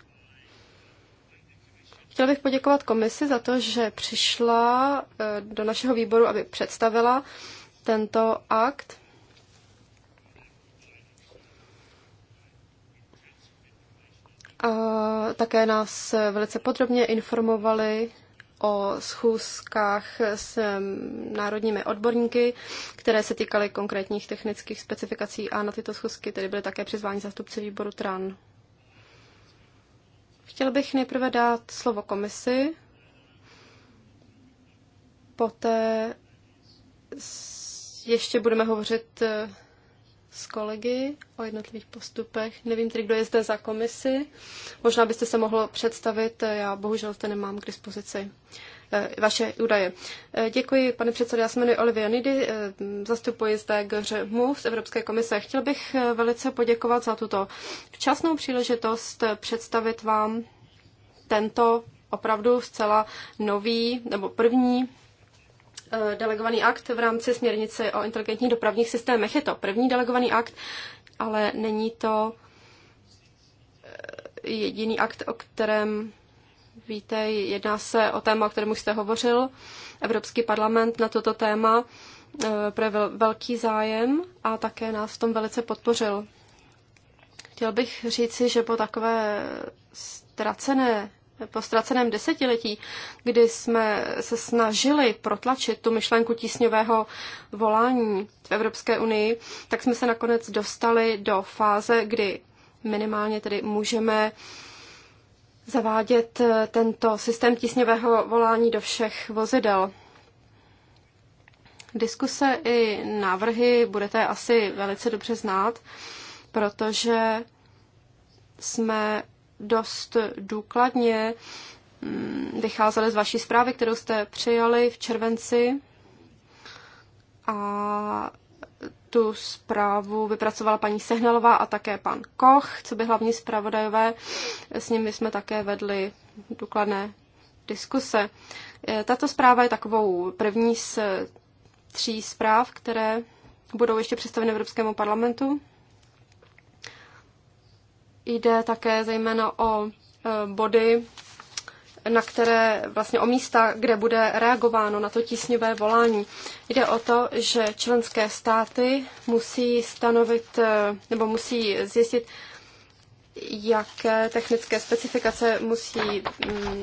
Chtěla bych poděkovat komisi za to, že přišla eh, do našeho výboru, aby představila tento akt. A také nás velice podrobně informovali o schůzkách s národními odborníky, které se týkaly konkrétních technických specifikací a na tyto schůzky tedy byly také přizváni zastupci výboru TRAN. Chtěl bych nejprve dát slovo komisi, poté ještě budeme hovořit s kolegy o jednotlivých postupech. Nevím tedy, kdo je zde za komisi. Možná byste se mohlo představit, já bohužel zde nemám k dispozici eh, vaše údaje. Eh, děkuji, pane předsedo, já se jmenuji Olivia Nidy, eh, zastupuji zde GŘ z Evropské komise. Chtěl bych velice poděkovat za tuto včasnou příležitost představit vám tento opravdu zcela nový nebo první Eh, delegovaný akt v rámci směrnice o inteligentních dopravních systémech. Je to první delegovaný akt, ale není to eh, jediný akt, o kterém víte. Jedná se o téma, o kterém už jste hovořil. Evropský parlament na toto téma eh, projevil velký zájem a také nás v tom velice podpořil. Chtěl bych říci, že po takové ztracené po ztraceném desetiletí, kdy jsme se snažili protlačit tu myšlenku tísňového volání v Evropské unii, tak jsme se nakonec dostali do fáze, kdy minimálně tedy můžeme zavádět eh, tento systém tísňového volání do všech vozidel. Diskuse i návrhy budete asi velice dobře znát, protože jsme dost důkladně mm, vycházeli z vaší zprávy, kterou jste přijali v červenci a tu zprávu vypracovala paní Sehnalová a také pan Koch, co by hlavní zpravodajové. S nimi jsme také vedli důkladné diskuse. E, tato zpráva je takovou první z tří zpráv, které budou ještě představeny Evropskému parlamentu. Jde také zejména o e, body, na které vlastně o místa, kde bude reagováno na to tísňové volání. Jde o to, že členské státy musí stanovit e, nebo musí zjistit, jaké technické specifikace musí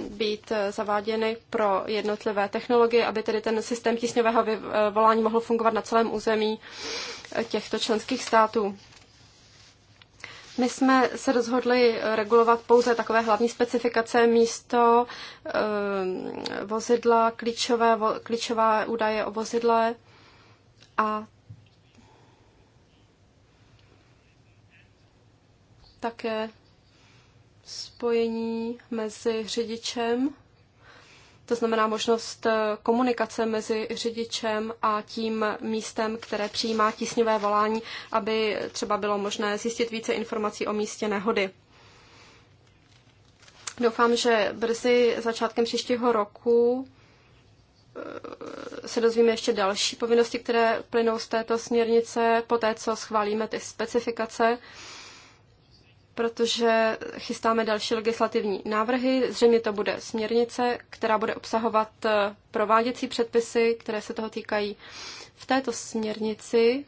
být zaváděny pro jednotlivé technologie, aby tedy ten systém tísňového e, volání mohl fungovat na celém území těchto členských států. My jsme se rozhodli regulovat pouze takové hlavní specifikace místo eh, vozidla, klíčové, vo, klíčová údaje o vozidle a také spojení mezi řidičem to znamená možnost eh, komunikace mezi řidičem a tím místem, které přijímá tísňové volání, aby třeba bylo možné zjistit více informací o místě nehody. Doufám, že brzy začátkem příštího roku eh, se dozvíme ještě další povinnosti, které plynou z této směrnice, poté co schválíme ty specifikace protože chystáme další legislativní návrhy. Zřejmě to bude směrnice, která bude obsahovat eh, prováděcí předpisy, které se toho týkají. V této směrnici,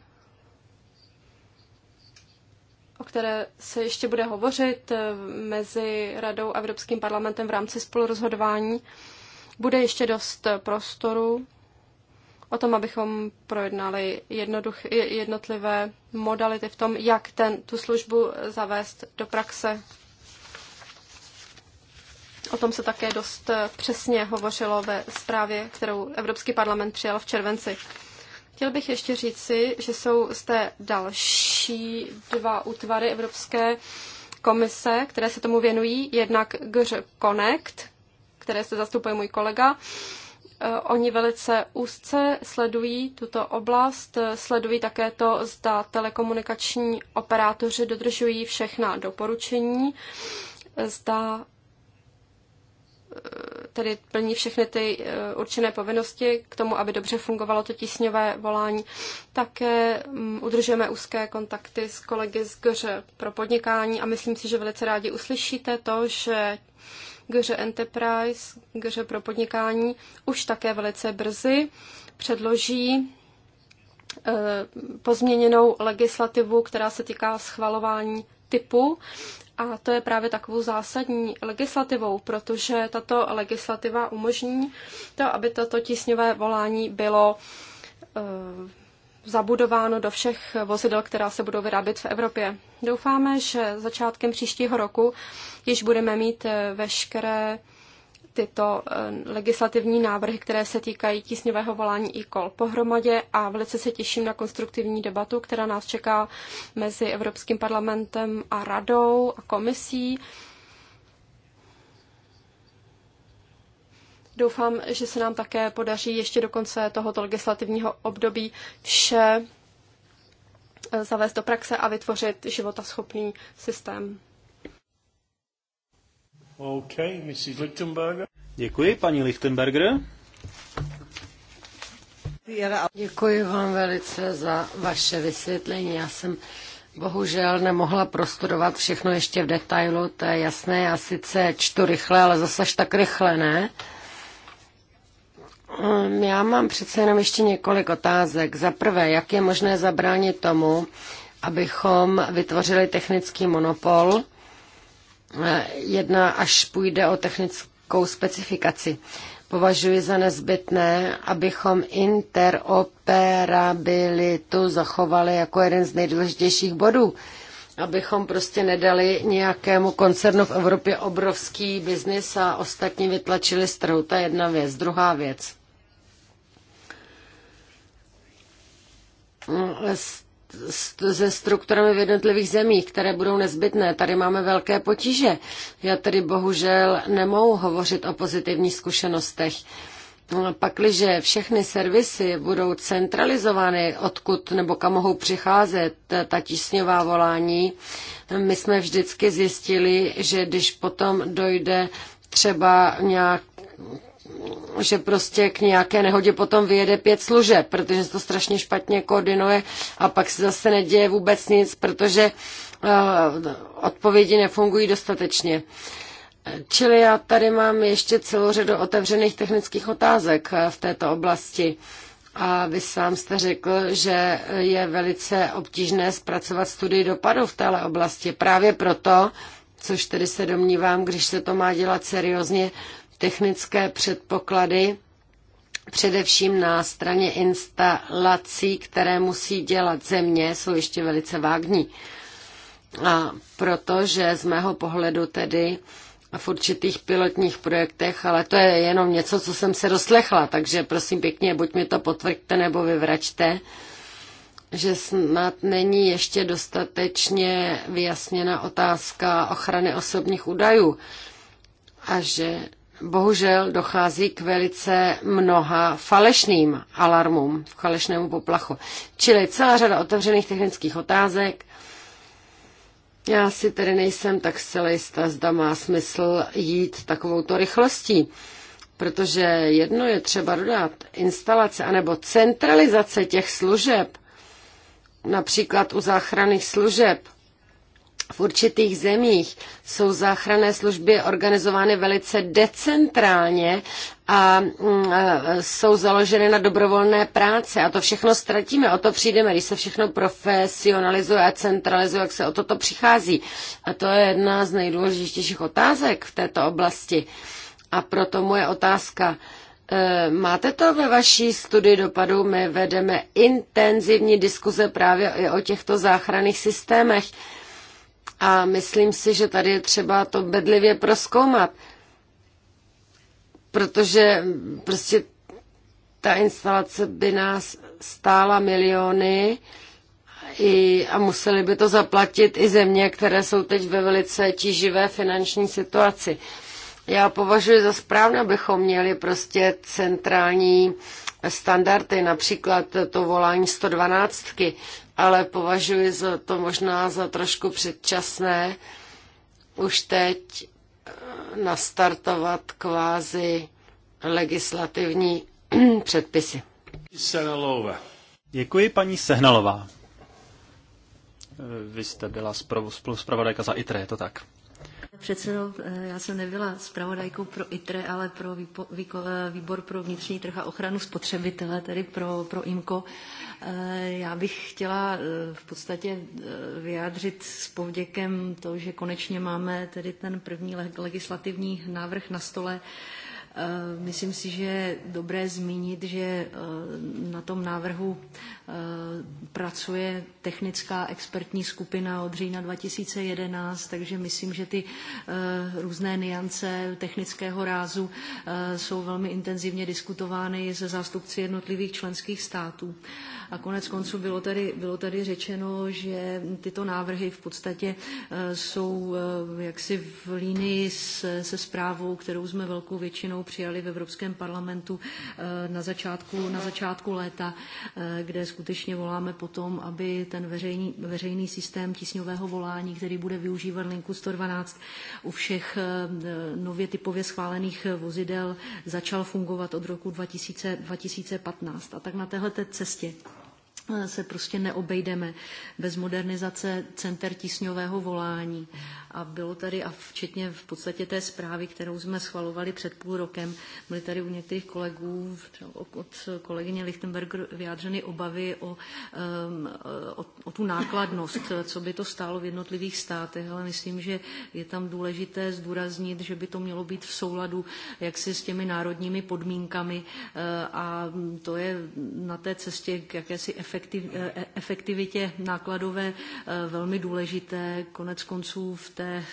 o které se ještě bude hovořit eh, mezi Radou a Evropským parlamentem v rámci spolurozhodování, bude ještě dost eh, prostoru o tom, abychom projednali jednoduch, jednotlivé modality v tom, jak ten, tu službu zavést do praxe. O tom se také dost přesně hovořilo ve zprávě, kterou Evropský parlament přijal v červenci. Chtěl bych ještě říci, že jsou zde další dva útvary Evropské komise, které se tomu věnují. Jednak GR Connect, které se zastupuje můj kolega, Eh, oni velice úzce sledují tuto oblast, eh, sledují také to, zda telekomunikační operátoři dodržují všechna doporučení, zda eh, tedy plní všechny ty určené povinnosti k tomu, aby dobře fungovalo to tísňové volání. Také mm, udržujeme úzké kontakty s kolegy z GŘ pro podnikání a myslím si, že velice rádi uslyšíte to, že GŘ Enterprise, GŘ pro podnikání, už také velice brzy předloží eh, pozměněnou legislativu, která se týká schvalování typu. A to je právě takovou zásadní legislativou, protože tato legislativa umožní to, aby toto tísňové volání bylo eh, zabudováno do všech vozidel, která se budou vyrábět v Evropě. Doufáme, že začátkem příštího roku již budeme mít eh, veškeré tyto eh, legislativní návrhy, které se týkají tísňového volání i kol pohromadě a velice se těším na konstruktivní debatu, která nás čeká mezi Evropským parlamentem a radou a komisí Doufám, že se nám také podaří ještě do konce tohoto legislativního období vše eh, zavést do praxe a vytvořit životaschopný systém. Okay, Mrs. Lichtenberger. Děkuji, paní Lichtenberger. Děkuji vám velice za vaše vysvětlení. Já jsem bohužel nemohla prostudovat všechno ještě v detailu, to je jasné. Já sice čtu rychle, ale zase tak rychle ne. Um, já mám přece jenom ještě několik otázek. Za prvé, jak je možné zabránit tomu, abychom vytvořili technický monopol? Uh, jedna až půjde o technickou specifikaci. Považuji za nezbytné, abychom interoperabilitu zachovali jako jeden z nejdůležitějších bodů abychom prostě nedali nějakému koncernu v Evropě obrovský biznis a ostatní vytlačili z trhu. To je jedna věc. Druhá věc. se strukturami v jednotlivých zemích, které budou nezbytné. Tady máme velké potíže. Já tedy bohužel nemohu hovořit o pozitivních zkušenostech. Pakliže všechny servisy budou centralizovány, odkud nebo kam mohou přicházet ta tísňová volání, my jsme vždycky zjistili, že když potom dojde třeba nějak že prostě k nějaké nehodě potom vyjede pět služeb, protože se to strašně špatně koordinuje a pak se zase neděje vůbec nic, protože eh, odpovědi nefungují dostatečně. Čili já tady mám ještě celou řadu otevřených technických otázek eh, v této oblasti. A vy sám jste řekl, že je velice obtížné zpracovat studii dopadu v této oblasti. Právě proto, což tedy se domnívám, když se to má dělat seriózně, technické předpoklady, především na straně instalací, které musí dělat země, jsou ještě velice vágní. A protože z mého pohledu tedy v určitých pilotních projektech, ale to je jenom něco, co jsem se doslechla, takže prosím pěkně, buď mi to potvrďte nebo vyvračte, že snad není ještě dostatečně vyjasněna otázka ochrany osobních údajů a že bohužel dochází k velice mnoha falešným alarmům, falešnému poplachu. Čili celá řada otevřených technických otázek. Já si tedy nejsem tak zcela jistá, zda má smysl jít takovouto rychlostí, protože jedno je třeba dodat instalace anebo centralizace těch služeb, například u záchranných služeb, v určitých zemích jsou záchranné služby organizovány velice decentrálně a mm, jsou založeny na dobrovolné práce a to všechno ztratíme, o to přijdeme, když se všechno profesionalizuje a centralizuje, jak se o toto přichází. A to je jedna z nejdůležitějších otázek v této oblasti. A proto moje otázka, e, Máte to ve vaší studii dopadu? My vedeme intenzivní diskuze právě i o těchto záchranných systémech. A myslím si, že tady je třeba to bedlivě proskoumat, protože prostě ta instalace by nás stála miliony i, a museli by to zaplatit i země, které jsou teď ve velice tíživé finanční situaci. Já považuji za správné, abychom měli prostě centrální standardy, například to volání 112, ale považuji za to možná za trošku předčasné už teď eh, nastartovat kvázi legislativní (clears throat) předpisy. Sehnalova. Děkuji, paní Sehnalová. Eh, vy jste byla spolu zpravodajka za ITRE, je to tak? předsedo, eh, já jsem nebyla zpravodajkou pro ITRE, ale pro výpo, eh, výbor pro vnitřní trh a ochranu spotřebitele, tedy pro, pro IMKO. Eh, já bych chtěla v podstatě vyjádřit s povděkem to, že konečně máme tedy ten první legislativní návrh na stole. Myslím si, že je dobré zmínit, že na tom návrhu Eh, pracuje technická expertní skupina od října 2011, takže myslím, že ty eh, různé niance technického rázu eh, jsou velmi intenzivně diskutovány se zástupci jednotlivých členských států. A konec konců bylo tady, bylo tady řečeno, že tyto návrhy v podstatě jsou jaksi v línii se, se zprávou, kterou jsme velkou většinou přijali v Evropském parlamentu na začátku, na začátku léta, kde skutečně skutečně voláme potom, aby ten veřejný, veřejný systém tísňového volání, který bude využívat linku 112 u všech eh, nově typově schválených vozidel, začal fungovat od roku 2000, 2015. A tak na téhle cestě se prostě neobejdeme bez modernizace center tísňového volání. A bylo tady, a včetně v podstatě té zprávy, kterou jsme schvalovali před půl rokem, byly tady u některých kolegů, od kolegyně Lichtenberger, vyjádřeny obavy o, um, o, o tu nákladnost, co by to stálo v jednotlivých státech, ale myslím, že je tam důležité zdůraznit, že by to mělo být v souladu jaksi s těmi národními podmínkami uh, a to je na té cestě k jakési efektivitě efektiv, eh, eh, efektivitě nákladové eh, velmi důležité. Konec konců v té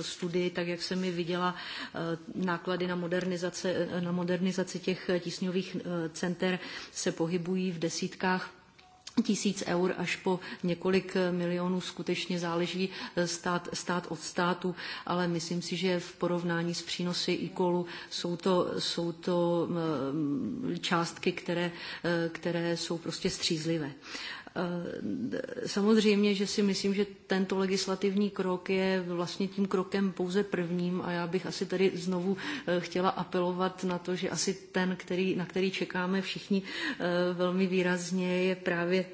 studii, tak jak jsem mi viděla, náklady na modernizaci, na modernizaci těch tísňových center se pohybují v desítkách tisíc eur až po několik milionů skutečně záleží eh, stát, stát od státu, ale myslím si, že v porovnání s přínosy i kolu jsou to, jsou to eh, částky, které, eh, které jsou prostě střízlivé. Eh, samozřejmě, že si myslím, že tento legislativní krok je vlastně tím krokem pouze prvním a já bych asi tady znovu eh, chtěla apelovat na to, že asi ten, který, na který čekáme všichni eh, velmi výrazně, je právě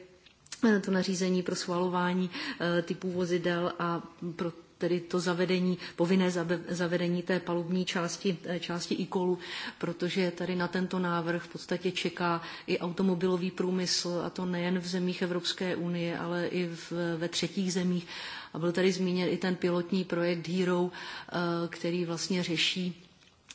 to nařízení pro schvalování typů vozidel a pro tedy to zavedení, povinné zavedení té palubní části, části e kolu, protože tady na tento návrh v podstatě čeká i automobilový průmysl, a to nejen v zemích Evropské unie, ale i v, ve třetích zemích. A byl tady zmíněn i ten pilotní projekt Hero, eh, který vlastně řeší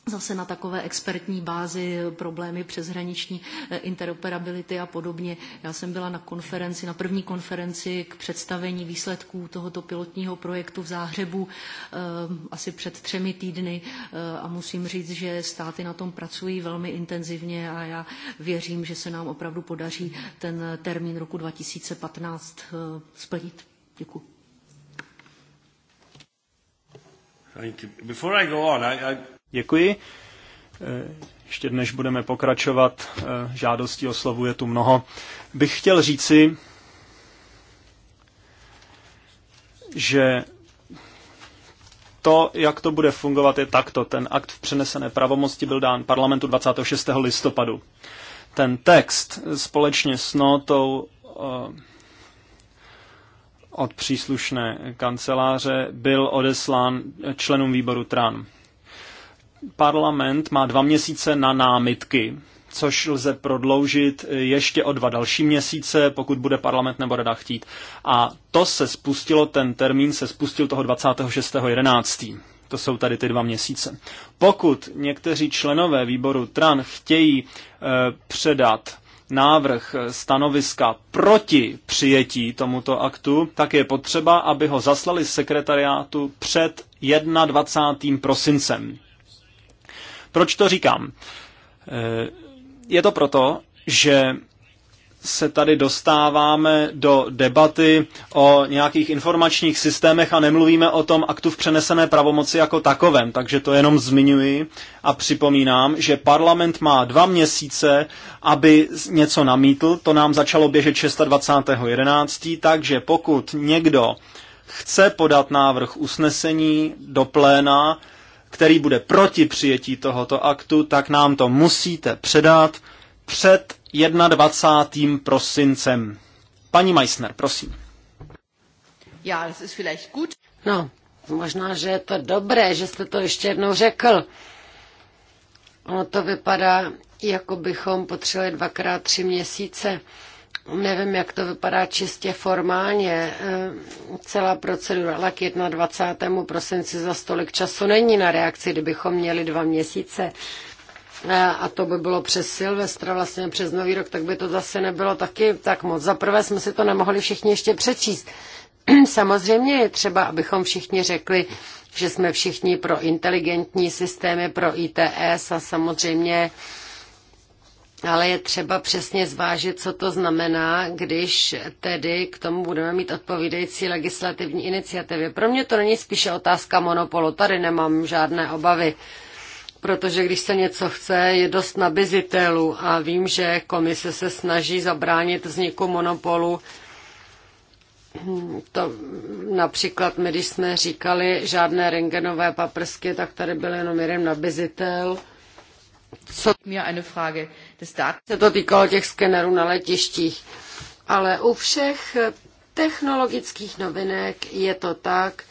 zase na takové expertní bázi problémy přeshraniční eh, interoperability a podobně. Já jsem byla na konferenci, na první konferenci k představení výsledků tohoto pilotního projektu v Záhřebu eh, asi před třemi týdny eh, a musím říct, že státy na tom pracují velmi intenzivně a já věřím, že se nám opravdu podaří ten termín roku 2015 splnit. Děkuji. Before I go on, I, I... Děkuji. E, ještě než budeme pokračovat, e, žádostí o slovu je tu mnoho. Bych chtěl říci, že to, jak to bude fungovat, je takto. Ten akt v přenesené pravomosti byl dán parlamentu 26. listopadu. Ten text společně s notou e, od příslušné kanceláře byl odeslán členům výboru TRAN parlament má dva měsíce na námitky, což lze prodloužit ještě o dva další měsíce, pokud bude parlament nebo rada chtít. A to se spustilo, ten termín se spustil toho 26.11. To jsou tady ty dva měsíce. Pokud někteří členové výboru TRAN chtějí e, předat návrh stanoviska proti přijetí tomuto aktu, tak je potřeba, aby ho zaslali sekretariátu před 21. prosincem. Proč to říkám? Eh, je to proto, že se tady dostáváme do debaty o nějakých informačních systémech a nemluvíme o tom aktu v přenesené pravomoci jako takovém, takže to jenom zmiňuji a připomínám, že parlament má dva měsíce, aby něco namítl, to nám začalo běžet 26.11., takže pokud někdo chce podat návrh usnesení do pléna, který bude proti přijetí tohoto aktu, tak nám to musíte předat před 21. prosincem. Paní Meissner, prosím. Ja, das ist vielleicht gut. No, možná, že je to dobré, že jste to ještě jednou řekl. Ono to vypadá, jako bychom potřebovali dvakrát tři měsíce. Nevím, jak to vypadá čistě formálně. Eh, celá procedura ale k 21. prosinci za stolik času není na reakci, kdybychom měli dva měsíce eh, a to by bylo přes Silvestra, vlastně přes Nový rok, tak by to zase nebylo taky tak moc. Za prvé jsme si to nemohli všichni ještě přečíst. (clears throat) Samozřejmě je třeba, abychom všichni řekli, že jsme všichni pro inteligentní systémy, pro ITS a samozřejmě ale je třeba přesně zvážit, co to znamená, když tedy k tomu budeme mít odpovídající legislativní iniciativy. Pro mě to není spíše otázka monopolu, tady nemám žádné obavy, protože když se něco chce, je dost nabizitelů a vím, že komise se snaží zabránit vzniku monopolu. To například my, když jsme říkali žádné rengenové paprsky, tak tady byl jenom jeden nabizitel – co se to týkalo těch skenerů na letištích. Ale u všech eh, technologických novinek je to tak,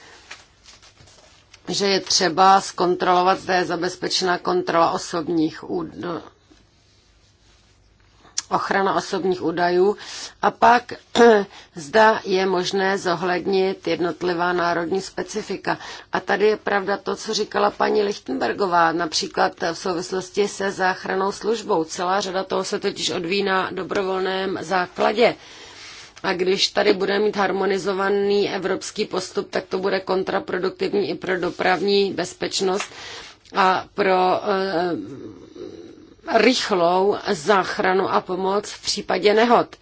že je třeba zkontrolovat, zda je zabezpečena kontrola osobních údajů no, ochrana osobních údajů a pak (clears throat) zda je možné zohlednit jednotlivá národní specifika. A tady je pravda to, co říkala paní Lichtenbergová, například v souvislosti se záchranou službou. Celá řada toho se totiž odvíjí na dobrovolném základě. A když tady bude mít harmonizovaný evropský postup, tak to bude kontraproduktivní i pro dopravní bezpečnost a pro eh, rychlou záchranu a pomoc v případě nehod.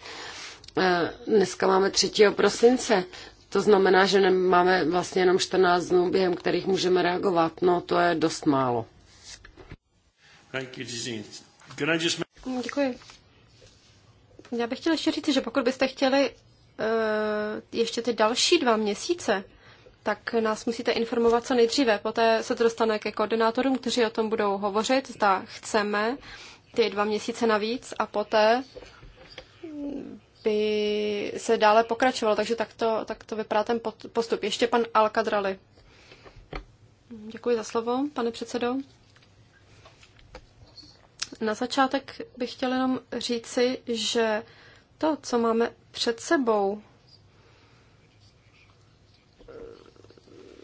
E, dneska máme 3. prosince. To znamená, že máme vlastně jenom 14 dnů, během kterých můžeme reagovat. No, to je dost málo. Děkuji. Já bych chtěla ještě říct, že pokud byste chtěli uh, ještě ty další dva měsíce, tak nás musíte informovat co nejdříve. Poté se to dostane ke koordinátorům, kteří o tom budou hovořit, zda chceme ty dva měsíce navíc a poté by se dále pokračovalo. Takže tak to, tak to vypadá ten postup. Ještě pan Alkadrali. Děkuji za slovo, pane předsedo. Na začátek bych chtěl jenom říci, že to, co máme před sebou,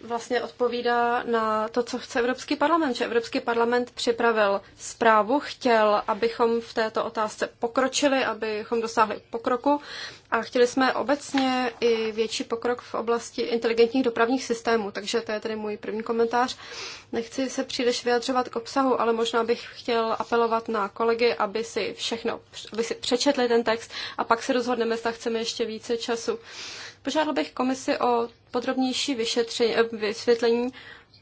vlastně odpovídá na to, co chce Evropský parlament, že Evropský parlament připravil zprávu, chtěl, abychom v této otázce pokročili, abychom dosáhli pokroku a chtěli jsme obecně i větší pokrok v oblasti inteligentních dopravních systémů, takže to je tedy můj první komentář. Nechci se příliš vyjadřovat k obsahu, ale možná bych chtěl apelovat na kolegy, aby si všechno, aby si přečetli ten text a pak se rozhodneme, zda chceme ještě více času. Uh, Požádal bych komisi o podrobnější vyšetření, eh, vysvětlení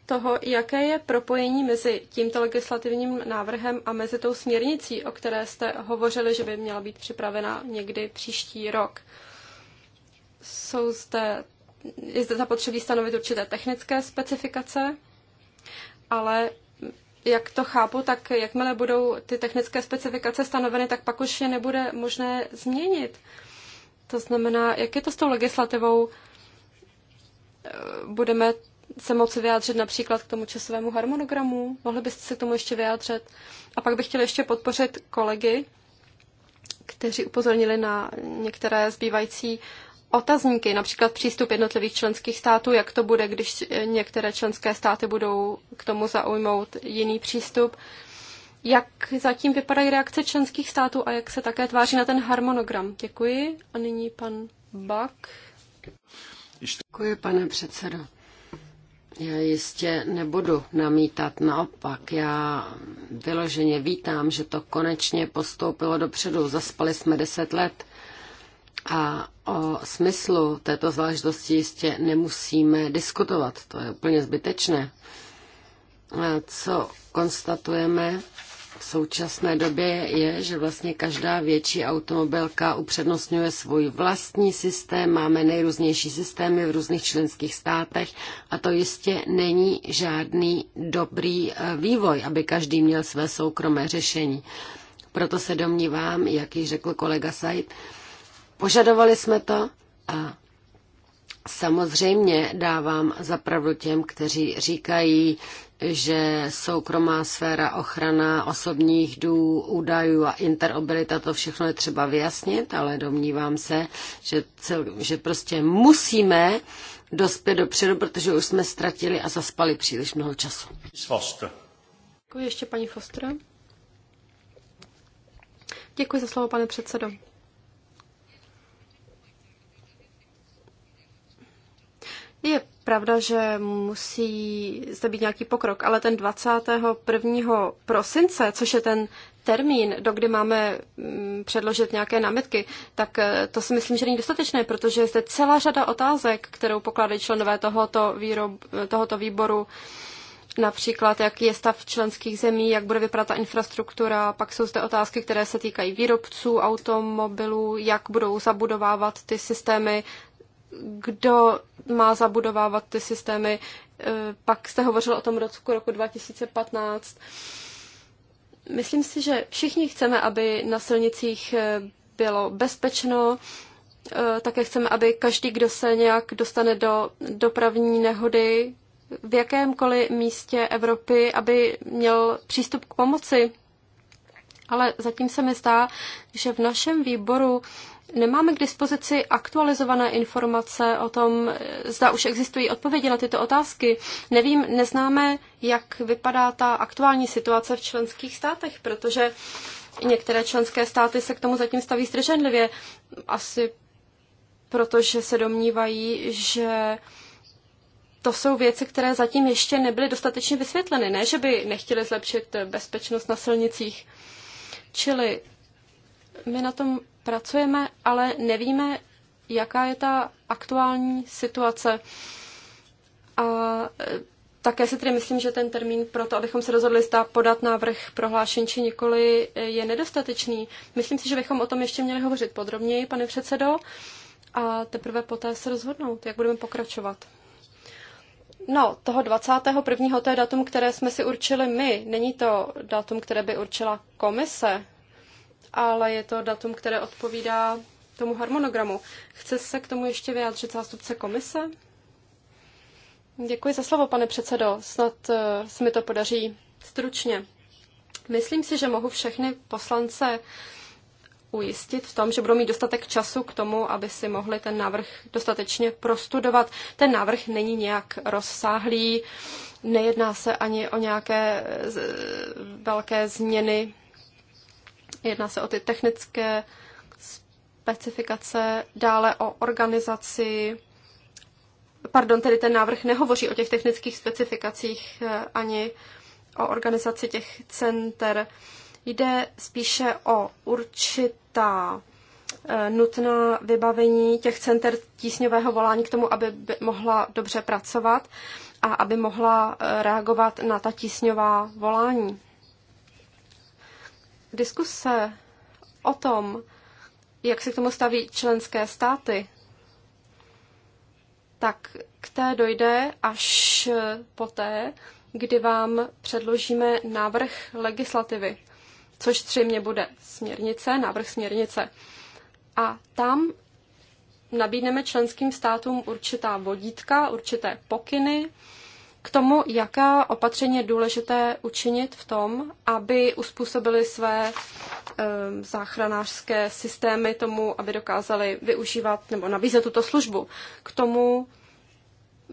toho, jaké je propojení mezi tímto legislativním návrhem a mezi tou směrnicí, o které jste hovořili, že by měla být připravena někdy příští rok. Jsou zde, je zde zapotřebí stanovit určité technické specifikace, ale jak to chápu, tak jakmile budou ty technické specifikace stanoveny, tak pak už je nebude možné změnit. To znamená, jak je to s tou legislativou? Eh, budeme se moci vyjádřit například k tomu časovému harmonogramu? Mohli byste se k tomu ještě vyjádřit? A pak bych chtěla ještě podpořit kolegy, kteří upozornili na některé zbývající otazníky, například přístup jednotlivých členských států, jak to bude, když některé členské státy budou k tomu zaujmout jiný přístup. Uh, jak zatím vypadají reakce členských států a jak se také tváří na ten harmonogram. Děkuji. A nyní pan Bak. Děkuji, pane předsedo. Já jistě nebudu namítat, naopak. Já vyloženě vítám, že to konečně postoupilo dopředu. Zaspali jsme deset let a o smyslu této záležitosti jistě nemusíme diskutovat. To je úplně zbytečné. A co konstatujeme, v současné době je, že vlastně každá větší automobilka upřednostňuje svůj vlastní systém, máme nejrůznější systémy v různých členských státech a to jistě není žádný dobrý eh, vývoj, aby každý měl své soukromé řešení. Proto se domnívám, jak již řekl kolega Said, požadovali jsme to a Samozřejmě dávám zapravdu těm, kteří říkají, že soukromá sféra, ochrana osobních dů, údajů a interoperabilita, to všechno je třeba vyjasnit, ale domnívám se, že, cel, že prostě musíme dospět dopředu, protože už jsme ztratili a zaspali příliš mnoho času. Foster. Děkuji ještě paní Foster. Děkuji za slovo, pane předsedo. Je pravda, že musí zde být nějaký pokrok, ale ten 21. prosince, což je ten termín, do kdy máme mm, předložit nějaké námitky, tak eh, to si myslím, že není dostatečné, protože je zde celá řada otázek, kterou pokládají členové tohoto, výrob, eh, tohoto výboru. Například, jak je stav členských zemí, jak bude vypadat ta infrastruktura, pak jsou zde otázky, které se týkají výrobců automobilů, jak budou zabudovávat ty systémy kdo má zabudovávat ty systémy. E, pak jste hovořil o tom roku, roku 2015. Myslím si, že všichni chceme, aby na silnicích e, bylo bezpečno, e, také chceme, aby každý, kdo se nějak dostane do dopravní nehody v jakémkoliv místě Evropy, aby měl přístup k pomoci. Ale zatím se mi zdá, že v našem výboru nemáme k dispozici aktualizované informace o tom, zda už existují odpovědi na tyto otázky. Nevím, neznáme, jak vypadá ta aktuální situace v členských státech, protože některé členské státy se k tomu zatím staví zdrženlivě. Asi protože se domnívají, že to jsou věci, které zatím ještě nebyly dostatečně vysvětleny. Ne, že by nechtěli zlepšit bezpečnost na silnicích. Čili my na tom pracujeme, ale nevíme, jaká je ta aktuální situace. A e, také si tedy myslím, že ten termín pro to, abychom se rozhodli, zda podat návrh prohlášení či nikoli, e, je nedostatečný. Myslím si, že bychom o tom ještě měli hovořit podrobněji, pane předsedo, a teprve poté se rozhodnout, jak budeme pokračovat. No, toho 21. to je datum, které jsme si určili my. Není to datum, které by určila komise ale je to datum, které odpovídá tomu harmonogramu. Chce se k tomu ještě vyjádřit zástupce komise? Děkuji za slovo, pane předsedo. Snad eh, se mi to podaří stručně. Myslím si, že mohu všechny poslance ujistit v tom, že budou mít dostatek času k tomu, aby si mohli ten návrh dostatečně prostudovat. Ten návrh není nějak rozsáhlý, nejedná se ani o nějaké velké změny Jedná se o ty technické specifikace, dále o organizaci. Pardon, tedy ten návrh nehovoří o těch technických specifikacích eh, ani o organizaci těch center. Jde spíše o určitá eh, nutná vybavení těch center tísňového volání k tomu, aby mohla dobře pracovat a aby mohla eh, reagovat na ta tísňová volání diskuse o tom, jak se k tomu staví členské státy, tak k té dojde až poté, kdy vám předložíme návrh legislativy, což zřejmě bude směrnice, návrh směrnice. A tam nabídneme členským státům určitá vodítka, určité pokyny, k tomu, jaká opatření je důležité učinit v tom, aby uspůsobili své ehm, záchranářské systémy tomu, aby dokázali využívat nebo nabízet tuto službu. K tomu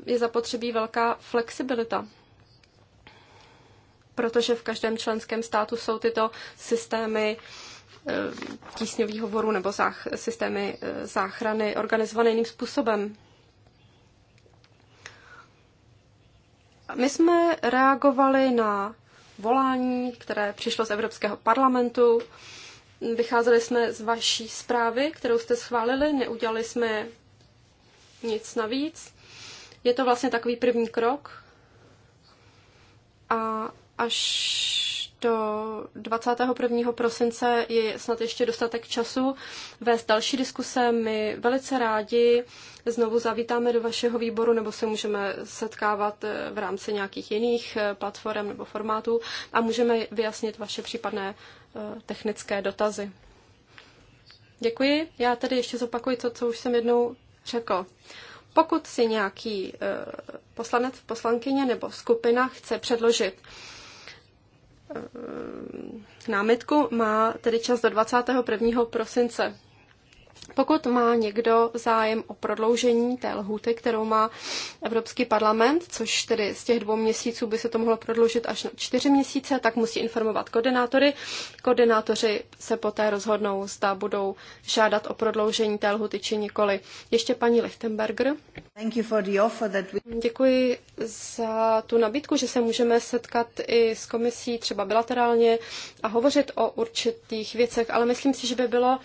je zapotřebí velká flexibilita, protože v každém členském státu jsou tyto systémy ehm, tísňových hovorů nebo zách, systémy e, záchrany organizované jiným způsobem. My jsme reagovali na volání, které přišlo z Evropského parlamentu. Vycházeli jsme z vaší zprávy, kterou jste schválili, neudělali jsme nic navíc. Je to vlastně takový první krok. A až do 21. prosince je snad ještě dostatek času vést další diskuse. My velice rádi znovu zavítáme do vašeho výboru, nebo se můžeme setkávat eh, v rámci nějakých jiných eh, platform nebo formátů a můžeme vyjasnit vaše případné eh, technické dotazy. Děkuji. Já tedy ještě zopakuji to, co už jsem jednou řekl. Pokud si nějaký poslanec, poslankyně nebo skupina chce předložit Ehm, námitku, má tedy čas do 21. prosince. Pokud má někdo zájem o prodloužení té lhůty, kterou má Evropský parlament, což tedy z těch dvou měsíců by se to mohlo prodloužit až na čtyři měsíce, tak musí informovat koordinátory. Koordinátoři se poté rozhodnou, zda budou žádat o prodloužení té lhuty či nikoli. Ještě paní Lichtenberger. Thank you for the offer that we... Děkuji za tu nabídku, že se můžeme setkat i s komisí třeba bilaterálně a hovořit o určitých věcech, ale myslím si, že by bylo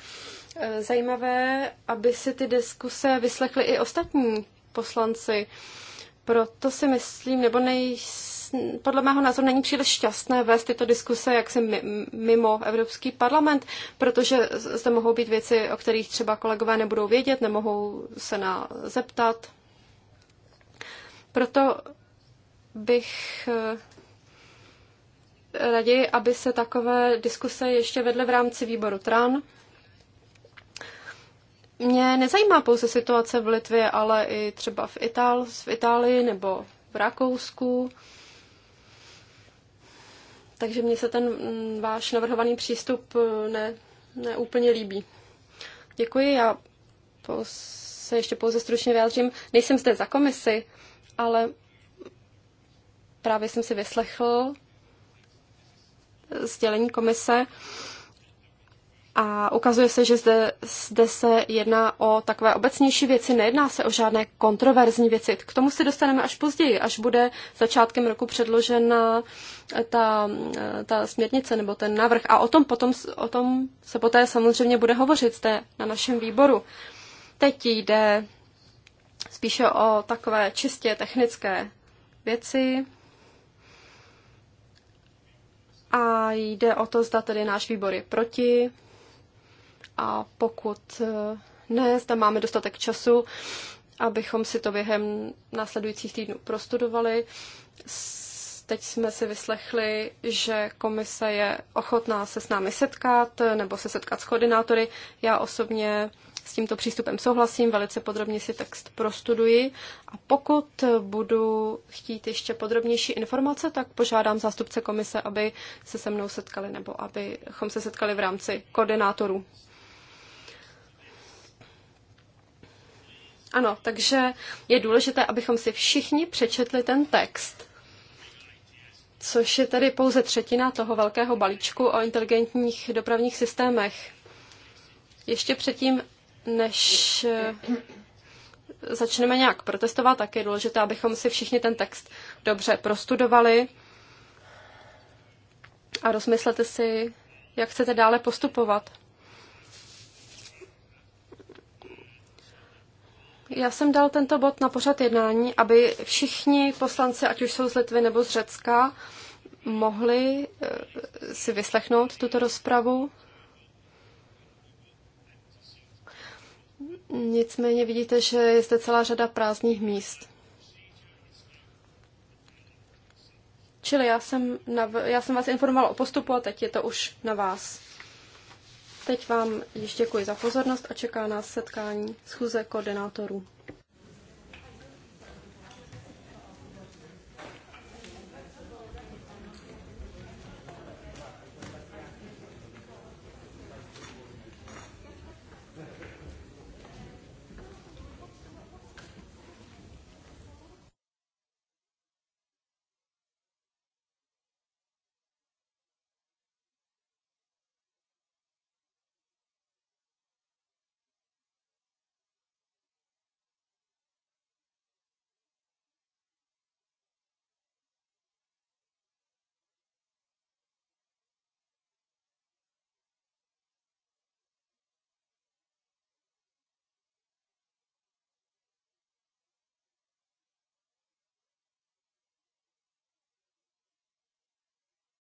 Eh, zajímavé, aby si ty diskuse vyslechli i ostatní poslanci. Proto si myslím, nebo nej, podle mého názoru není příliš šťastné vést tyto diskuse jaksi mimo Evropský parlament, protože zde mohou být věci, o kterých třeba kolegové nebudou vědět, nemohou se na zeptat. Proto bych eh, raději, aby se takové diskuse ještě vedly v rámci výboru TRAN, mě nezajímá pouze situace v Litvě, ale i třeba v, Itál, v Itálii nebo v Rakousku. Takže mně se ten mm, váš navrhovaný přístup eh, ne, neúplně líbí. Děkuji, já se ještě pouze stručně vyjádřím. Nejsem zde za komisi, ale právě jsem si vyslechl sdělení komise. A ukazuje se, že zde, zde se jedná o takové obecnější věci, nejedná se o žádné kontroverzní věci. K tomu se dostaneme až později, až bude začátkem roku předložena ta, ta směrnice nebo ten návrh. A o tom, potom, o tom se poté samozřejmě bude hovořit zde na našem výboru. Teď jde spíše o takové čistě technické věci. A jde o to, zda tedy náš výbor je proti a pokud eh, ne, zda máme dostatek času, abychom si to během následujících týdnů prostudovali. Teď jsme si vyslechli, že komise je ochotná se s námi setkat eh, nebo se setkat s koordinátory. Já osobně s tímto přístupem souhlasím, velice podrobně si text prostuduji a pokud eh, budu chtít ještě podrobnější informace, tak požádám zástupce komise, aby se se mnou setkali nebo abychom se setkali v rámci koordinátorů. Ano, takže je důležité, abychom si všichni přečetli ten text, což je tedy pouze třetina toho velkého balíčku o inteligentních dopravních systémech. Ještě předtím, než eh, začneme nějak protestovat, tak je důležité, abychom si všichni ten text dobře prostudovali a rozmyslete si, jak chcete dále postupovat. Já jsem dal tento bod na pořad jednání, aby všichni poslanci, ať už jsou z Litvy nebo z Řecka, mohli eh, si vyslechnout tuto rozpravu. Nicméně vidíte, že je zde celá řada prázdných míst. Čili já jsem, nav- já jsem vás informoval o postupu a teď je to už na vás. Teď vám již děkuji za pozornost a čeká nás setkání schůze koordinátorů.